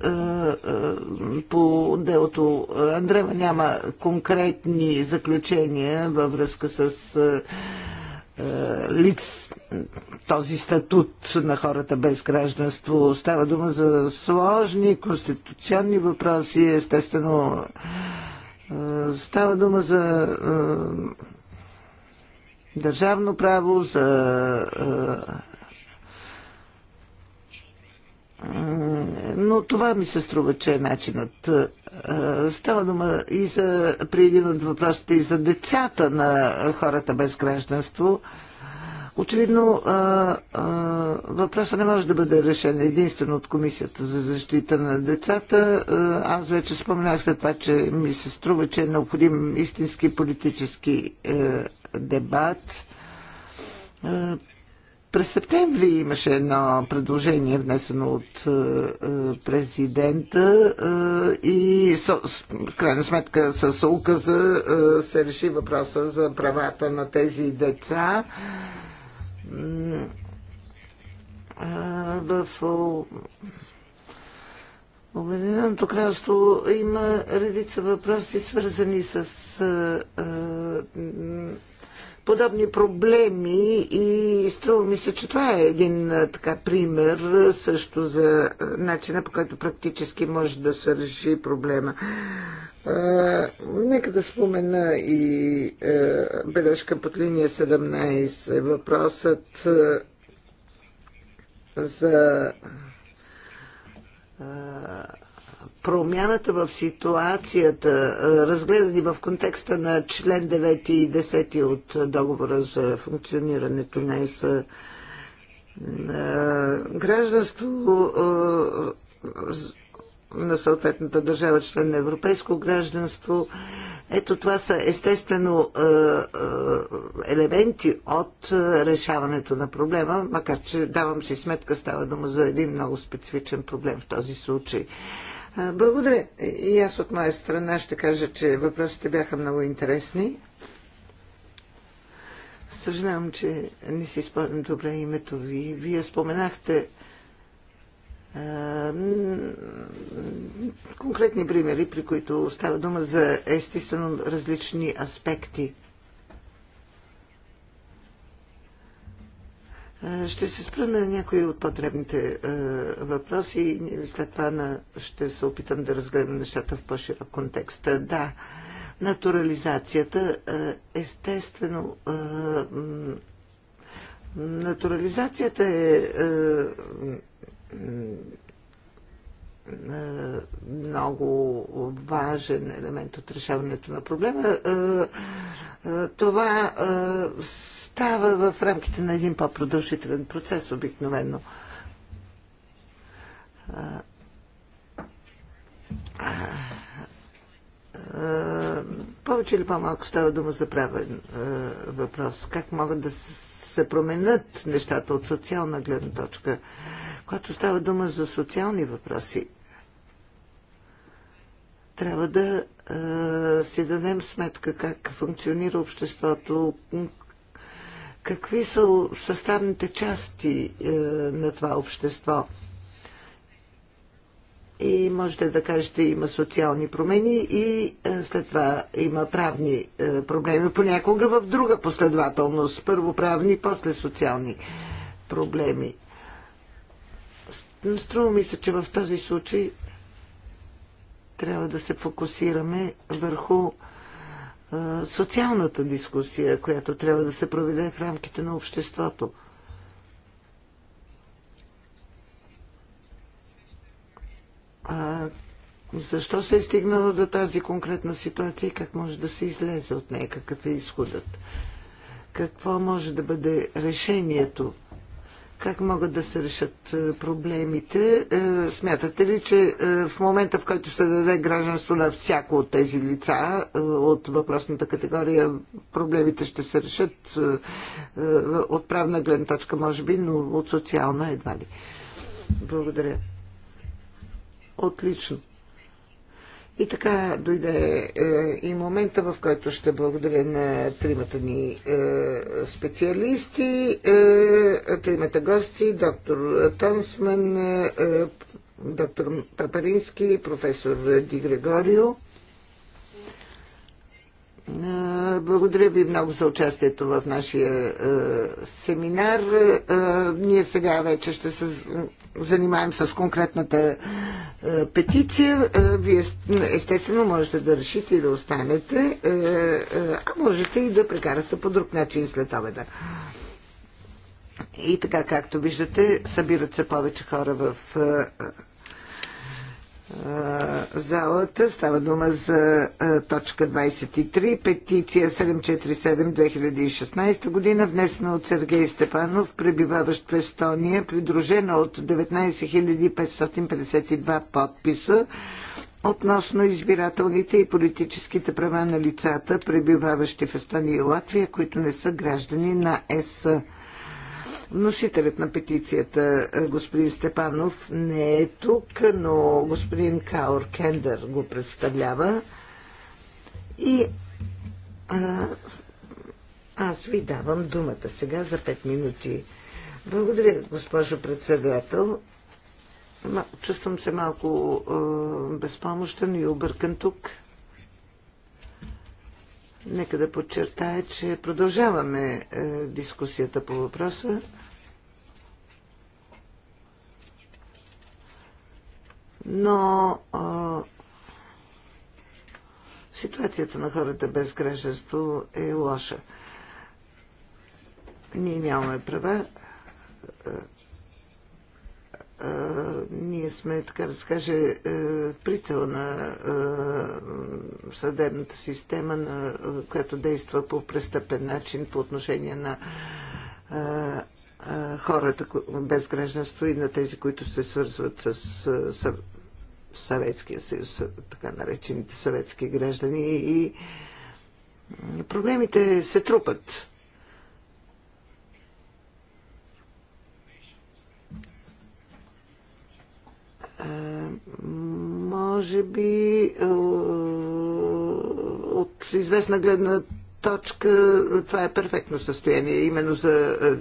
по делото Андрева няма конкретни заключения във връзка с е, лиц, този статут на хората без гражданство. Става дума за сложни конституционни въпроси, естествено. Е, става дума за е, държавно право, за но това ми се струва, че е начинът. Е, става дума и за, при един от въпросите и за децата на хората без гражданство. Очевидно, е, е, въпросът не може да бъде решен единствено от Комисията за защита на децата. Аз вече споменах за това, че ми се струва, че е необходим истински политически дебат през септември имаше едно предложение, внесено от е, е, президента е, и в крайна сметка с указа се реши въпроса за правата на тези деца. В Обединеното кралство има редица въпроси, свързани с подобни проблеми и струва ми се, че това е един така пример също за начина по който практически може да се реши проблема. А, нека да спомена и а, бележка под линия 17. Въпросът а, за а, промяната в ситуацията, разгледани в контекста на член 9 и 10 от договора за функционирането на ЕС, гражданство на съответната държава, член на европейско гражданство. Ето това са естествено елементи от решаването на проблема, макар че давам си сметка, става дума за един много специфичен проблем в този случай. Благодаря. И аз от моя страна ще кажа, че въпросите бяха много интересни. Съжалявам, че не си спомням добре името ви. Вие споменахте конкретни примери, при които става дума за естествено различни аспекти Ще се спра на някои от потребните въпроси и след това на... ще се опитам да разгледам нещата в по-широк контекст. Да, натурализацията естествено натурализацията е е, много важен елемент от решаването на проблема. Е, е, това става в рамките на един по-продължителен процес обикновено. Повече или по-малко става дума за правен въпрос. Как могат да се променят нещата от социална гледна точка? Когато става дума за социални въпроси, трябва да е, си дадем сметка как функционира обществото, какви са съставните части е, на това общество. И можете да кажете, има социални промени и е, след това има правни е, проблеми, понякога в друга последователност. Първо правни, после социални проблеми. Струва ми се, че в този случай трябва да се фокусираме върху социалната дискусия, която трябва да се проведе в рамките на обществото. А, защо се е стигнало до тази конкретна ситуация и как може да се излезе от нея, какъв е изходът? Какво може да бъде решението? Как могат да се решат е, проблемите? Е, смятате ли, че е, в момента, в който се даде гражданство на всяко от тези лица от въпросната категория, проблемите ще се решат от правна гледна точка, може би, но от социална едва ли? Благодаря. Отлично. И така дойде е, и момента, в който ще благодаря на тримата ни е, специалисти, е, тримата гости, доктор Тонсман, е, доктор Папарински, професор Ди Грегорио. Е, благодаря ви много за участието в нашия е, семинар. Е, ние сега вече ще се занимаем с конкретната е, петиция. Е, вие естествено можете да решите и да останете, е, а можете и да прекарате по друг начин след обеда. И така, както виждате, събират се повече хора в залата. Става дума за точка 23, петиция 747-2016 година, внесена от Сергей Степанов, пребиваващ в Естония, придружена от 19 552 подписа относно избирателните и политическите права на лицата, пребиваващи в Естония и Латвия, които не са граждани на ЕС. Вносителят на петицията, е, господин Степанов, не е тук, но господин Каор Кендър го представлява. И а, аз ви давам думата сега за 5 минути. Благодаря, госпожо председател. Чувствам се малко а, безпомощен и объркан тук. Нека да подчертая, че продължаваме е, дискусията по въпроса. но а, ситуацията на хората без гражданство е лоша. Ние нямаме права. А, а, ние сме, така да се каже, прицел на а, съдебната система, на, която действа по престъпен начин по отношение на хората без гражданство и на тези, които се свързват с Съветския съюз, така наречените съветски граждани и проблемите се трупат. може би от известна гледна точка това е перфектно състояние именно за е,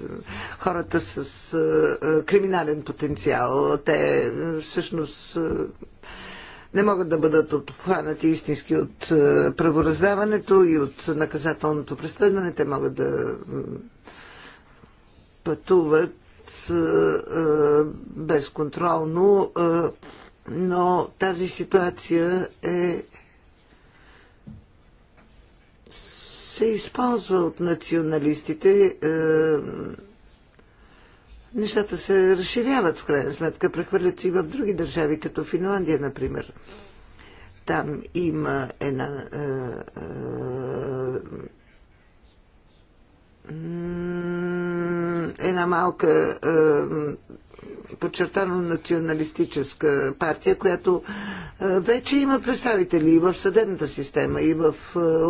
хората с е, е, криминален потенциал. Те всъщност не могат да бъдат обхванати истински от правораздаването и от наказателното преследване. Те могат да пътуват безконтролно, но тази ситуация е се използва от националистите. Е, нещата се разширяват в крайна сметка, прехвърлят се и в други държави, като Финландия, например. Там има една. Е, е, една малка е, подчертано националистическа партия, която вече има представители и в съдебната система, и в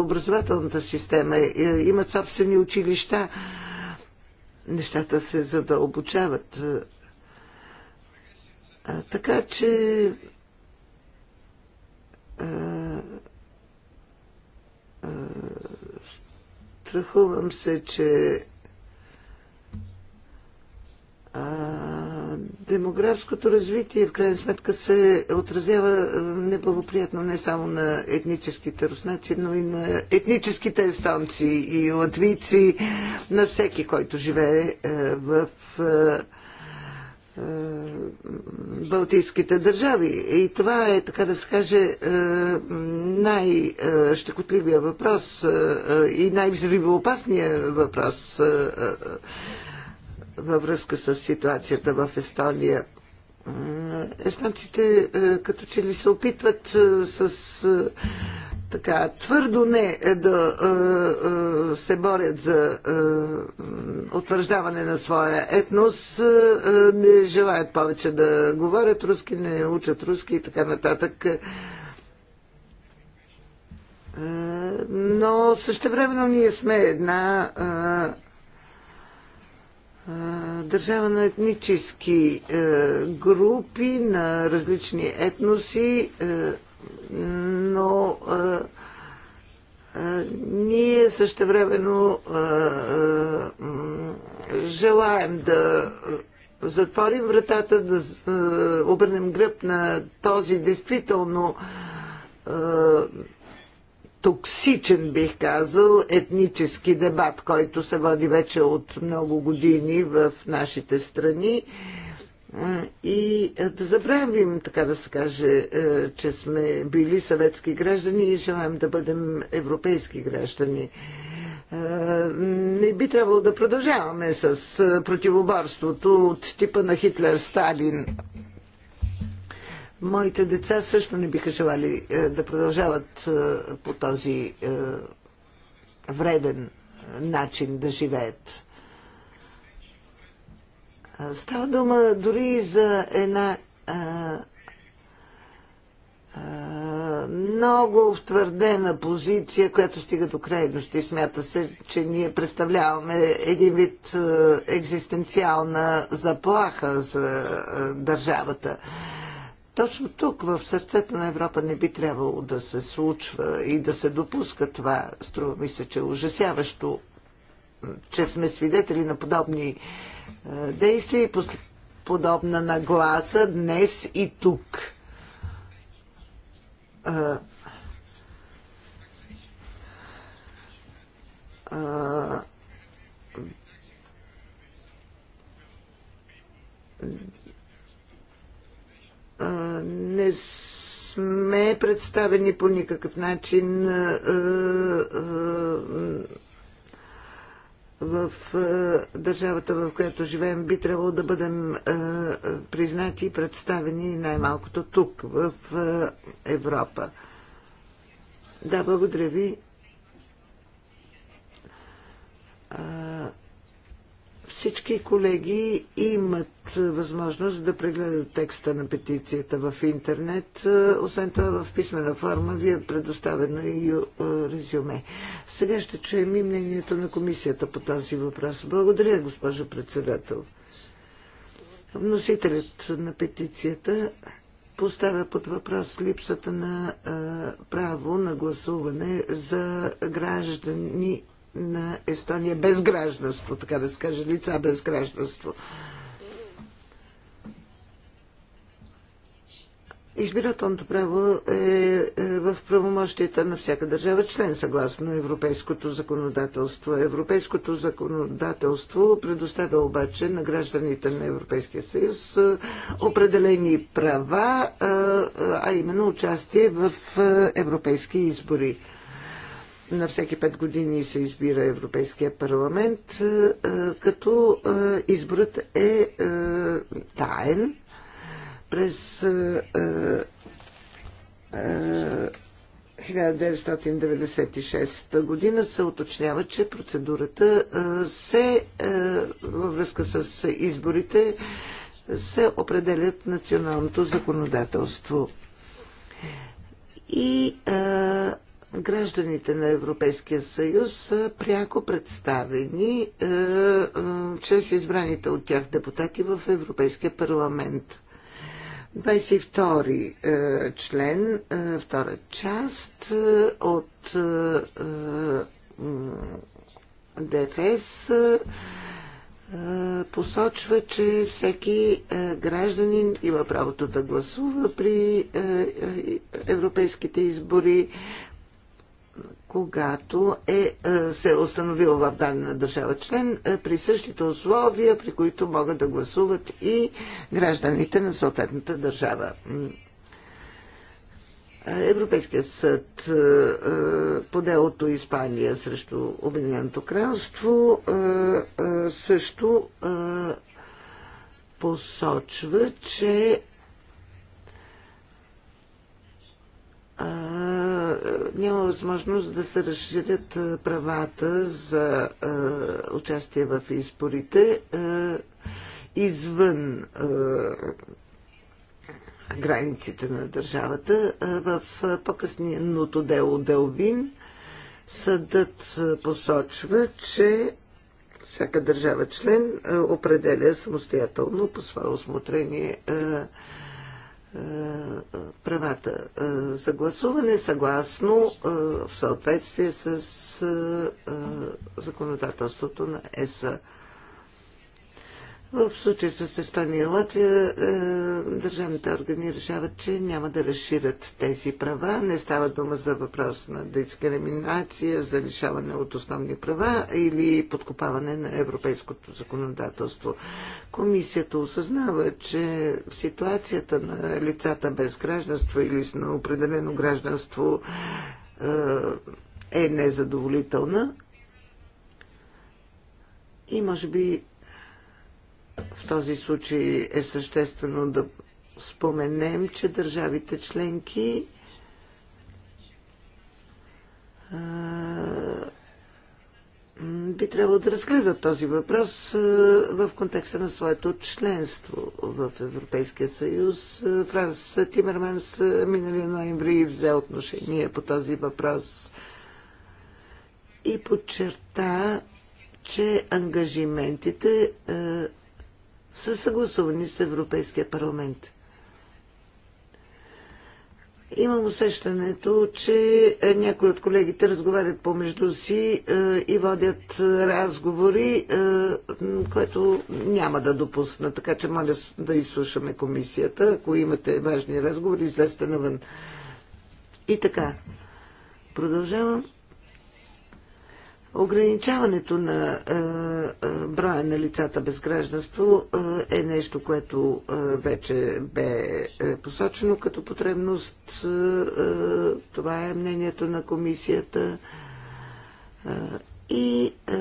образователната система, имат собствени училища. Нещата се задълбочават. Така че страхувам се, че демографското развитие в крайна сметка се отразява неблагоприятно не само на етническите руснаци, но и на етническите естонци и латвийци, на всеки, който живее е, в е, е, Балтийските държави. И това е, така да се каже, най-щекотливия въпрос и най-взривоопасния въпрос във връзка с ситуацията в Естония. Естонците е, като че ли се опитват е, с е, така твърдо не да се борят за утвърждаване на своя етнос, не желаят повече да говорят руски, не учат руски и така нататък но също времено ние сме една а, държава на етнически е, групи, на различни етноси, е, но е, ние същевременно желаем да затворим вратата, да обърнем гръб на този действително токсичен, бих казал, етнически дебат, който се води вече от много години в нашите страни. И да забравим, така да се каже, е, че сме били съветски граждани и желаем да бъдем европейски граждани. Е, не би трябвало да продължаваме с е, противоборството от типа на Хитлер-Сталин. Моите деца също не биха желали е, да продължават е, по този е, вреден начин да живеят. Става дума дори за една е, е, много втвърдена позиция, която стига до крайности. Смята се, че ние представляваме един вид екзистенциална заплаха за държавата точно тук, в сърцето на Европа, не би трябвало да се случва и да се допуска това. Струва ми се, че е ужасяващо, че сме свидетели на подобни е, действия и подобна нагласа днес и тук. А, е, а, е, не сме представени по никакъв начин в държавата, в която живеем, би трябвало да бъдем признати и представени най-малкото тук, в Европа. Да, благодаря ви. Всички колеги имат възможност да прегледат текста на петицията в интернет. Освен това, в писмена форма ви е предоставено и е, резюме. Сега ще чуем и мнението на комисията по този въпрос. Благодаря, госпожо председател. Вносителят на петицията поставя под въпрос липсата на а, е, право на гласуване за граждани на Естония без гражданство, така да се каже, лица без гражданство. Избирателното право е, е в правомощията на всяка държава член, съгласно европейското законодателство. Европейското законодателство предоставя обаче на гражданите на Европейския съюз е, определени права, е, а именно участие в европейски избори на всеки 5 години се избира Европейския парламент, е, като е, изборът е, е таен. През 1996 година се уточнява, че процедурата се във връзка с изборите се определят националното законодателство. И а, гражданите на Европейския съюз са пряко представени е, е, чрез избраните от тях депутати в Европейския парламент. 22-и е, член, втора част от ДФС посочва, че всеки гражданин има правото да гласува при европейските избори когато е, е, се е установил в дадена държава член е, при същите условия, при които могат да гласуват и гражданите на съответната държава. Европейският съд е, по делото Испания срещу Обединеното кралство също посочва, че няма възможност да се разширят правата за участие в изборите извън границите на държавата. В по-късното дело Делвин съдът посочва, че всяка държава член определя самостоятелно по свое осмотрение е, правата е, за гласуване съгласно е, в съответствие с законодателството на ЕСА. В случая с Естония и Латвия е, държавните органи решават, че няма да разширят тези права. Не става дума за въпрос на дискриминация, за лишаване от основни права или подкопаване на европейското законодателство. Комисията осъзнава, че ситуацията на лицата без гражданство или с на определено гражданство е, е незадоволителна и може би в този случай е съществено да споменем, че държавите членки би трябвало да разгледат този въпрос в контекста на своето членство в Европейския съюз. Франс Тимерманс минали ноември взе отношение по този въпрос и подчерта, че ангажиментите са съгласувани с Европейския парламент. Имам усещането, че някои от колегите разговарят помежду си е, и водят е, разговори, е, което няма да допусна. Така че моля да изслушаме комисията. Ако имате важни разговори, излезте навън. И така. Продължавам. Ограничаването на е, е, броя на лицата без гражданство е, е нещо, което вече бе посочено като потребност. това е мнението на комисията. И е,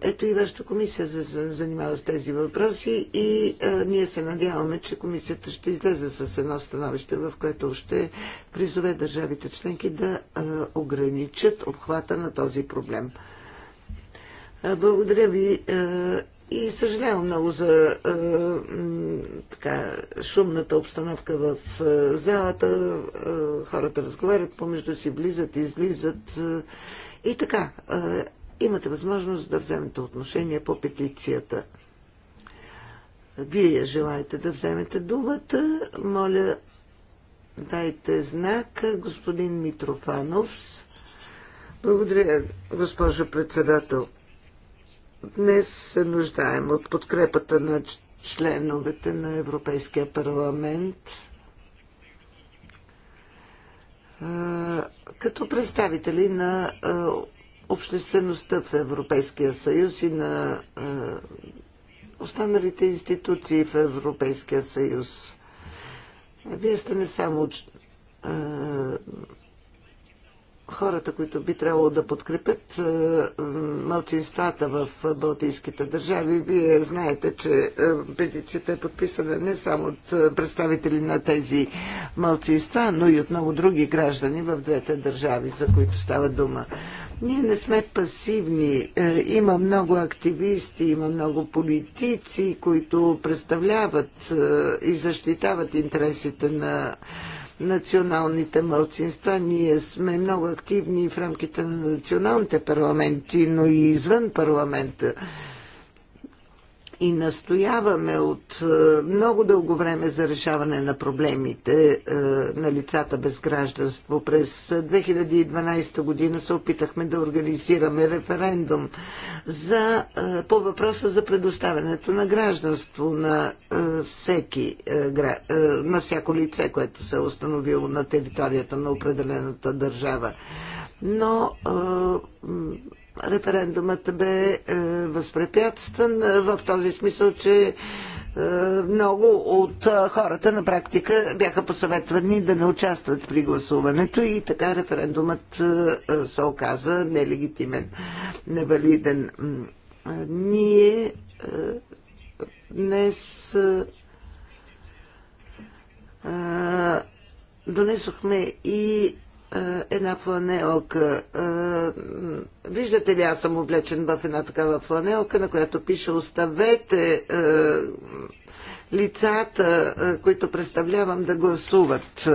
ето и вашата комисия се занимава с тези въпроси и е, ние се надяваме, че комисията ще излезе с едно становище, в което ще призове държавите членки да е, ограничат обхвата на този проблем. Благодаря ви и съжалявам много за така, шумната обстановка в залата. Хората разговарят помежду си, влизат, излизат. И така, имате възможност да вземете отношение по петицията. Вие желаете да вземете думата. Моля, дайте знак. Господин Митрофанов. Благодаря, госпожо председател. Днес се нуждаем от подкрепата на членовете на Европейския парламент като представители на обществеността в Европейския съюз и на е, останалите институции в Европейския съюз. Вие сте не само е, хората, които би трябвало да подкрепят е, мълцинствата в Балтийските държави. Вие знаете, че петицията е подписана не само от представители на тези мълцинства, но и от много други граждани в двете държави, за които става дума. Ние не сме пасивни. Е, има много активисти, има много политици, които представляват е, и защитават интересите на националните мълцинства. Ние сме много активни в рамките на националните парламенти, но и извън парламента и настояваме от е, много дълго време за решаване на проблемите е, на лицата без гражданство. През 2012 е, година се опитахме да организираме референдум за, по въпроса за предоставянето на гражданство на, всеки, на всяко лице, което се е установило на територията на определената държава. Но референдумът бе е, възпрепятстван е, в този смисъл, че е, много от хората на практика бяха посъветвани да не участват при гласуването и така референдумът се оказа нелегитимен, невалиден. Ние днес донесохме и е, една фланелка. Е, виждате ли, аз съм облечен в една такава фланелка, на която пише оставете е, лицата, които представлявам да гласуват.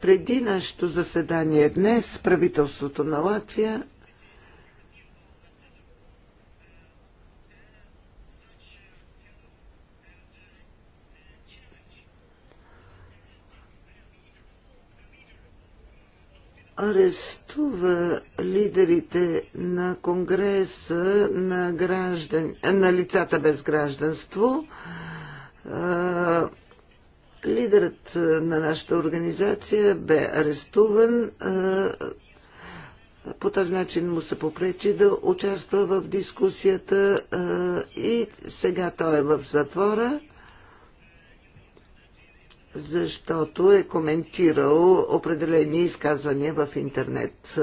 Преди нашето заседание днес правителството на Латвия арестува лидерите на Конгреса на, граждан, на лицата без гражданство. Лидерът на нашата организация бе арестуван. По този начин му се попречи да участва в дискусията и сега той е в затвора защото е коментирал определени изказвания в интернет.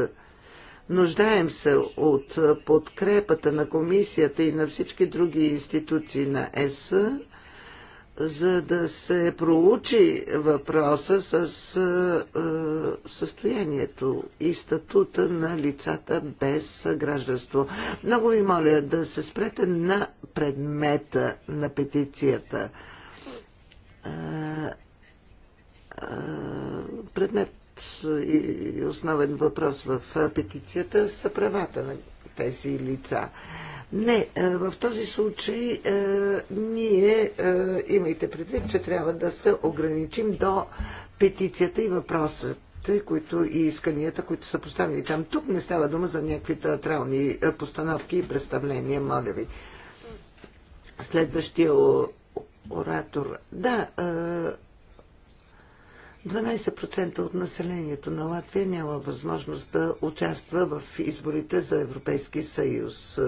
Нуждаем се от подкрепата на комисията и на всички други институции на ЕС, за да се проучи въпроса с е, състоянието и статута на лицата без гражданство. Много ви моля да се спрете на предмета на петицията е, предмет и основен въпрос в петицията са правата на тези лица. Не, в този случай ние, имайте предвид, че трябва да се ограничим до петицията и въпросът които и исканията, които са поставени там. Тук не става дума за някакви театрални постановки и представления, моля ви. Следващия оратор. Да, 12% от населението на Латвия няма възможност да участва в изборите за Европейски съюз.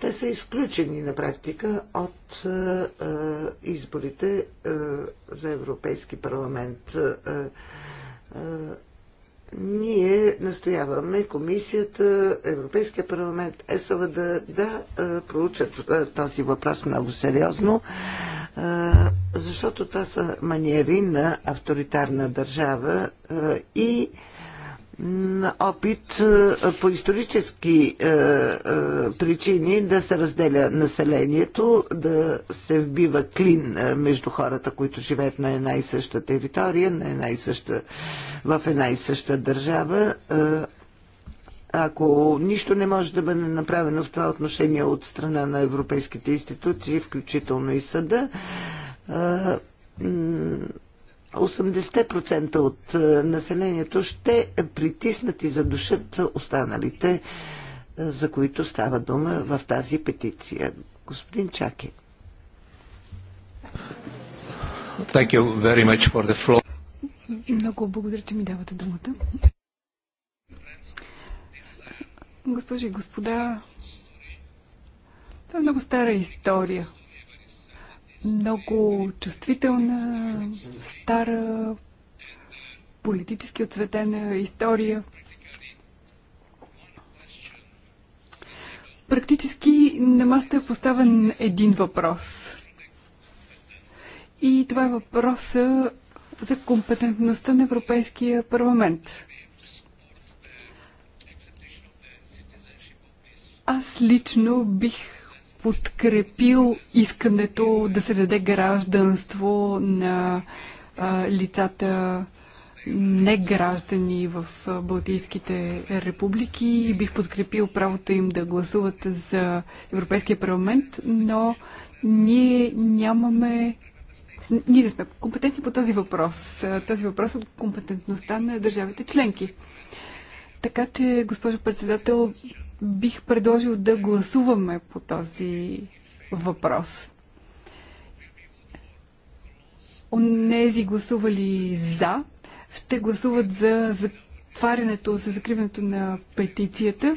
Те са изключени на практика от е, е, изборите е, за Европейски парламент. Ние настояваме комисията, Европейския парламент, ЕСВД да, да проучат този въпрос много сериозно защото това са маниери на авторитарна държава и опит по исторически причини да се разделя населението, да се вбива клин между хората, които живеят на една и съща територия, на една и съща, в една и съща държава ако нищо не може да бъде направено в това отношение от страна на европейските институции, включително и съда, 80% от населението ще притиснат и задушат останалите, за които става дума в тази петиция. Господин Чаки. Thank you very much for the floor. Много благодаря, че ми давате думата. Госпожи и господа, това е много стара история. Много чувствителна, стара, политически отцветена история. Практически на масата е поставен един въпрос. И това е въпроса за компетентността на Европейския парламент. Аз лично бих подкрепил искането да се даде гражданство на а, лицата не граждани в Балтийските републики и бих подкрепил правото им да гласуват за Европейския парламент, но ние нямаме ние не сме компетентни по този въпрос. Този въпрос е от компетентността на държавите членки. Така че, госпожо председател, бих предложил да гласуваме по този въпрос. Онези гласували за, ще гласуват за, за отварянето, за закриването на петицията,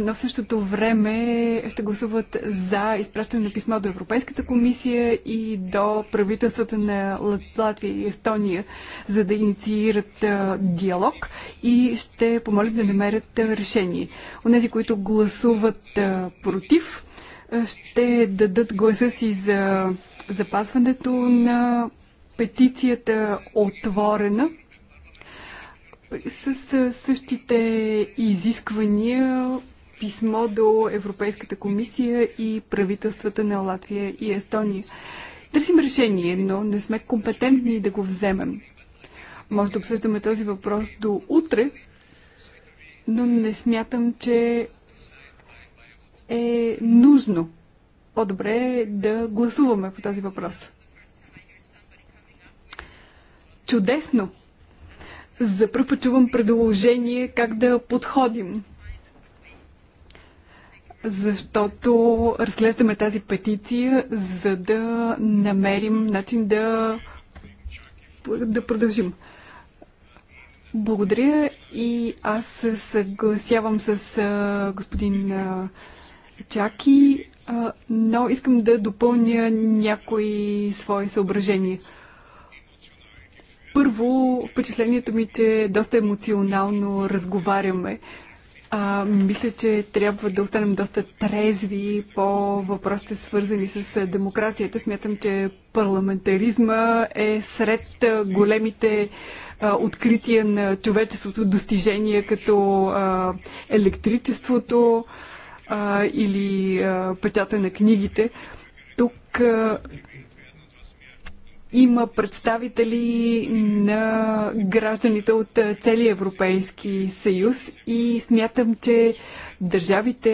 но в същото време ще гласуват за изпращане на писма до Европейската комисия и до правителствата на Латвия и Естония, за да инициират диалог и ще помолим да намерят решение. Онези, които гласуват против, ще дадат гласа си за запазването на петицията отворена с същите изисквания писмо до Европейската комисия и правителствата на Латвия и Естония. Търсим решение, но не сме компетентни да го вземем. Може да обсъждаме този въпрос до утре, но не смятам, че е нужно. По-добре да гласуваме по този въпрос. Чудесно! За първ път чувам предложение как да подходим. Защото разглеждаме тази петиция, за да намерим начин да, да продължим. Благодаря и аз се съгласявам с а, господин а, Чаки, а, но искам да допълня някои свои съображения. Първо, впечатлението ми, че доста емоционално разговаряме. А, мисля, че трябва да останем доста трезви по въпросите свързани с демокрацията. Смятам, че парламентаризма е сред големите а, открития на човечеството, достижения като а, електричеството а, или а, печата на книгите. Тук има представители на гражданите от е, целия Европейски съюз и смятам, че държавите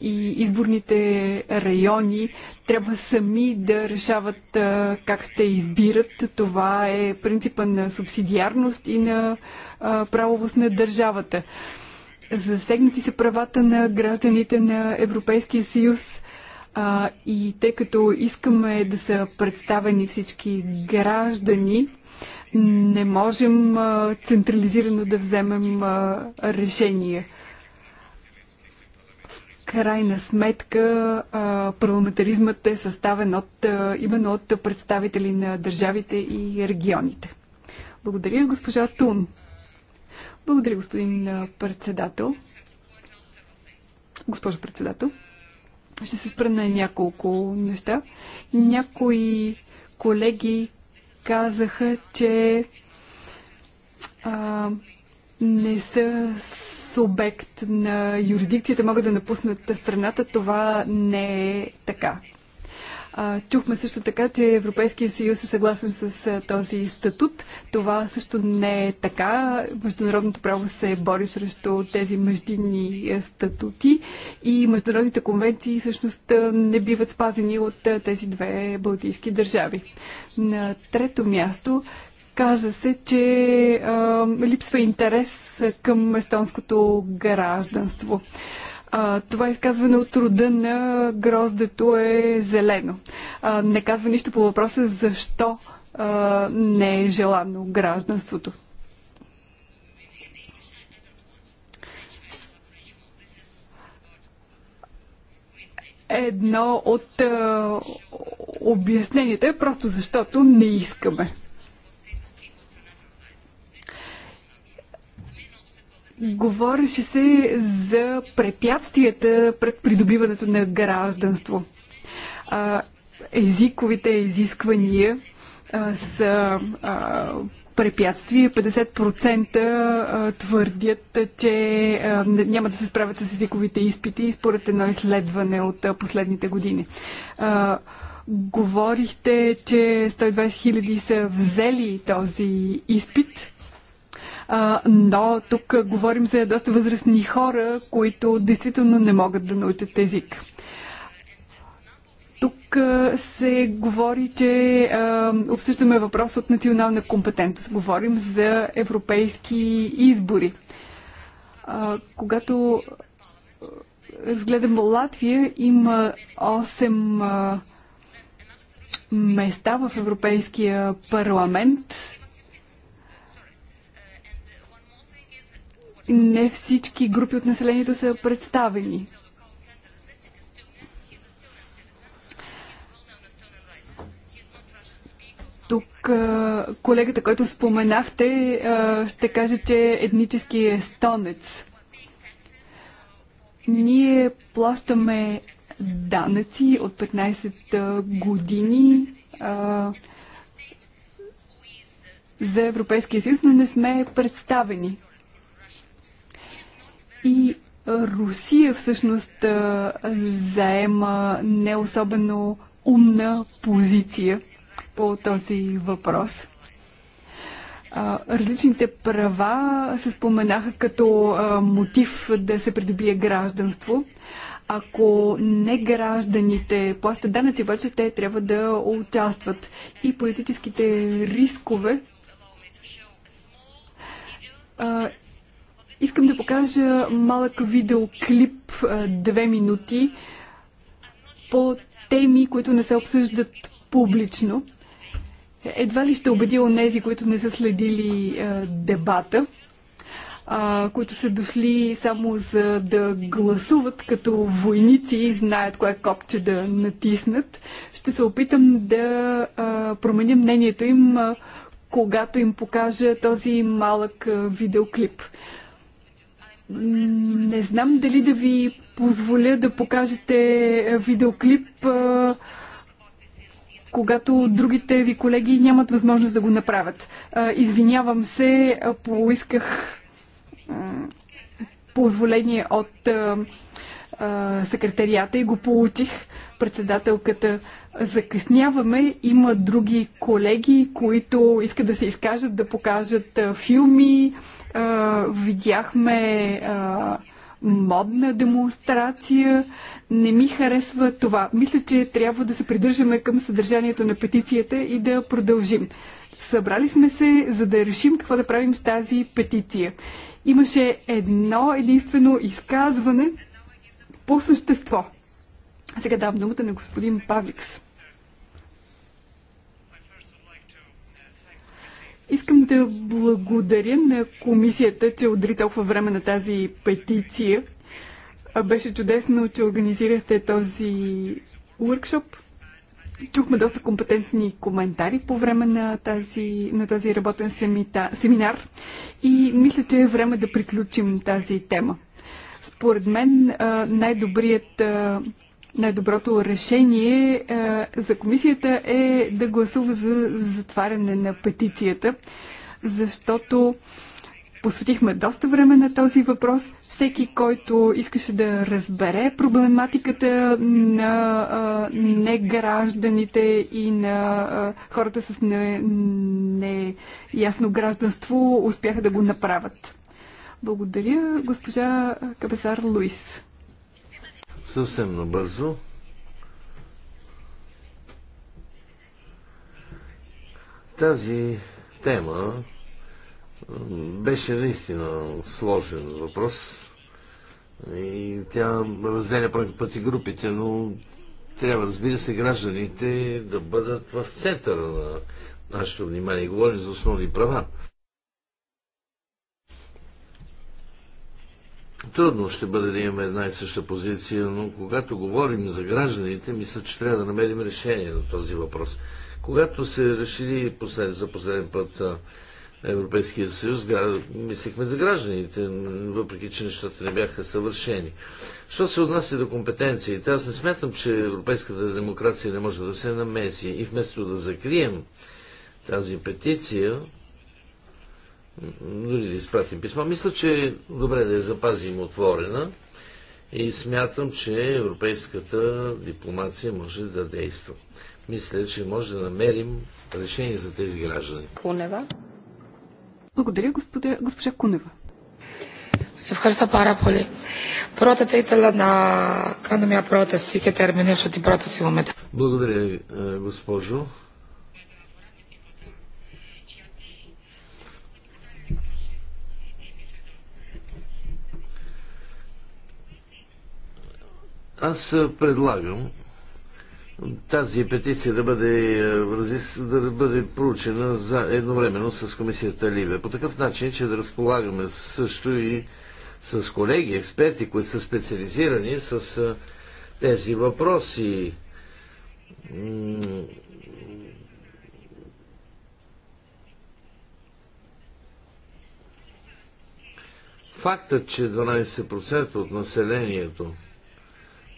и изборните райони трябва сами да решават е, как ще избират. Това е принципа на субсидиарност и на е, правовост на държавата. Засегнати са правата на гражданите на Европейския съюз а, и тъй като искаме да са представени всички граждани, не можем а, централизирано да вземем а, решение. В крайна сметка а, парламентаризмът е съставен от, а, именно от представители на държавите и регионите. Благодаря, госпожа Тун. Благодаря, господин председател. Госпожо председател. Ще се спра на няколко неща. Някои колеги казаха, че а, не са субект на юрисдикцията, могат да напуснат страната. Това не е така. А, чухме също така, че Европейския съюз е съгласен с а, този статут. Това също не е така. Международното право се бори срещу тези междинни статути и международните конвенции всъщност не биват спазени от а, тези две балтийски държави. На трето място Каза се, че а, липсва интерес към естонското гражданство. А, това изказване от рода на гроздето е зелено. А, не казва нищо по въпроса защо а, не е желано гражданството. Едно от а, обясненията е просто защото не искаме. Говореше се за препятствията пред придобиването на гражданство. А, езиковите изисквания а, са а, препятствие. 50% твърдят, че няма да се справят с езиковите изпити, според едно изследване от последните години. Говорихте, че 120 000 са взели този изпит а, но тук говорим за доста възрастни хора, които действително не могат да научат език. Тук се говори, че а, обсъждаме въпрос от национална компетентност. Говорим за европейски избори. А, когато разгледам Латвия, има 8 а, места в Европейския парламент не всички групи от населението са представени. Тук колегата, който споменахте, ще каже, че е етнически естонец. Ние плащаме данъци от 15 години за Европейския съюз, но не сме представени. И Русия всъщност заема не особено умна позиция по този въпрос. Различните права се споменаха като мотив да се придобие гражданство. Ако не гражданите плащат данъци, обаче те трябва да участват. И политическите рискове Искам да покажа малък видеоклип, две минути, по теми, които не се обсъждат публично. Едва ли ще убедя онези, които не са следили дебата, които са дошли само за да гласуват като войници и знаят кое копче да натиснат. Ще се опитам да променя мнението им, когато им покажа този малък видеоклип. Не знам дали да ви позволя да покажете видеоклип, когато другите ви колеги нямат възможност да го направят. Извинявам се, поисках позволение от секретарията и го получих. Председателката закъсняваме. Има други колеги, които искат да се изкажат, да покажат филми, видяхме модна демонстрация. Не ми харесва това. Мисля, че трябва да се придържаме към съдържанието на петицията и да продължим. Събрали сме се, за да решим какво да правим с тази петиция. Имаше едно единствено изказване по същество. Сега давам думата на господин Павликс. Искам да благодаря на комисията, че отдри толкова време на тази петиция. Беше чудесно, че организирахте този уркшоп. Чухме доста компетентни коментари по време на, тази, на този работен семита, семинар и мисля, че е време да приключим тази тема. Според мен най-добрият най-доброто решение а, е, за комисията е да гласува за затваряне на петицията, защото посветихме доста време на този въпрос. Всеки, който искаше да разбере проблематиката на а, негражданите и на а, хората с неясно не гражданство, успяха да го направят. Благодаря, госпожа Кабесар Луис. Съвсем набързо. Тази тема беше наистина сложен въпрос и тя разделя пъти групите, но трябва, разбира се, гражданите да бъдат в центъра на нашето внимание. Говорим за основни права. Трудно ще бъде да имаме една и съща позиция, но когато говорим за гражданите, мисля, че трябва да намерим решение на този въпрос. Когато се решили послед, за последен път Европейския съюз, мислихме за гражданите, въпреки че нещата не бяха съвършени. Що се отнася до компетенциите, аз не смятам, че европейската демокрация не може да се намеси и вместо да закрием тази петиция, дори да изпратим писма. Мисля, че е добре да я запазим отворена и смятам, че европейската дипломация може да действа. Мисля, че може да намерим решение за тези граждани. Кунева. Благодаря, господа, госпожа Кунева. Ευχαριστώ πάρα πολύ. Πρώτα θα ήθελα να κάνω μια πρόταση και θα ερμηνεύσω την πρόταση μου μετά. Благодаря, е, госпожо. Аз предлагам тази петиция да бъде, да бъде проучена за едновременно с комисията Либе. По такъв начин, че да разполагаме също и с колеги, експерти, които са специализирани с тези въпроси. Фактът, че 12% от населението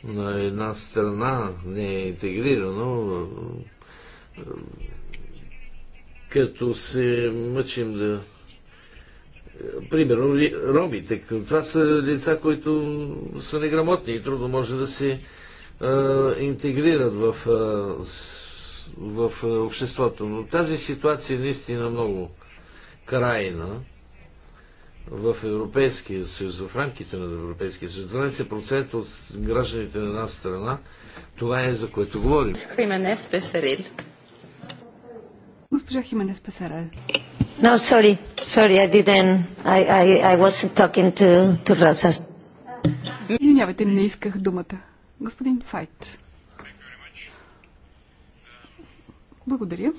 на една страна не е интегрирано, като се мъчим да примерно ромите. Това са лица, които са неграмотни и трудно може да се а, интегрират в, а, в обществото. Но тази ситуация е наистина много крайна в Европейския съюз, в рамките на Европейския съюз. 12% от гражданите на една страна, това е за което говорим. Хименес Песарел. Госпожа Хименес Песарел. No, sorry, sorry, I didn't. I, I, I wasn't talking to, to Rosa. Извинявайте, не исках думата. Господин Файт. Благодаря.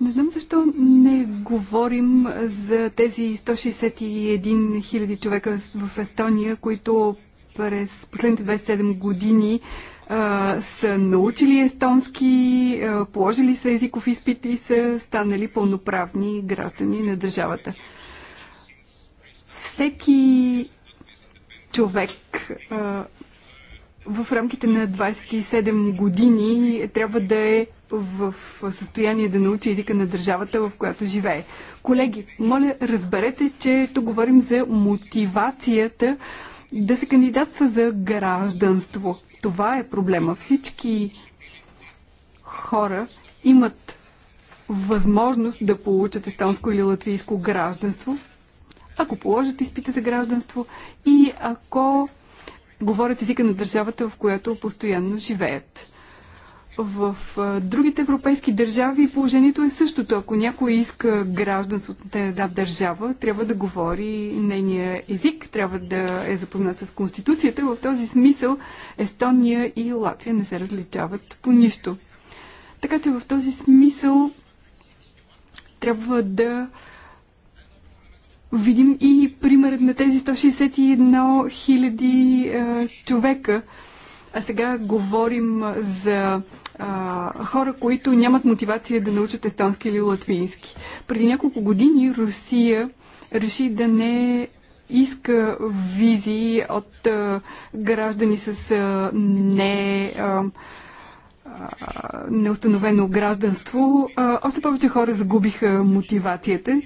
Не знам защо не говорим за тези 161 000 човека в Естония, които през последните 27 години а, са научили естонски, а, положили са езиков изпит и са станали пълноправни граждани на държавата. Всеки човек а, в рамките на 27 години трябва да е в състояние да научи езика на държавата, в която живее. Колеги, моля, разберете, че тук говорим за мотивацията да се кандидатства за гражданство. Това е проблема. Всички хора имат възможност да получат естонско или латвийско гражданство, ако положат изпита за гражданство и ако говорят езика на държавата, в която постоянно живеят. В другите европейски държави положението е същото. Ако някой иска гражданството на една държава, трябва да говори нейния език, трябва да е запознат с Конституцията. В този смисъл Естония и Латвия не се различават по нищо. Така че в този смисъл трябва да видим и примерът на тези 161 хиляди човека. А сега говорим за а, хора, които нямат мотивация да научат естонски или латвийски. Преди няколко години Русия реши да не иска визии от а, граждани с а, не. А, неустановено гражданство, още повече хора загубиха мотивацията.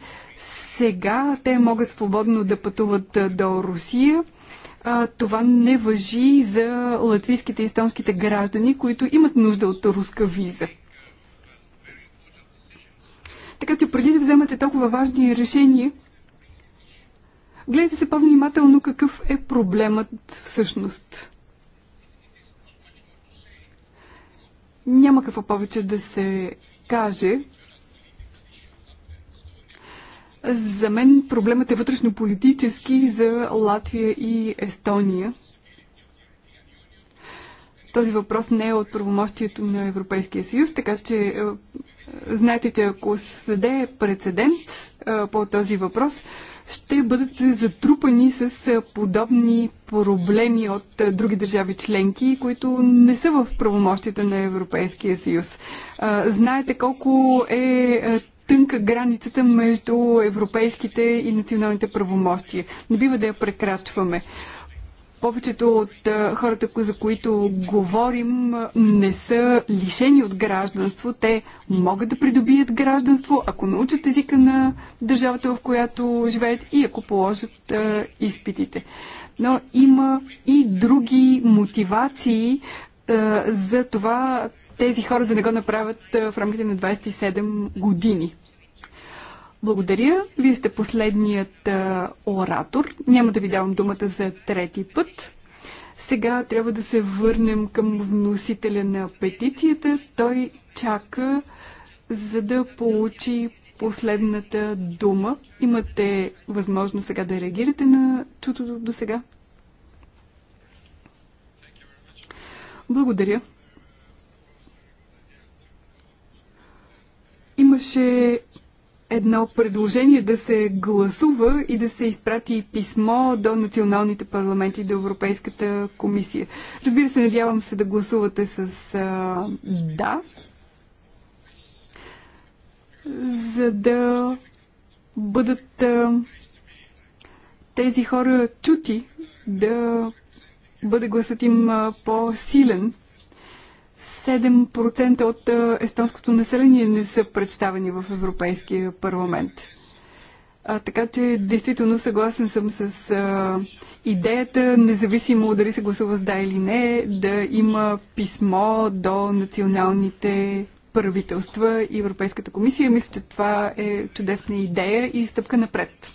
Сега те могат свободно да пътуват до Русия а, това не въжи за латвийските и естонските граждани, които имат нужда от руска виза. Така че преди да вземате толкова важни решения, гледайте се по-внимателно какъв е проблемът всъщност. Няма какво повече да се каже. За мен проблемът е вътрешно-политически за Латвия и Естония. Този въпрос не е от правомощието на Европейския съюз, така че е, знаете, че ако сведе прецедент е, по този въпрос, ще бъдат затрупани с подобни проблеми от е, други държави членки, които не са в правомощите на Европейския съюз. Знаете колко е тънка границата между европейските и националните правомощия. Не бива да я прекрачваме. Повечето от хората, за които говорим, не са лишени от гражданство. Те могат да придобият гражданство, ако научат езика на държавата, в която живеят и ако положат изпитите. Но има и други мотивации за това тези хора да не го направят в рамките на 27 години. Благодаря. Вие сте последният а, оратор. Няма да ви давам думата за трети път. Сега трябва да се върнем към вносителя на петицията. Той чака, за да получи последната дума. Имате възможност сега да реагирате на чутото до сега. Благодаря. Имаше едно предложение да се гласува и да се изпрати писмо до националните парламенти и до Европейската комисия. Разбира се, надявам се да гласувате с а, да, за да бъдат а, тези хора чути, да бъде гласът им по-силен 7% от е, естонското население не са представени в Европейския парламент. А, така че, действително, съгласен съм с а, идеята, независимо дали се гласува с да или не, да има писмо до националните правителства и Европейската комисия. Мисля, че това е чудесна идея и стъпка напред.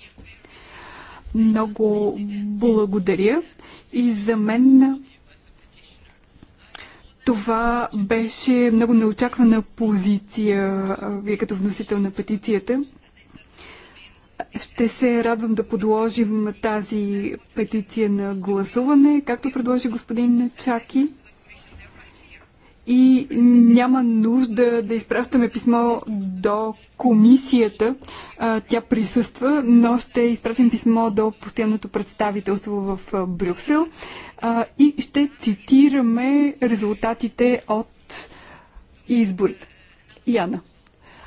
Много благодаря и за мен това беше много неочаквана позиция, вие като вносител на петицията. Ще се радвам да подложим тази петиция на гласуване, както предложи господин Чаки и няма нужда да изпращаме писмо до комисията. Тя присъства, но ще изпратим писмо до постоянното представителство в Брюксел и ще цитираме резултатите от изборите. Яна,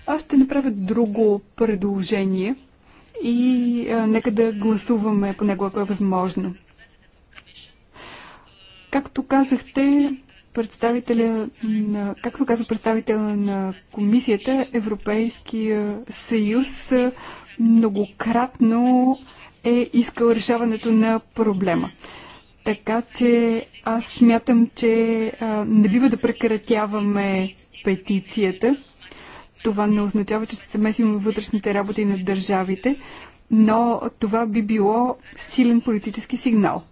аз ще направя друго предложение и нека да гласуваме по него, ако е възможно. Както казахте, представителя на, както каза представителя на комисията, Европейския съюз многократно е искал решаването на проблема. Така че аз смятам, че а, не бива да прекратяваме петицията. Това не означава, че ще се месим в вътрешните работи на държавите, но това би било силен политически сигнал.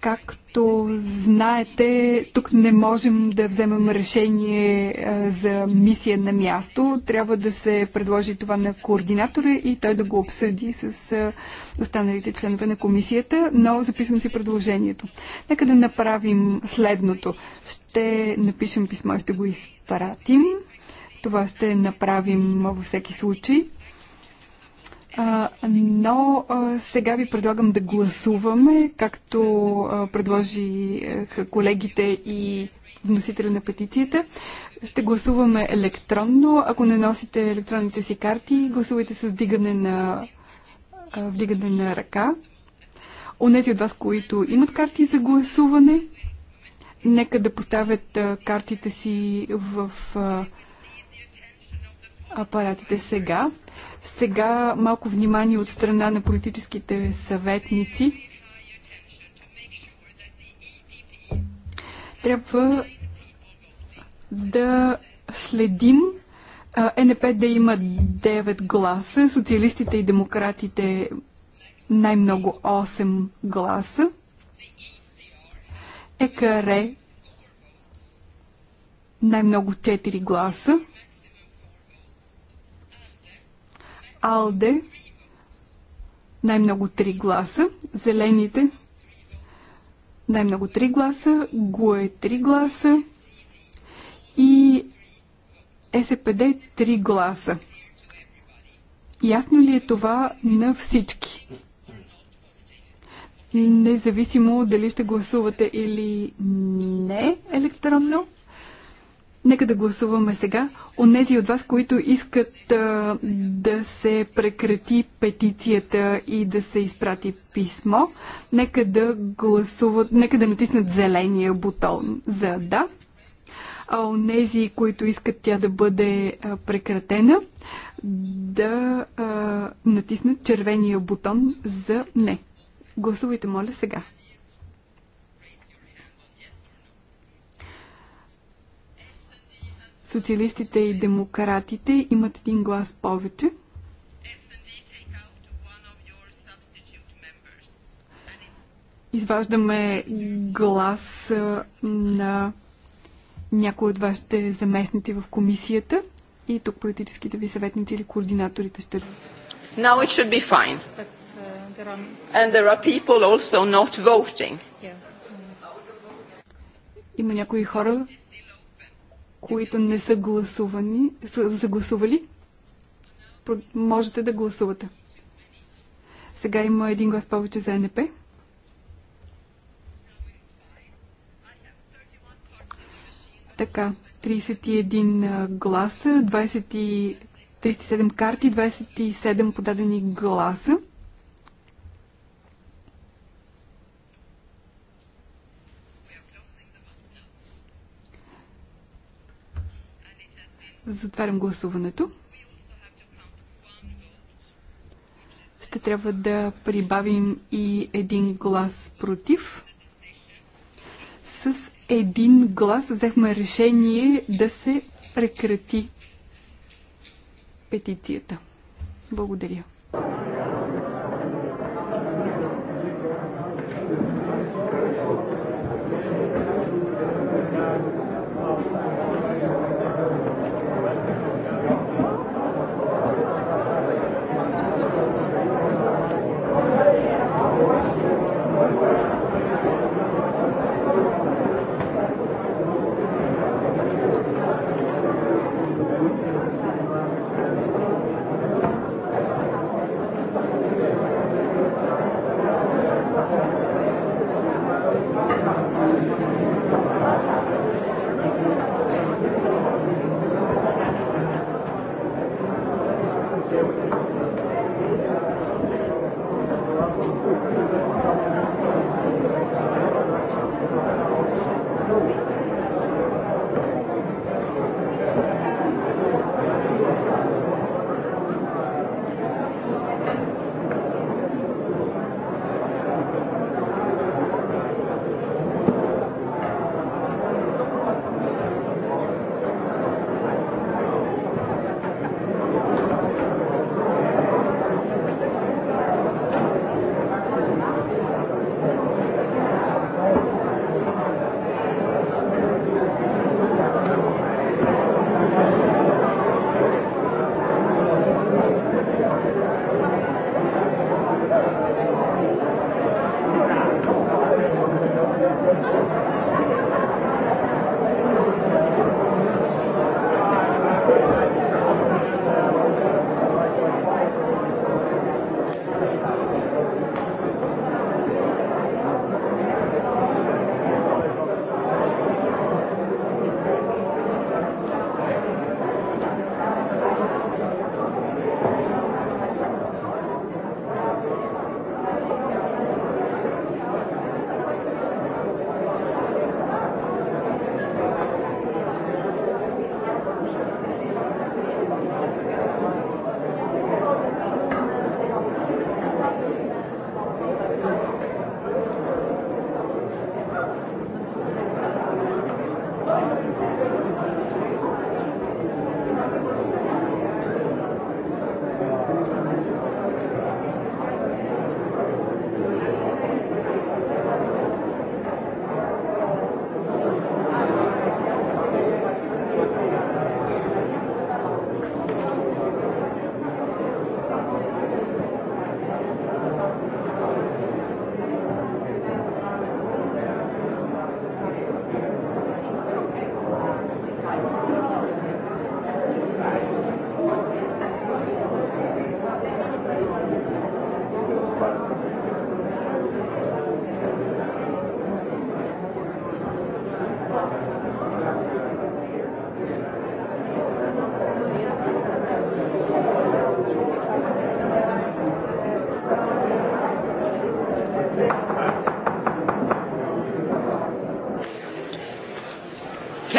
Както Както знаете, тук не можем да вземем решение за мисия на място. Трябва да се предложи това на координатора и той да го обсъди с останалите членове на комисията, но записвам си предложението. Нека да направим следното. Ще напишем писмо и ще го изпратим. Това ще направим във всеки случай. А, но а, сега ви предлагам да гласуваме, както а, предложиха колегите и вносителя на петицията. Ще гласуваме електронно. Ако не носите електронните си карти, гласувайте с вдигане на, вдигане на ръка. Онези от вас, които имат карти за гласуване, нека да поставят картите си в апаратите сега. Сега малко внимание от страна на политическите съветници. Трябва да следим е НП да има 9 гласа, социалистите и демократите най-много 8 гласа. ЕКР най-много 4 гласа. Алде най-много 3 гласа, Зелените най-много 3 гласа, ГУЕ 3 гласа и СПД 3 гласа. Ясно ли е това на всички? Независимо дали ще гласувате или не електронно, Нека да гласуваме сега. Онези от вас, които искат а, да се прекрати петицията и да се изпрати писмо, нека да гласуват, нека да натиснат зеления бутон за да. А онези, които искат тя да бъде а, прекратена, да а, натиснат червения бутон за не. Гласувайте, моля, сега. Социалистите и демократите имат един глас повече. Изваждаме глас на някои от вашите заместници в комисията и тук политическите ви съветници или координаторите ще... Now it should be fine. Uh, And there are people also not voting. Има някои хора, които не са, гласувани, са загласували, можете да гласувате. Сега има един глас повече за НП. Така, 31 гласа, 20, 37 карти, 27 подадени гласа. Затварям гласуването. Ще трябва да прибавим и един глас против. С един глас взехме решение да се прекрати петицията. Благодаря.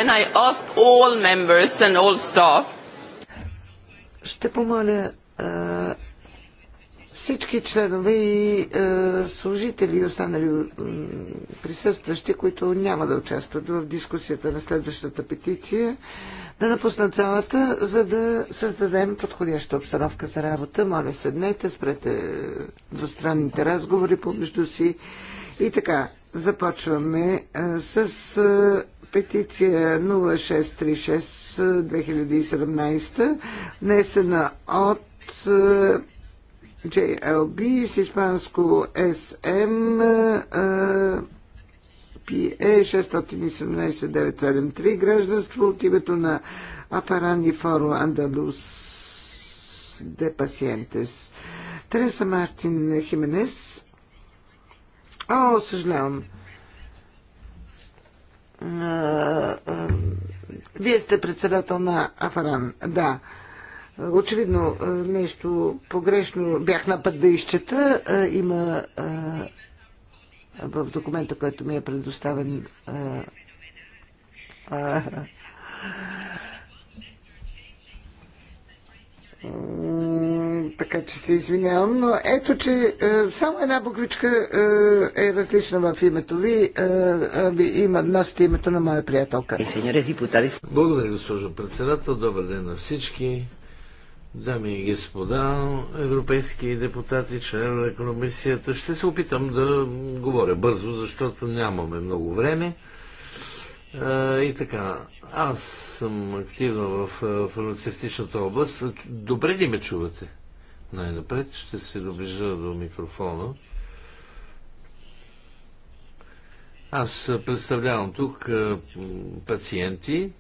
Can I ask all members and all staff? Ще помоля всички членове и служители и останали присъстващи, които няма да участват в дискусията на следващата петиция, да напуснат залата, за да създадем подходяща обстановка за работа. Моля, седнете, спрете е, двустранните разговори помежду си. И така, започваме с петиция 0636-2017, внесена от JLB е, с испанско SM PE 617-973 гражданство от името на Апарани Форо Андалус де Пасиентес. Тереса Мартин Хименес. О, съжалявам. Вие сте председател на Афаран, да. Очевидно нещо погрешно бях на път да изчета. Има в документа, който ми е предоставен така че се извинявам, но ето, че е, само една буквичка е, е различна в името ви. Е, е, има, носите името на моя приятелка. Благодаря, госпожо председател. Добър ден на всички. Дами и господа, европейски депутати, членове на комисията, ще се опитам да говоря бързо, защото нямаме много време. Е, и така, аз съм активна в е, фармацевтичната област. Добре ли ме чувате? Най-напред ще се доближа до микрофона. Аз представлявам тук пациенти,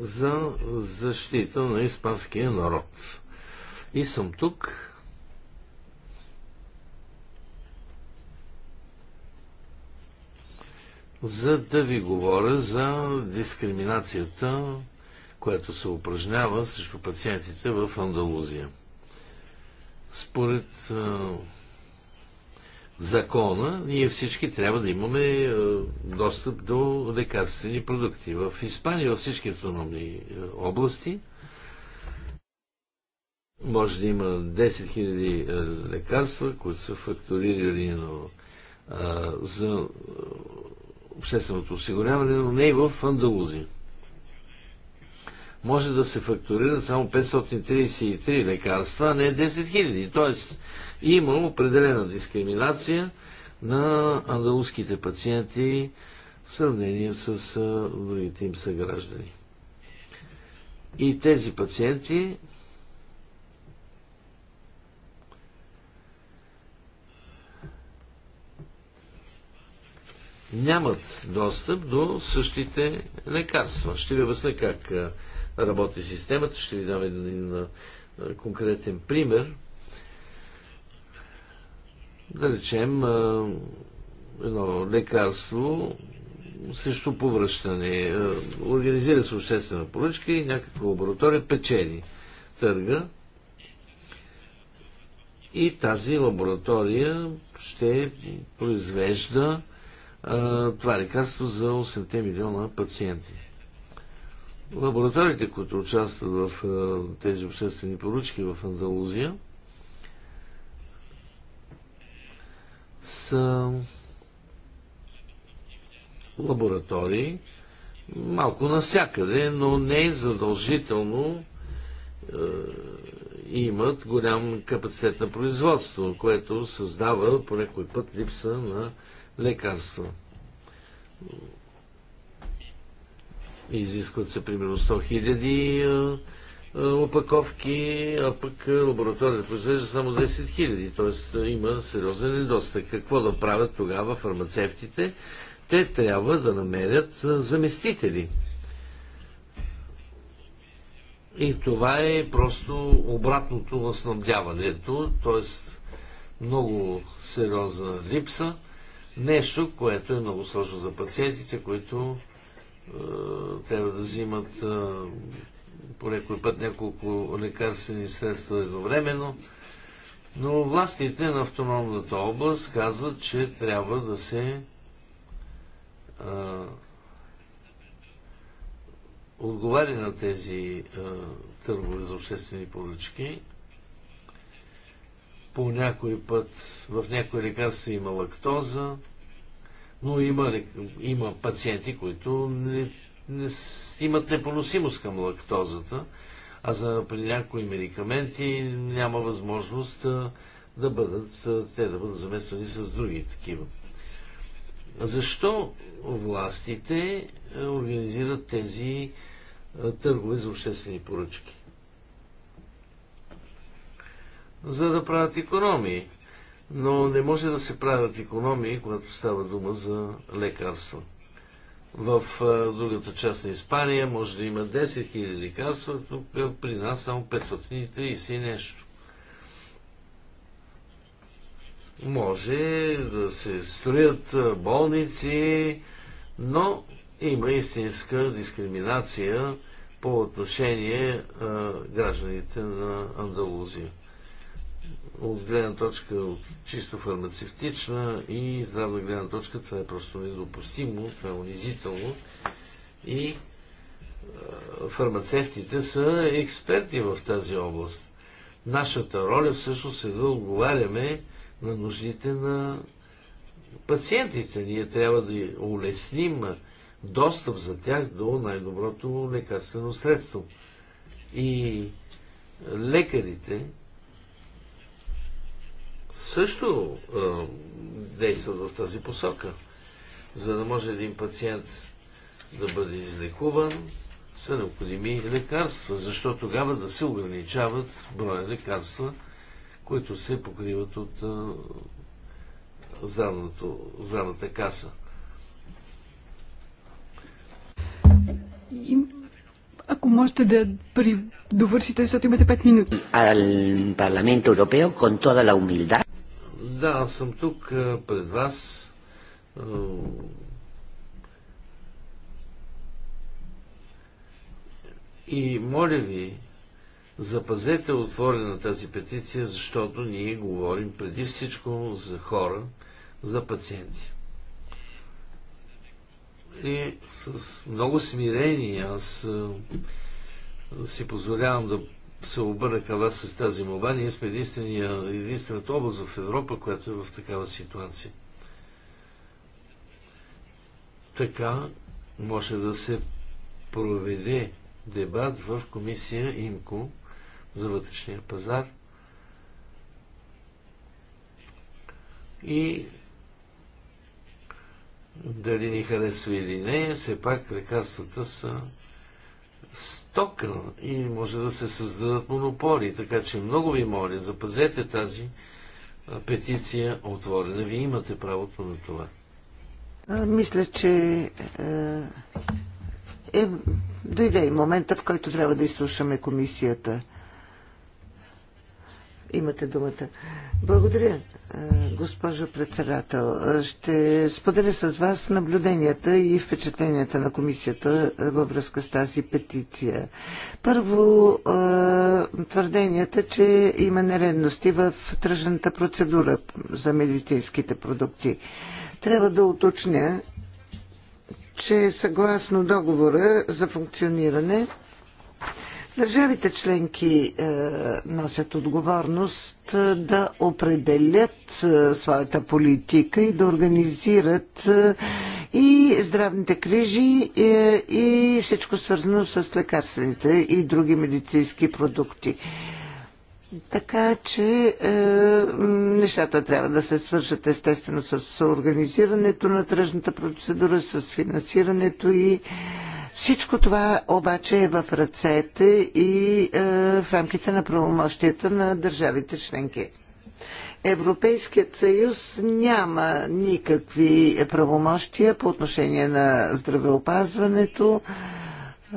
за защита на испанския народ. И съм тук, за да ви говоря за дискриминацията, която се упражнява срещу пациентите в Андалузия. Според а, закона, ние всички трябва да имаме а, достъп до лекарствени продукти. В Испания, във всички автономни области, може да има 10 000 лекарства, които са факторирани на за общественото осигуряване, но не и в андалузи. Може да се фактурират само 533 лекарства, а не 10 000. Тоест има определена дискриминация на андалузските пациенти в сравнение с другите им съграждани. И тези пациенти нямат достъп до същите лекарства. Ще ви обясня как работи системата. Ще ви дам един конкретен пример. Да речем, едно лекарство срещу повръщане. Организира се обществена поръчка и някаква лаборатория печели търга. И тази лаборатория ще произвежда това лекарство за 8 милиона пациенти. Лабораториите, които участват в тези обществени поручки в Андалузия, са лаборатории малко навсякъде, но не задължително е, имат голям капацитет на производство, което създава по някой път липса на лекарства. Изискват се примерно 100 хиляди опаковки, а пък лабораторията произвежда само 10 хиляди. т.е. има сериозен недостиг. Какво да правят тогава фармацевтите? Те трябва да намерят заместители. И това е просто обратното на снабдяването, т.е. много сериозна липса нещо, което е много сложно за пациентите, които е, трябва да взимат е, по някой път няколко лекарствени средства едновременно. Но властите на автономната област казват, че трябва да се е, отговаря на тези е, търгове за обществени поръчки. По някой път в някои лекарства има лактоза, но има, има пациенти, които не, не, имат непоносимост към лактозата, а за при някои медикаменти няма възможност да, да бъдат, те да бъдат замествани с други такива. Защо властите организират тези търгове за обществени поръчки? за да правят економии. Но не може да се правят економии, когато става дума за лекарства. В другата част на Испания може да има 10 000 лекарства, тук при нас само 530 и нещо. Може да се строят болници, но има истинска дискриминация по отношение а, гражданите на Андалузия от гледна точка от чисто фармацевтична и здравна гледна точка това е просто недопустимо, това е унизително. И фармацевтите са експерти в тази област. Нашата роля всъщност е да отговаряме на нуждите на пациентите. Ние трябва да улесним достъп за тях до най-доброто лекарствено средство. И лекарите, също е, действат в тази посока. За да може един пациент да бъде излекуван, са необходими лекарства, защото тогава да се ограничават броя лекарства, които се покриват от а, здравното, здравната каса. И, ако можете да при... довършите, защото имате 5 минути. парламент Европео, Europeo con toda la humildad. Да, аз съм тук пред вас. И моля ви, запазете отворена тази петиция, защото ние говорим преди всичко за хора, за пациенти. И с много смирение аз си позволявам да се обърна към вас с тази молба. Ние сме единствената област в Европа, която е в такава ситуация. Така може да се проведе дебат в комисия ИМКО за вътрешния пазар и дали ни харесва или не, все пак лекарствата са стока и може да се създадат монополи. Така че много ви моля, запазете тази петиция отворена. Вие имате правото на това. мисля, че е, е, дойде и момента, в който трябва да изслушаме комисията. Имате думата. Благодаря, е, госпожо председател. Ще споделя с вас наблюденията и впечатленията на комисията е, във връзка с тази петиция. Първо, е, твърденията, че има нередности в тръжната процедура за медицинските продукти. Трябва да уточня, че съгласно договора за функциониране Държавите членки е, носят отговорност е, да определят е, своята политика и да организират е, и здравните грижи е, и всичко свързано с лекарствените и други медицински продукти. Така че е, нещата трябва да се свържат естествено с организирането на тръжната процедура, с финансирането и е, всичко това обаче е в ръцете и е, в рамките на правомощията на държавите членки. Европейският съюз няма никакви правомощия по отношение на здравеопазването. Е,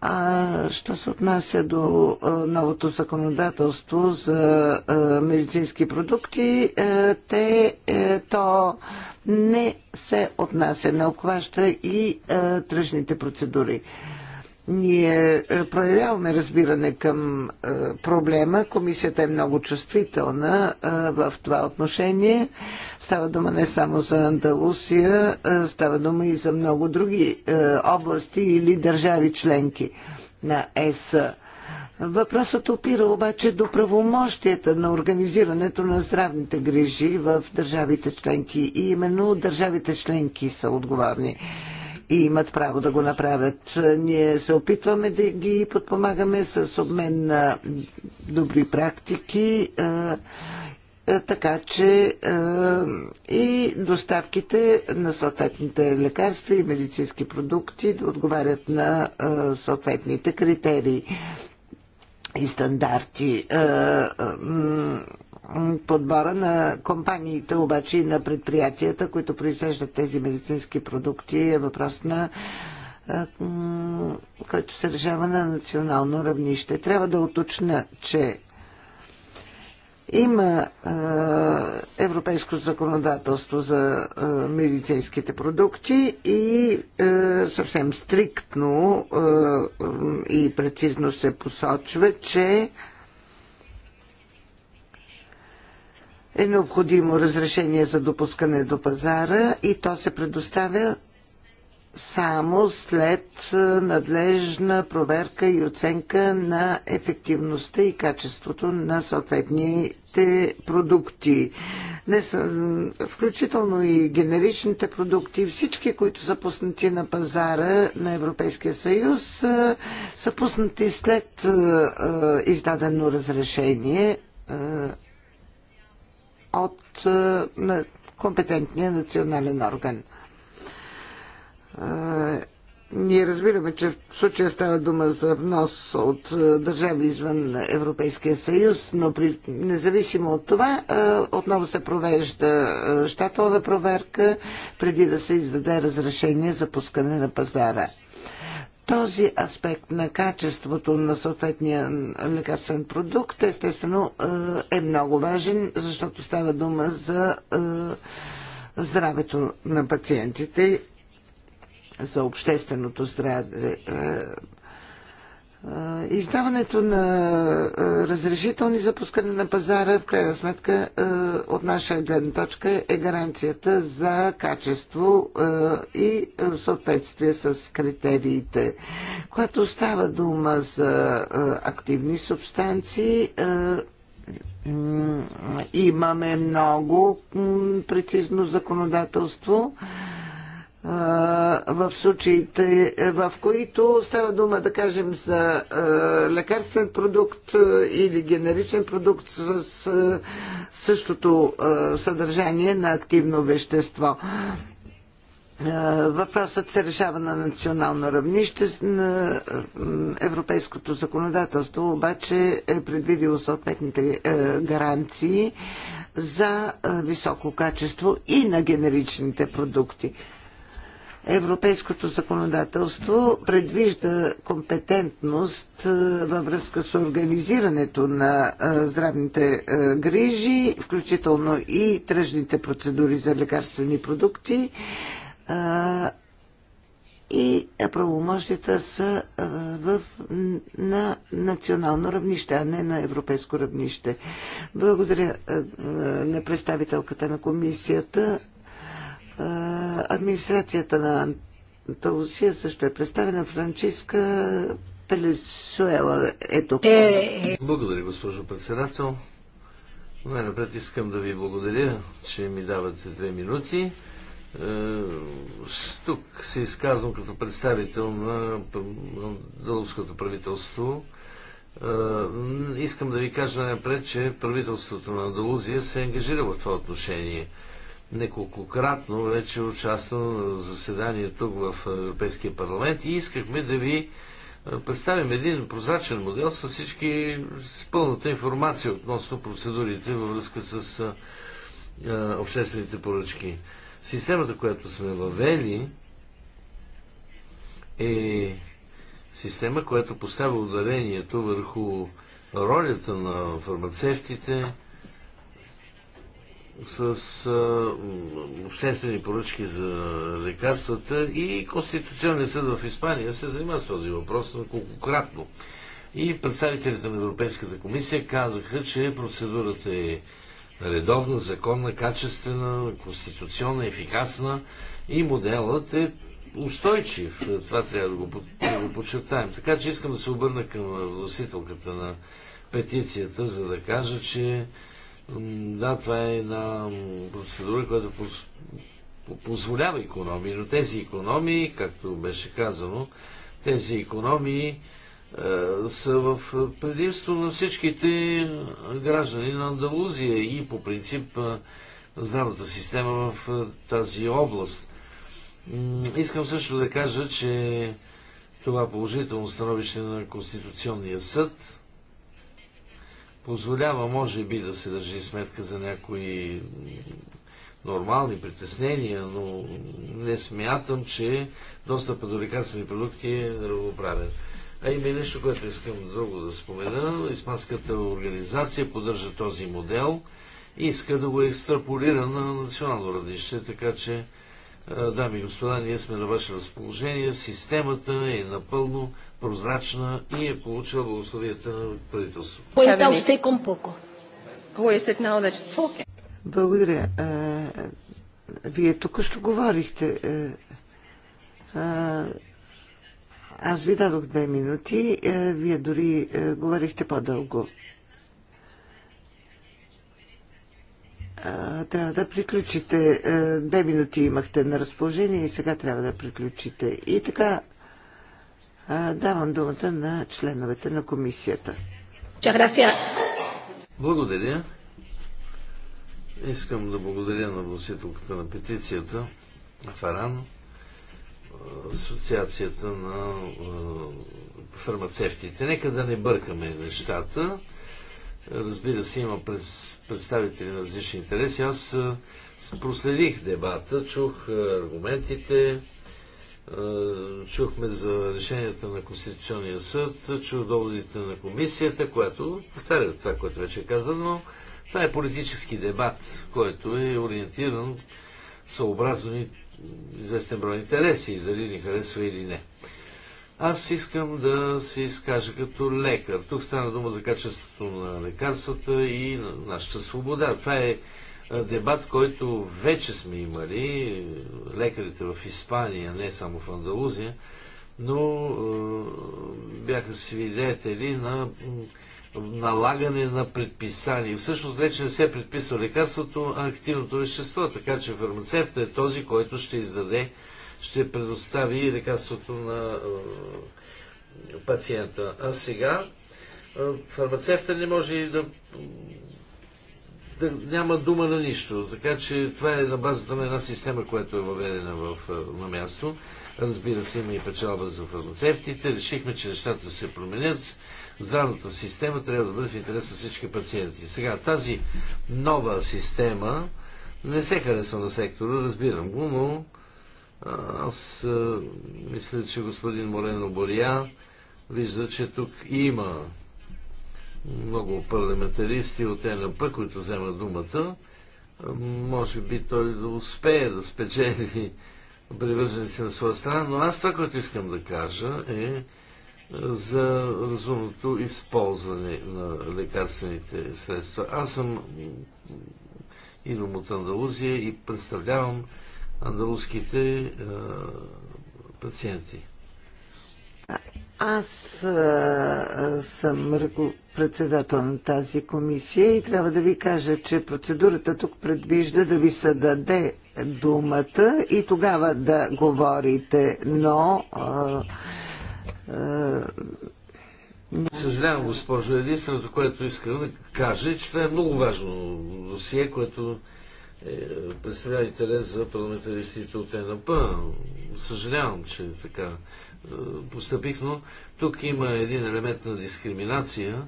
а що се отнася до е, новото законодателство за медицински продукти, те, то не се отнася, не обхваща и а, е, тръжните процедури. Ние е, проявяваме разбиране към а, е, проблема. Комисията е много чувствителна а, в това отношение. Става дума не само за Андалусия, а, става дума и за много други а, области или държави членки на ЕСА. Въпросът опира обаче до правомощията на организирането на здравните грижи в държавите членки. И именно държавите членки са отговорни и имат право да го направят. Ние се опитваме да ги подпомагаме с обмен на добри практики, така че и доставките на съответните лекарства и медицински продукти да отговарят на съответните критерии и стандарти. Е, е, подбора на компаниите, обаче и на предприятията, които произвеждат тези медицински продукти, е въпрос на е, който се решава на национално равнище. Трябва да уточня, че има е, европейско законодателство за е, медицинските продукти и е, съвсем стриктно е, и прецизно се посочва, че е необходимо разрешение за допускане до пазара и то се предоставя само след надлежна проверка и оценка на ефективността и качеството на съответните продукти. Не са, включително и генеричните продукти, всички, които са пуснати на пазара на Европейския съюз, са пуснати след издадено разрешение от компетентния национален орган. Ние разбираме, че в случая става дума за внос от държави извън Европейския съюз, но при, независимо от това, отново се провежда щателна проверка, преди да се издаде разрешение за пускане на пазара. Този аспект на качеството на съответния лекарствен продукт, естествено, е много важен, защото става дума за здравето на пациентите за общественото здраве. Е, е, е, издаването на разрешителни за пускане на пазара, в крайна сметка, от наша гледна точка е гаранцията за качество и съответствие с критериите. Когато става дума за активни субстанции, имаме много прецизно законодателство в случаите, в които става дума, да кажем, за лекарствен продукт или генеричен продукт с същото съдържание на активно вещество. Въпросът се решава на национално равнище. Европейското законодателство обаче е предвидило съответните е, гаранции за високо качество и на генеричните продукти. Европейското законодателство предвижда компетентност е, във връзка с организирането на е, здравните е, грижи, включително и тръжните процедури за лекарствени продукти и правомощията са в, на национално равнище, а не на европейско равнище. Благодаря на представителката на комисията Администрацията на Талусия също е представена. Франциска Пелесуела е тук. Е, е. Благодаря, госпожо председател. Най-напред искам да ви благодаря, че ми давате две минути. Е, тук се изказвам като представител на дълското правителство. Искам да ви кажа най напред, че правителството на Андалузия се е ангажира в това отношение неколкократно вече участвам в заседание тук в Европейския парламент и искахме да ви представим един прозрачен модел с всички с пълната информация относно процедурите във връзка с а, обществените поръчки. Системата, която сме въвели, е система, която поставя ударението върху ролята на фармацевтите, с а, обществени поръчки за лекарствата и Конституционният съд в Испания се занимава с този въпрос неколкократно. И представителите на Европейската комисия казаха, че процедурата е редовна, законна, качествена, конституционна, ефикасна и моделът е устойчив. Това трябва да го, да го подчертаем. Така че искам да се обърна към носителката на петицията, за да кажа, че да, това е една процедура, която позволява економии, но тези економии, както беше казано, тези економии е, са в предимство на всичките граждани на Андалузия и по принцип е, здравната система в е, тази област. Искам също да кажа, че това положително становище на Конституционния съд позволява, може би, да се държи сметка за някои нормални притеснения, но не смятам, че достъпа до лекарствени продукти е равноправен. А има и нещо, което искам друго да спомена. Испанската организация поддържа този модел и иска да го екстраполира на национално равнище, така че, дами и господа, ние сме на ваше разположение. Системата е напълно прозрачна и е получила благословията на правителството. Благодаря. Вие тук ще говорихте. Аз ви дадох две минути. Вие дори говорихте по-дълго. трябва да приключите. Две минути имахте на разположение и сега трябва да приключите. И така, Давам думата на членовете на комисията. Благодаря. Искам да благодаря на вносителката на петицията Фаран, Асоциацията на фармацевтите. Нека да не бъркаме нещата. Разбира се, има представители на различни интереси. Аз проследих дебата, чух аргументите, е, чухме за решенията на Конституционния съд, чух доводите на комисията, която повтаря това, което вече е казано. Това е политически дебат, който е ориентиран съобразно и известен брой интереси, дали ни харесва или не. Аз искам да се изкажа като лекар. Тук стана дума за качеството на лекарствата и на нашата свобода. Това е дебат, който вече сме имали, лекарите в Испания, не само в Андалузия, но е, бяха свидетели на налагане на предписания. Всъщност вече не се е предписва лекарството, а активното вещество, така че фармацевта е този, който ще издаде, ще предостави лекарството на е, пациента. А сега фармацевта не може и да да няма дума на нищо. Така че това е на базата на една система, която е въведена в, е, на място. Разбира се, има и печалба за фармацевтите. Решихме, че нещата се променят. Здравната система трябва да бъде в интерес на всички пациенти. Сега, тази нова система не се харесва на сектора, разбирам го, но аз а, е, мисля, че господин Морено Бория вижда, че тук има много парламентаристи от ЕНП, които вземат думата. Може би той да успее да спечели привърженици на своя страна, но аз това, което искам да кажа е за разумното използване на лекарствените средства. Аз съм идвам от Андалузия и представлявам андалузските а, е, пациенти. Аз а, е, съм ръководител председател на тази комисия и трябва да ви кажа, че процедурата тук предвижда да ви се даде думата и тогава да говорите, но... А, а... Съжалявам, госпожо. Единственото, което искам да кажа е, че това е много важно досие, което е представлява интерес за парламентаристите от ЕНП. Съжалявам, че е така е, постъпих, но тук има един елемент на дискриминация.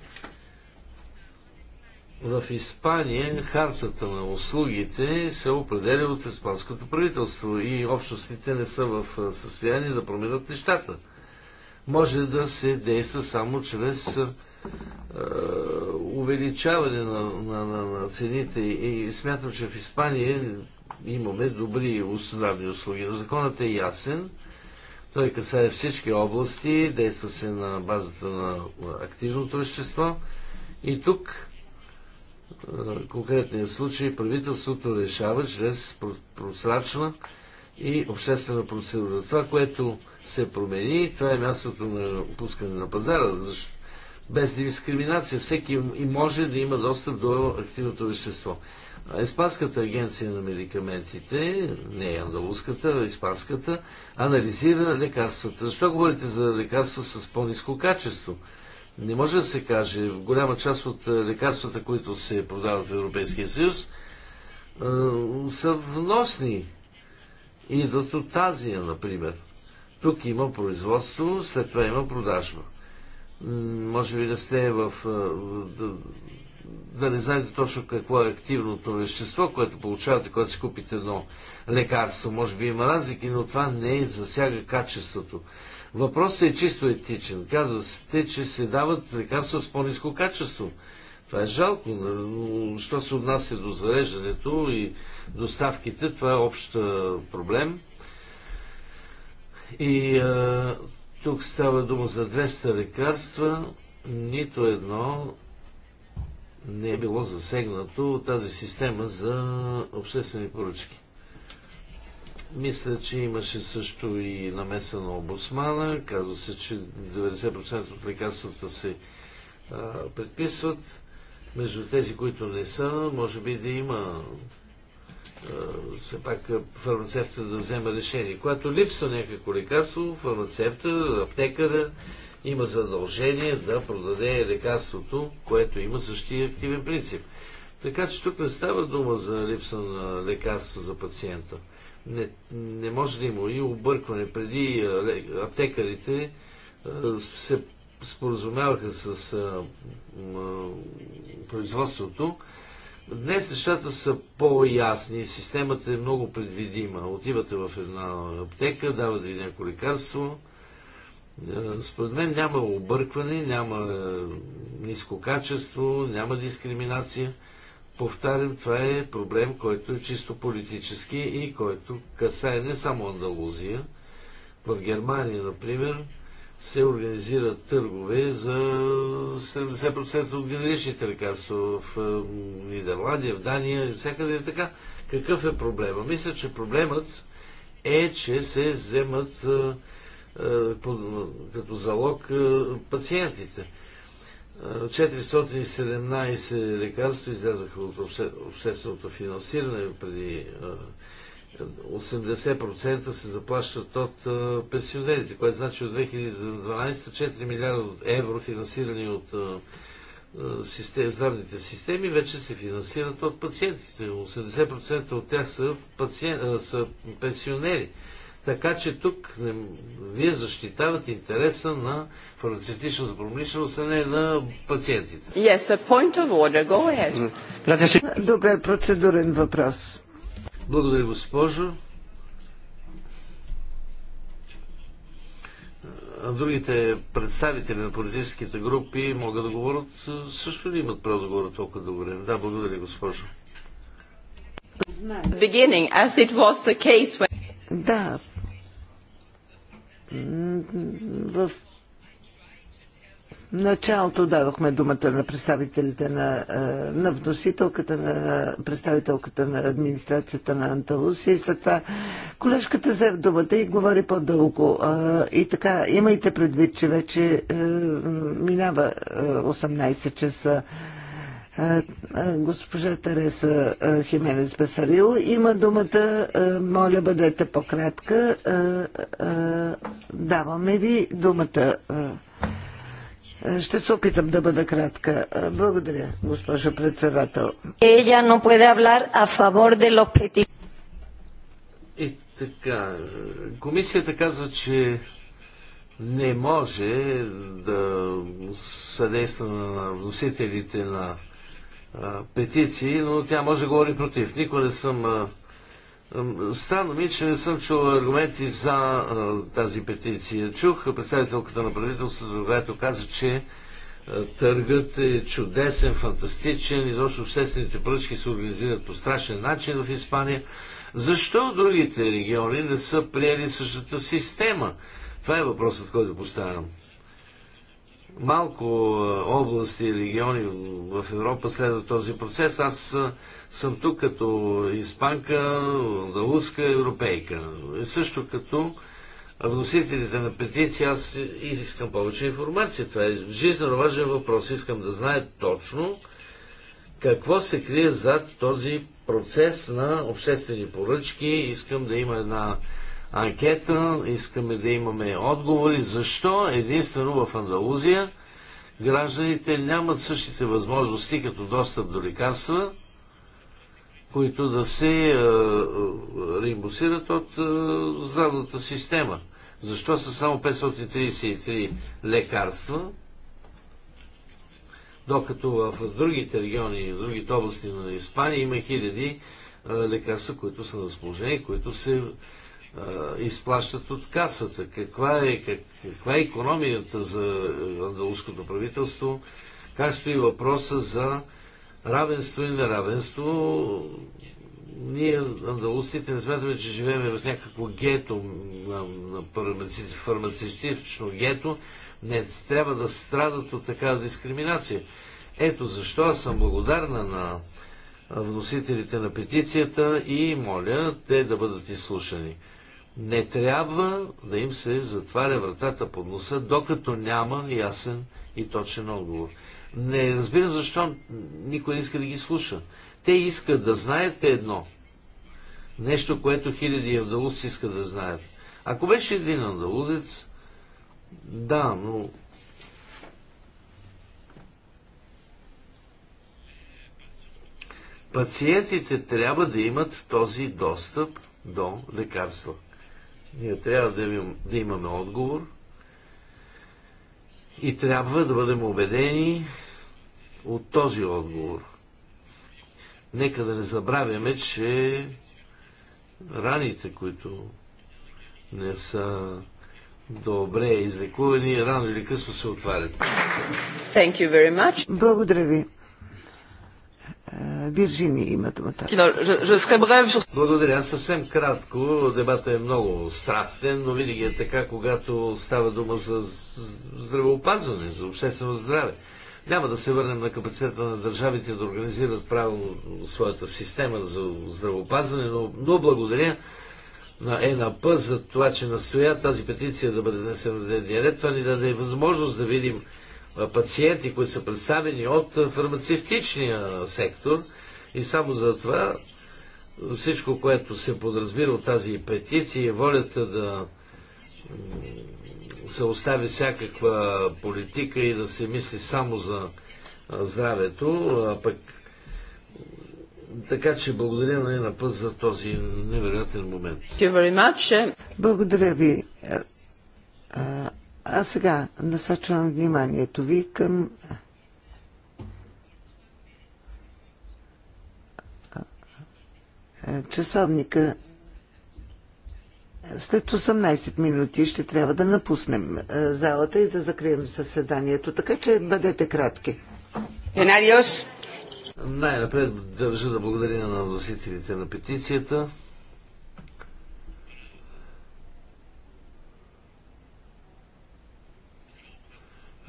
В Испания хартата на услугите се определя от испанското правителство и общностите не са в е, състояние да променят нещата. Може да се действа само чрез е, увеличаване на, на, на, на цените и смятам, че в Испания имаме добри здравни услуги. Но законът е ясен той касае всички области, действа се на базата на активното вещество. И тук конкретния случай правителството решава чрез просрачна и обществена процедура. Това, което се промени, това е мястото на пускане на пазара. Защо? Без дискриминация всеки и може да има достъп до активното вещество. Испанската агенция на медикаментите, не андалуската, а испанската, анализира лекарствата. Защо говорите за лекарства с по-низко качество? Не може да се каже, голяма част от е, лекарствата, които се продават в Европейския съюз, е, са вносни. Идват от Азия, например. Тук има производство, след това има продажба. Може би да сте в е, да не знаете точно какво е активното вещество, което получавате, когато си купите едно лекарство. Може би има разлики, но това не е засяга качеството. Въпросът е чисто етичен. Казва се, че се дават лекарства с по-низко качество. Това е жалко, но що се отнася до зареждането и доставките, това е общ проблем. И а, тук става дума за 200 лекарства, нито едно не е било засегнато тази система за обществени поръчки. Мисля, че имаше също и намеса на обосмана. Казва се, че 90% от лекарствата се а, предписват. Между тези, които не са, може би да има все пак фармацевта да взема решение. Когато липса някакво лекарство, фармацевта, аптекара има задължение да продаде лекарството, което има същия активен принцип. Така че тук не става дума за липса на лекарство за пациента. Не, не може да има и объркване. Преди аптекарите се споразумяваха с производството, Днес нещата са по-ясни, системата е много предвидима. Отивате в една аптека, давате ви някакво лекарство. Е, според мен няма объркване, няма е, ниско качество, няма дискриминация. Повтарям, това е проблем, който е чисто политически и който касае не само Андалузия. В Германия, например, се организират търгове за 70% от генеричните лекарства в е, Нидерландия, в Дания, всякъде е така. Какъв е проблема? Мисля, че проблемът е, че се вземат е, е, като залог пациентите. 417 лекарства излязаха от общественото финансиране преди 80% се заплащат от пенсионерите, което значи от 2012 4 милиарда евро финансирани от систем, здравните системи вече се финансират от пациентите. 80% от тях са, пациен, са пенсионери. Така че тук не, вие защитавате интереса на фармацевтичната промишленост, а не на пациентите. Yes, a point of order. Go ahead. Добре, процедурен въпрос. Благодаря, госпожо. Другите представители на политическите групи могат да говорят, също ли имат право да говорят толкова дълго време? Да, благодаря, госпожо. Да, в началото дадохме думата на представителите на, е, на вносителката, на представителката на администрацията на Анталус и след това колежката взе думата и говори по-дълго. Е, и така, имайте предвид, че вече е, минава 18 часа госпожа Тереса Хименес Бесарил. Има думата, моля бъдете по-кратка. Даваме ви думата. Ще се опитам да бъда кратка. Благодаря, госпожо председател. Ella no puede hablar a favor de los petit... И така, комисията казва, че не може да съдейства на вносителите на петиции, но тя може да говори против. Никога не съм Странно ми е, че не съм чул аргументи за а, тази петиция. Чух представителката на правителството, която каза, че а, търгът е чудесен, фантастичен, изобщо обществените поръчки се организират по страшен начин в Испания. Защо другите региони не са приели същата система? Това е въпросът, който поставям малко области и региони в Европа следват този процес. Аз съм тук като испанка, андалузка, европейка. Също като вносителите на петиция, аз искам повече информация. Това е жизненно важен въпрос. Искам да знае точно какво се крие зад този процес на обществени поръчки. Искам да има една анкета, искаме да имаме отговори защо единствено в Андалузия гражданите нямат същите възможности като достъп до лекарства, които да се е, е, реимбусират от е, здравната система. Защо са само 533 лекарства, докато в другите региони, в другите области на Испания има хиляди лекарства, които са на разположение, които се изплащат от касата. Каква е, как, каква е економията за андалуското правителство? Как стои въпроса за равенство и неравенство? Ние, андалусите, не смятаме, че живеем в някакво гето на, на фармацевтично гето. Не трябва да страдат от такава дискриминация. Ето защо аз съм благодарна на вносителите на петицията и моля те да бъдат изслушани не трябва да им се затваря вратата под носа, докато няма ясен и точен отговор. Не разбирам защо никой не иска да ги слуша. Те искат да знаят едно. Нещо, което хиляди андалуци искат да знаят. Ако беше един андалузец, да, но пациентите трябва да имат този достъп до лекарства. Ние трябва да, имам, да имаме отговор и трябва да бъдем убедени от този отговор. Нека да не забравяме, че раните, които не са добре излекувани, рано или късно се отварят. Благодаря ви. Вирджини има думата. Благодаря. Съвсем кратко. Дебата е много страстен, но винаги е така, когато става дума за здравеопазване, за обществено здраве. Няма да се върнем на капацитета на държавите да организират правилно своята система за здравеопазване, но, но благодаря на ЕНАП за това, че настоя тази петиция да бъде днесена на дневния ред. Това ни даде възможност да видим пациенти, които са представени от фармацевтичния сектор. И само за това всичко, което се подразбира от тази петиция е волята да се остави всякаква политика и да се мисли само за здравето, а пък така че благодаря на една път за този невероятен момент. Благодаря ви. А сега насочвам вниманието ви към е, часовника. След 18 минути ще трябва да напуснем е, залата и да закрием съседанието, така че бъдете кратки. Най-напред държа да благодаря на носителите на петицията.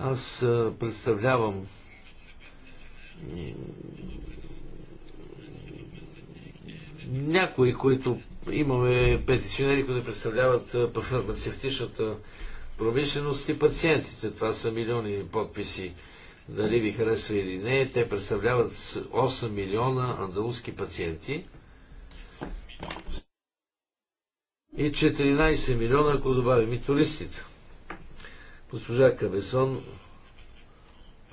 Аз представлявам някои, които имаме петиционери, които представляват фармацевтичната промишленост и пациентите. Това са милиони подписи. Дали ви харесва или не, те представляват 8 милиона андалузски пациенти и 14 милиона, ако добавим и туристите. Госпожа Кабесон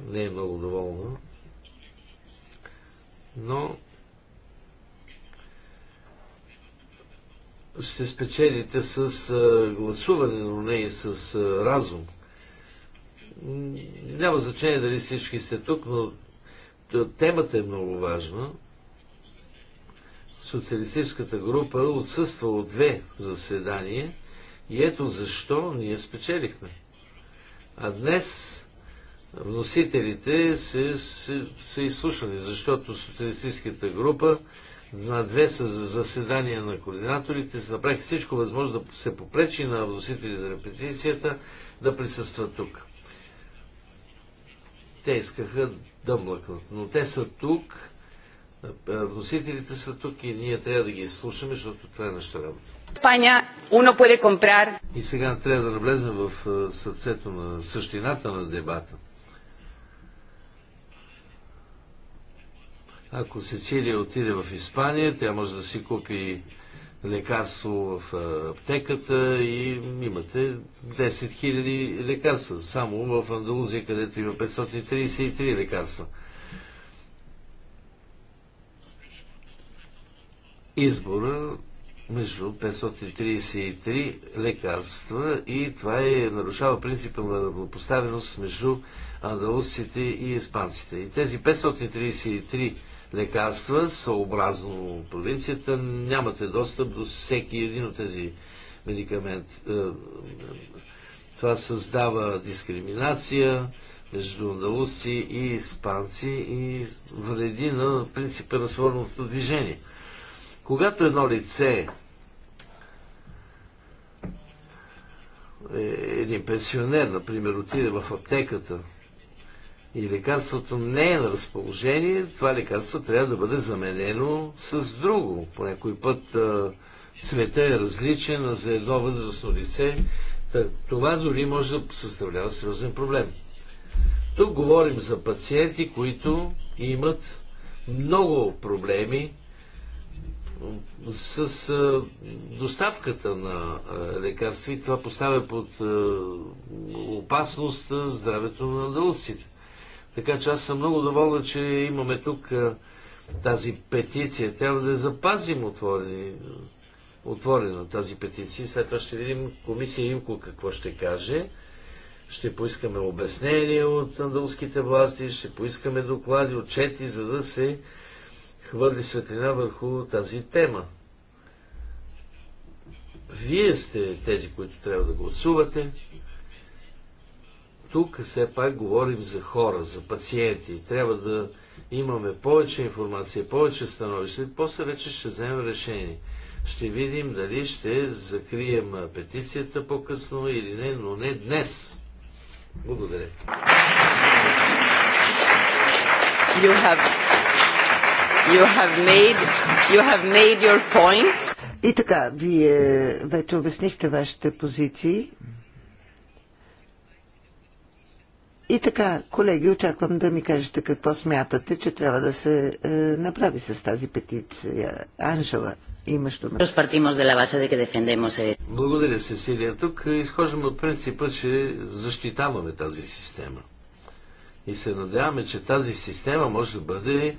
не е много доволна, но ще спечелите с гласуване, но не и с разум. Няма значение дали всички сте тук, но темата е много важна. Социалистическата група отсъства от две заседания и ето защо ние спечелихме. А днес вносителите са, са, са изслушани, защото социалистическата група на две са заседания на координаторите се направиха всичко възможно да се попречи на вносителите на репетицията да присъстват тук. Те искаха да млъкнат, но те са тук, вносителите са тук и ние трябва да ги изслушаме, защото това е нашата работа. España uno puede comprar. И сега трябва да навлезем е, в сърцето на същината на дебата. Ако Сицилия отиде в Испания, тя може да си купи лекарство в е, аптеката и имате 10 000 лекарства. Само в Андалузия, където има 533 лекарства. Избора между 533 лекарства и това е, нарушава принципа на равнопоставеност между андалусите и испанците. И тези 533 лекарства, съобразно провинцията, нямате достъп до всеки един от тези медикамент. Е, това създава дискриминация между андалуси и испанци и вреди на принципа на свободното движение. Когато едно лице е, един пенсионер, например, отиде в аптеката и лекарството не е на разположение, това лекарство трябва да бъде заменено с друго. По някой път цвета е различен за едно възрастно лице. Това дори може да съставлява сериозен проблем. Тук говорим за пациенти, които имат много проблеми с а, доставката на а, лекарства и това поставя под а, опасност а, здравето на андалусите. Така че аз съм много доволна, че имаме тук а, тази петиция. Трябва да я запазим отворени, отворено тази петиция. След това ще видим комисия Имко какво ще каже. Ще поискаме обяснение от андалските власти, ще поискаме доклади, отчети, за да се хвърли светлина върху тази тема. Вие сте тези, които трябва да гласувате. Тук все пак говорим за хора, за пациенти. Трябва да имаме повече информация, повече становище. После вече ще вземем решение. Ще видим дали ще закрием петицията по-късно или не, но не днес. Благодаря. You have You have made, you have made your point. И така, вие вече обяснихте вашите позиции. И така, колеги, очаквам да ми кажете какво смятате, че трябва да се е, направи с тази петиция. Анжела, имаш дума. Eh, Благодаря, Сесилия. Тук изхождаме от принципа, че защитаваме тази система. И се надяваме, че тази система може да бъде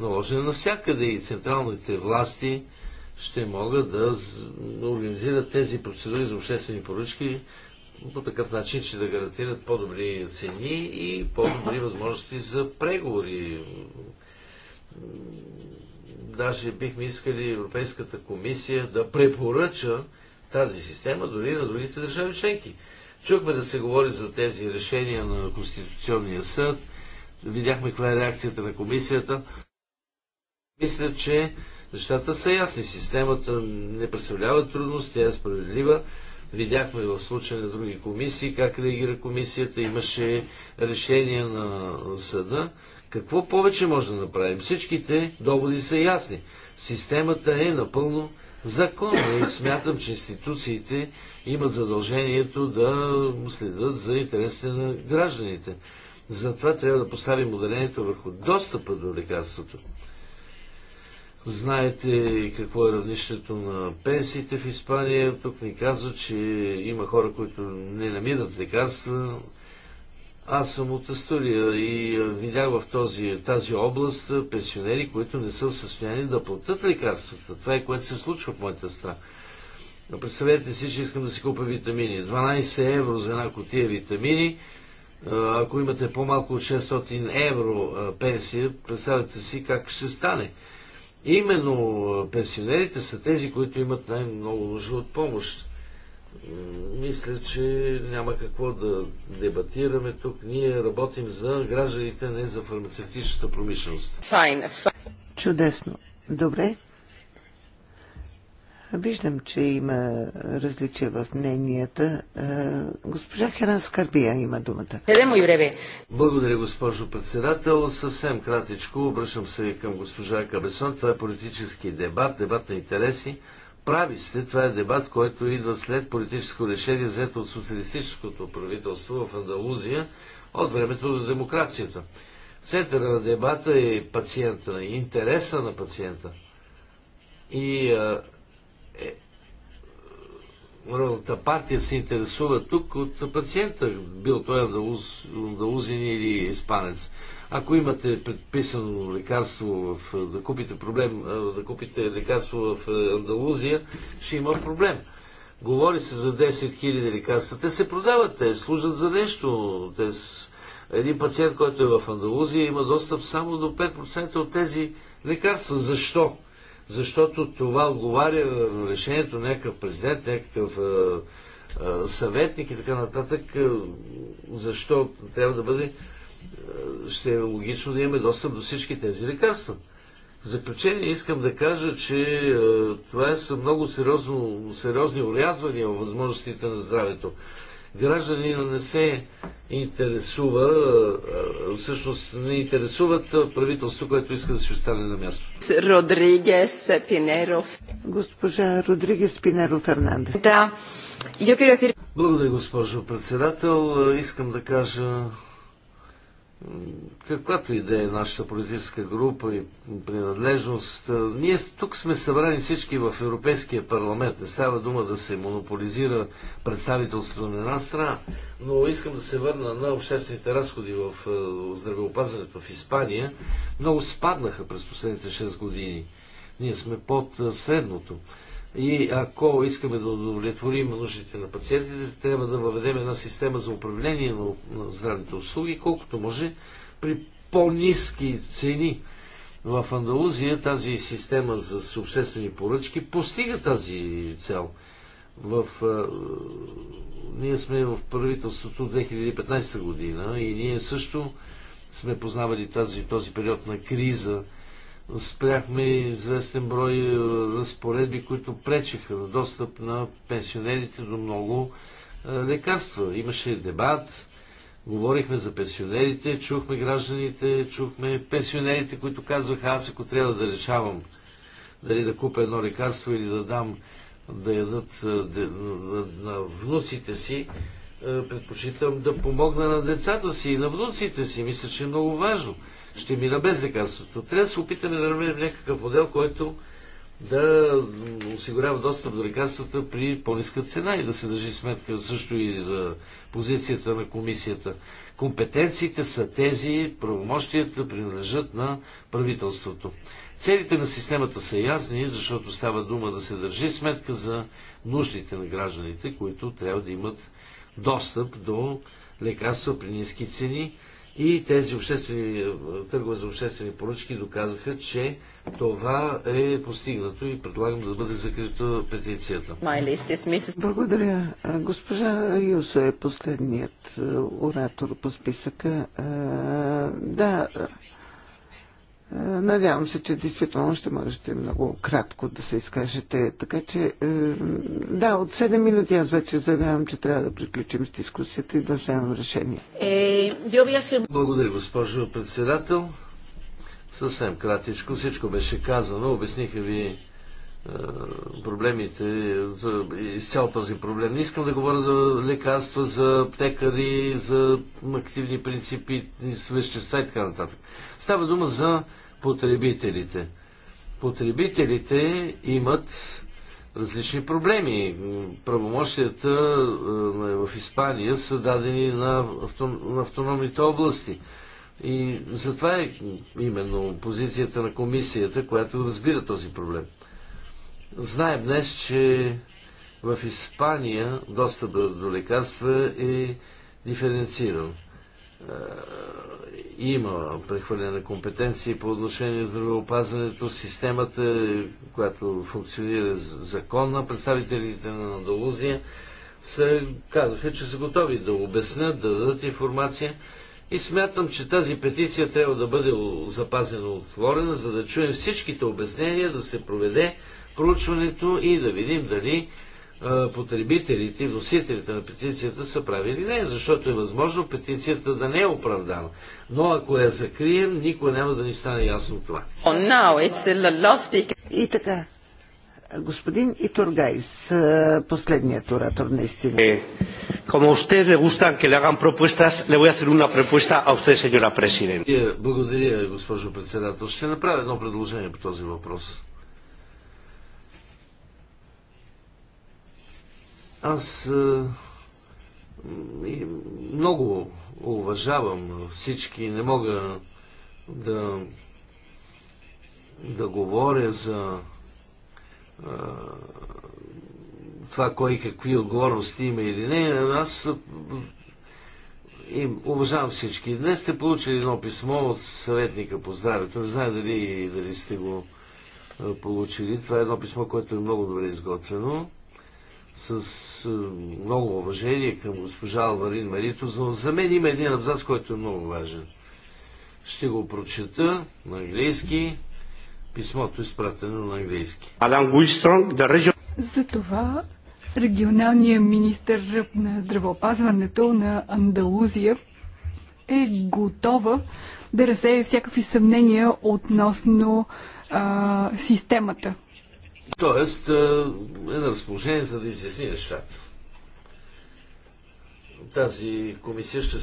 наложени навсякъде и централните власти ще могат да организират тези процедури за обществени поръчки по такъв начин, че да гарантират по-добри цени и по-добри възможности за преговори. Даже бихме искали Европейската комисия да препоръча тази система дори на другите държави членки. Чухме да се говори за тези решения на Конституционния съд, видяхме каква е реакцията на комисията. Мисля, че нещата са ясни. Системата не представлява трудност, тя е справедлива. Видяхме в случая на други комисии как реагира комисията, имаше решение на съда. Какво повече може да направим? Всичките доводи са ясни. Системата е напълно законна и смятам, че институциите имат задължението да следят за интересите на гражданите. Затова трябва да поставим ударението върху достъпа до лекарството. Знаете какво е различието на пенсиите в Испания. Тук ни казва, че има хора, които не намират лекарства. Аз съм от Астурия и видях в този, тази област пенсионери, които не са в състояние да платят лекарствата. Това е което се случва в моята страна. представете си, че искам да си купя витамини. 12 евро за една котия витамини. Ако имате по-малко от 600 евро пенсия, представете си как ще стане. Именно пенсионерите са тези, които имат най-много нужда от помощ. Мисля, че няма какво да дебатираме тук. Ние работим за гражданите, не за фармацевтичната промишленост. Чудесно. Добре. Виждам, че има различия в мненията. Е, госпожа Херан Скарбия има думата. Е, Благодаря, госпожо председател. Съвсем кратичко обръщам се и към госпожа Кабесон. Това е политически дебат, дебат на интереси. Прави сте, това е дебат, който идва след политическо решение, взето от социалистическото правителство в Андалузия от времето на демокрацията. Центъра на дебата е пациента, интереса на пациента. И а, Народната партия се интересува тук от пациента, бил той андалуз, андалузин или испанец. Ако имате предписано лекарство, в, да, купите проблем, да купите лекарство в Андалузия, ще има проблем. Говори се за 10 000 лекарства. Те се продават, те служат за нещо. Те един пациент, който е в Андалузия, има достъп само до 5% от тези лекарства. Защо? защото това отговаря на решението на някакъв президент, някакъв съветник и така нататък, а, защо трябва да бъде, ще е логично да имаме достъп до всички тези лекарства. В заключение искам да кажа, че това са много сериозно, сериозни урязвания в възможностите на здравето гражданина не се интересува, всъщност не интересуват правителство, което иска да си остане на място. Родригес Пинеров. Госпожа Родригес Пинеров Фернандес. Да. Благодаря, госпожо председател. Искам да кажа каквато и да е нашата политическа група и принадлежност, ние тук сме събрани всички в Европейския парламент. Не става дума да се монополизира представителството на една страна, но искам да се върна на обществените разходи в здравеопазването в Испания. Много спаднаха през последните 6 години. Ние сме под средното. И ако искаме да удовлетворим нуждите на пациентите, трябва да въведем една система за управление на здравните услуги, колкото може при по-низки цени. В Андалузия тази система за обществени поръчки постига тази цел. В, ние сме в правителството 2015 година и ние също сме познавали тази, този период на криза спряхме известен брой е, разпоредби, които пречеха на достъп на пенсионерите до много е, лекарства. Имаше дебат, говорихме за пенсионерите, чухме гражданите, чухме пенсионерите, които казваха, аз ако трябва да решавам дали да купя едно лекарство или да дам да ядат е, на внуците си, предпочитам да помогна на децата си и на внуците си. Мисля, че е много важно ще мина без лекарството. Трябва да се опитаме да намерим някакъв модел, който да осигурява достъп до лекарствата при по-ниска цена и да се държи сметка също и за позицията на комисията. Компетенциите са тези, правомощията принадлежат на правителството. Целите на системата са ясни, защото става дума да се държи сметка за нуждите на гражданите, които трябва да имат достъп до лекарства при ниски цени и тези обществени, търгове за обществени поръчки доказаха, че това е постигнато и предлагам да бъде закрита петицията. Благодаря. Госпожа Юсо е последният оратор по списъка. Да, е, надявам се, че действително ще можете много кратко да се изкажете. Така че, е, да, от 7 минути аз вече заявявам, че трябва да приключим с дискусията и да вземем решение. Е, Благодаря, госпожо председател. Съвсем кратичко, всичко беше казано. Обясниха ви проблемите, изцял този проблем. Не искам да говоря за лекарства, за аптекари, за активни принципи, вещества и така нататък. Става дума за потребителите. Потребителите имат различни проблеми. Правомощията е, в Испания са дадени на, на автономните области. И затова е именно позицията на комисията, която разбира този проблем. Знаем днес, че в Испания достъпът до лекарства е диференциран. Е, има прехвърляне на компетенции по отношение на здравеопазването, системата, която функционира законна, представителите на Андалузия са, казаха, че са готови да обяснят, да дадат информация и смятам, че тази петиция трябва да бъде запазена отворена, за да чуем всичките обяснения, да се проведе проучването и да видим дали потребителите носителите на петицията са правили не, защото е възможно петицията да не е оправдана. Но ако я закрием, никой няма да ни стане ясно това. И така, господин Итургайс, последният оратор наистина. Е, como a usted le gustan que le hagan propuestas, le voy a hacer una propuesta a usted, señora presidenta. Благодаря, госпожо председател. Ще направя едно предложение по този въпрос. Аз е, много уважавам всички, не мога да, да говоря за а, е, това кой какви отговорности има или не. Аз е, им уважавам всички. Днес сте получили едно писмо от съветника по здравето. Не знае дали, дали сте го получили. Това е едно писмо, което е много добре изготвено с е, много уважение към госпожа Алварин Марито но за мен има един абзац, който е много важен. Ще го прочета на английски. Писмото е изпратено на английски. За това регионалният министр на здравеопазването на Андалузия е готова да разсее всякакви съмнения относно а, системата Тоест, е, е на разположение, за да изясни нещата. Тази комисия ще,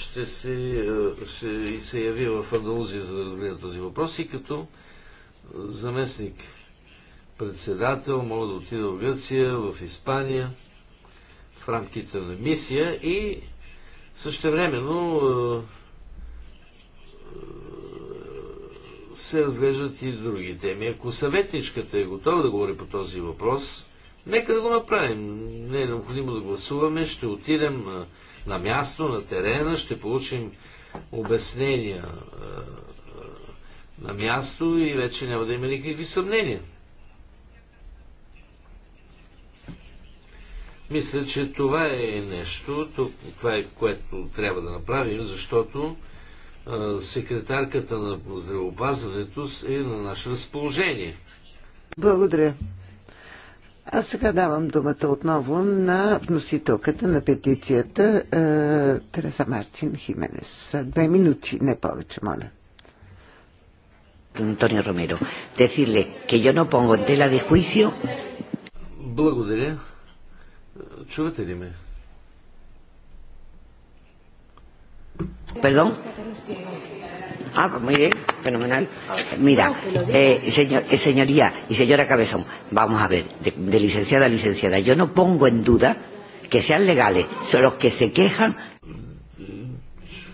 ще, се, е, ще се яви в Андалузия, за да разгледа този въпрос и като заместник председател мога да отида в Гърция, в Испания, в рамките на мисия и същевременно е, се разглеждат и други теми. Ако съветничката е готова да говори по този въпрос, нека да го направим. Не е необходимо да гласуваме, ще отидем на, място, на терена, ще получим обяснения на място и вече няма да има никакви съмнения. Мисля, че това е нещо, това е което трябва да направим, защото секретарката на здравеопазването е на наше разположение. Благодаря. Аз сега давам думата отново на вносителката на петицията е, Тереса Мартин Хименес. Две минути, не повече, моля. Антонио Ромеро, decirle que yo no pongo en tela de juicio. Благодаря. Чувате ли ме? Perdón. Ah, pues muy bien, fenomenal. Mira, eh, señor, eh, señoría y señora Cabezón, vamos a ver, de, de licenciada a licenciada, yo no pongo en duda que sean legales, son los que se quejan.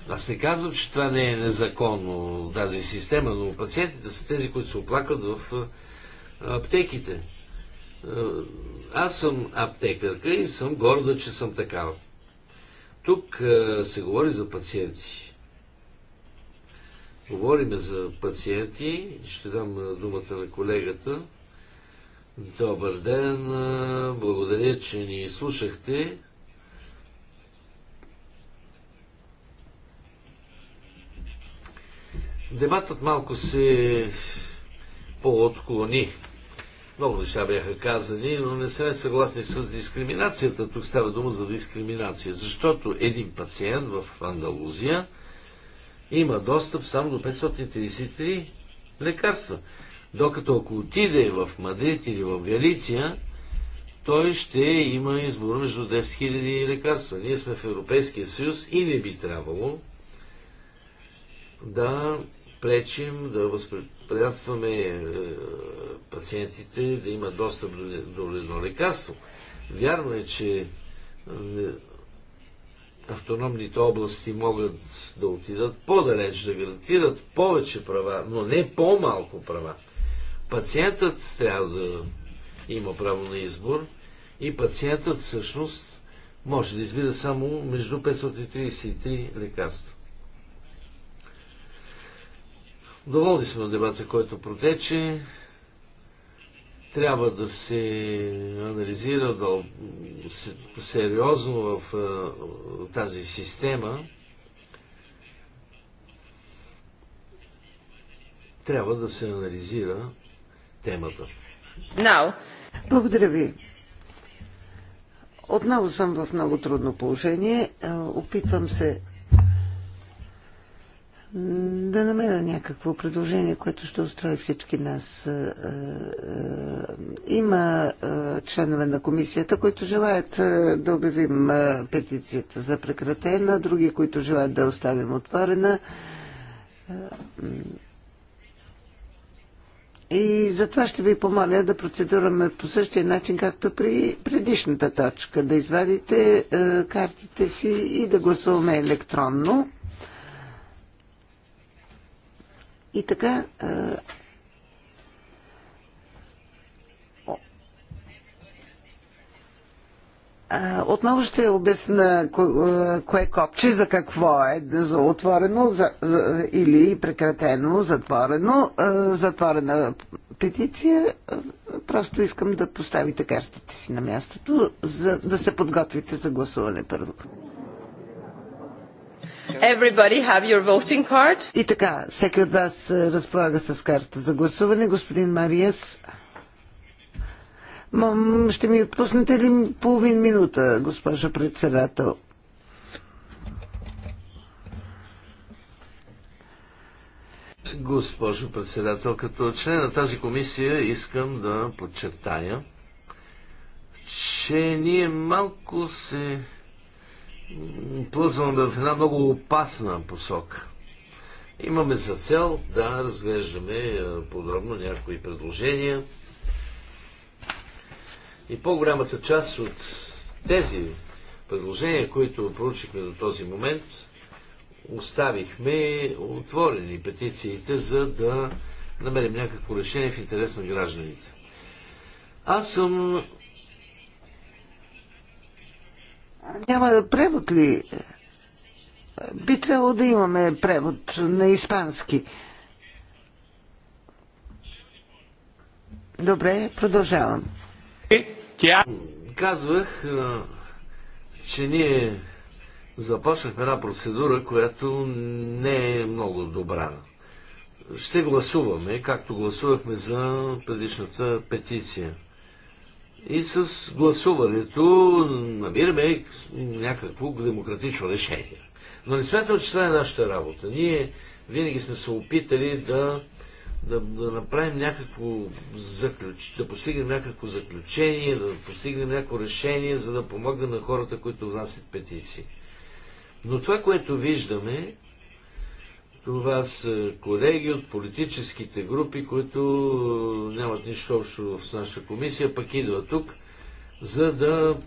Аз не казвам, че това не е незаконно в тази система, но пациентите са тези, които се оплакват в аптеките. Аз съм аптекарка и съм горда, че съм такава. Тук е, се говори за пациенти. Говориме за пациенти. Ще дам е, думата на колегата. Добър ден. Е, благодаря, че ни слушахте. Дебатът малко се отклони. Много неща бяха казани, но не сме съгласни с дискриминацията. Тук става дума за дискриминация, защото един пациент в Андалузия има достъп само до 533 лекарства. Докато ако отиде в Мадрид или в Галиция, той ще има избор между 10 000 лекарства. Ние сме в Европейския съюз и не би трябвало да пречим, да възпрепятстваме е, пациентите да имат достъп до, едно лекарство. Вярно е, че е, автономните области могат да отидат по-далеч, да гарантират повече права, но не по-малко права. Пациентът трябва да има право на избор и пациентът всъщност може да избира само между 533 лекарства. Доволни сме от дебата, който протече. Трябва да се анализира да, сериозно в тази система. Трябва да се анализира темата. Now. Благодаря ви. Отново съм в много трудно положение. Опитвам се да намеря някакво предложение, което ще устрои всички нас. Е, е, има е, членове на комисията, които желаят да обявим петицията за прекратена, други, които желаят да оставим отворена. И затова ще ви помоля да процедураме по същия начин, както при предишната точка. Да извадите картите си и да гласуваме електронно. И така, отново ще обясна кое копче за какво е за отворено за, за, или прекратено, затворено, затворена петиция. Просто искам да поставите картите си на мястото, за да се подготвите за гласуване първо. Everybody have your voting card? И така, всеки от вас е, разполага с карта за гласуване. Господин Мариес, ще ми отпуснете ли половин минута, госпожа председател? Госпожо председател, като член на тази комисия искам да подчертая, че ние малко се плъзваме в една много опасна посока. Имаме за цел да разглеждаме е, подробно някои предложения. И по-голямата част от тези предложения, които проучихме до този момент, оставихме отворени петициите, за да намерим някакво решение в интерес на гражданите. Аз съм Няма превод ли? Би трябвало да имаме превод на испански. Добре, продължавам. Казвах, че ние започнахме една процедура, която не е много добра. Ще гласуваме, както гласувахме за предишната петиция и с гласуването намираме някакво демократично решение. Но не смятам, че това е нашата работа. Ние винаги сме се опитали да, да, да направим някакво заключ... да постигнем някакво заключение, да постигнем някакво решение, за да помогнем на хората, които внасят петиции. Но това, което виждаме, това са колеги от политическите групи, които нямат нищо общо в нашата комисия, пък идват тук, за да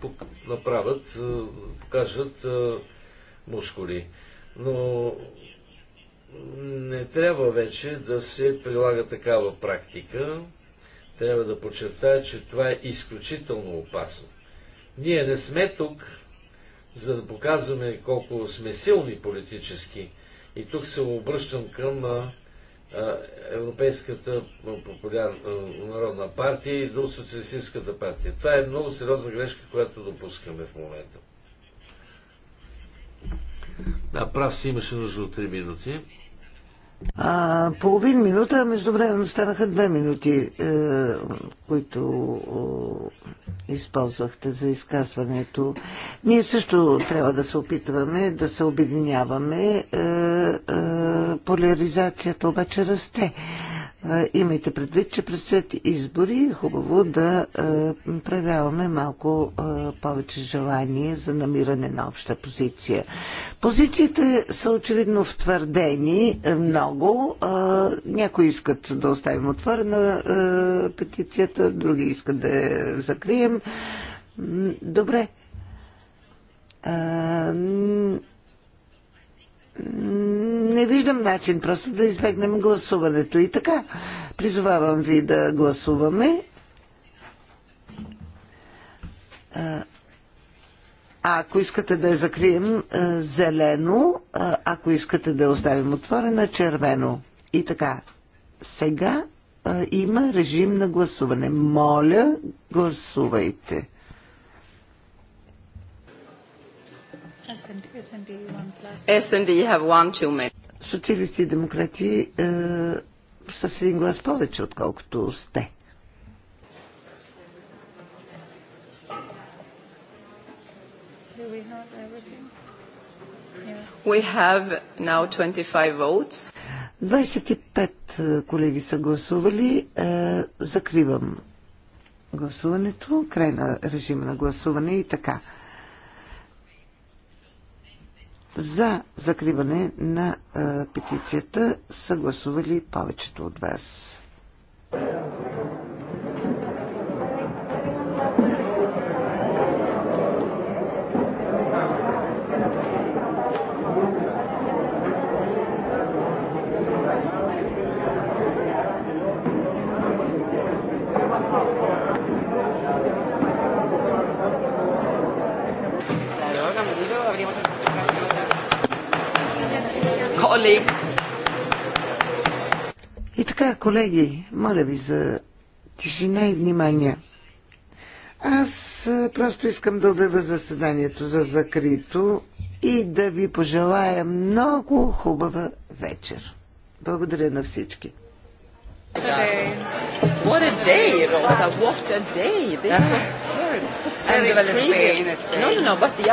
направят, е, покажат е, мускули. Но не трябва вече да се прилага такава практика. Трябва да подчертая, че това е изключително опасно. Ние не сме тук, за да показваме колко сме силни политически и тук се обръщам към Европейската народна партия и до Социалистическата партия. Това е много сериозна грешка, която допускаме в момента. Да, прав си имаше нужда от 3 минути. А, половин минута, междувременно станаха две минути, е, които е, използвахте за изказването. Ние също трябва да се опитваме да се обединяваме. Е, е, поляризацията обаче расте. Е, Имайте предвид, че предстоят избори и е хубаво да проявяваме малко повече желание за намиране на обща позиция. Позициите са очевидно втвърдени много. Някои искат да оставим отворена петицията, други искат да я закрием. Добре не виждам начин просто да избегнем гласуването. И така, призовавам ви да гласуваме. А ако искате да я закрием зелено, ако искате да я оставим отворена червено. И така, сега има режим на гласуване. Моля, гласувайте. have one too many. Социалисти и демократи е, с един глас повече, отколкото сте. We have now 25 votes. 25 е, колеги са гласували. Е, закривам гласуването, край на режима на гласуване и така за закриване на петицията са гласували повечето от вас. Така, колеги, моля ви за тишина и внимание. Аз просто искам да обява заседанието за закрито и да ви пожелая много хубава вечер. Благодаря на всички. What a day, Rosa! What a day! This was very. And the previous. No, no, no. But the other.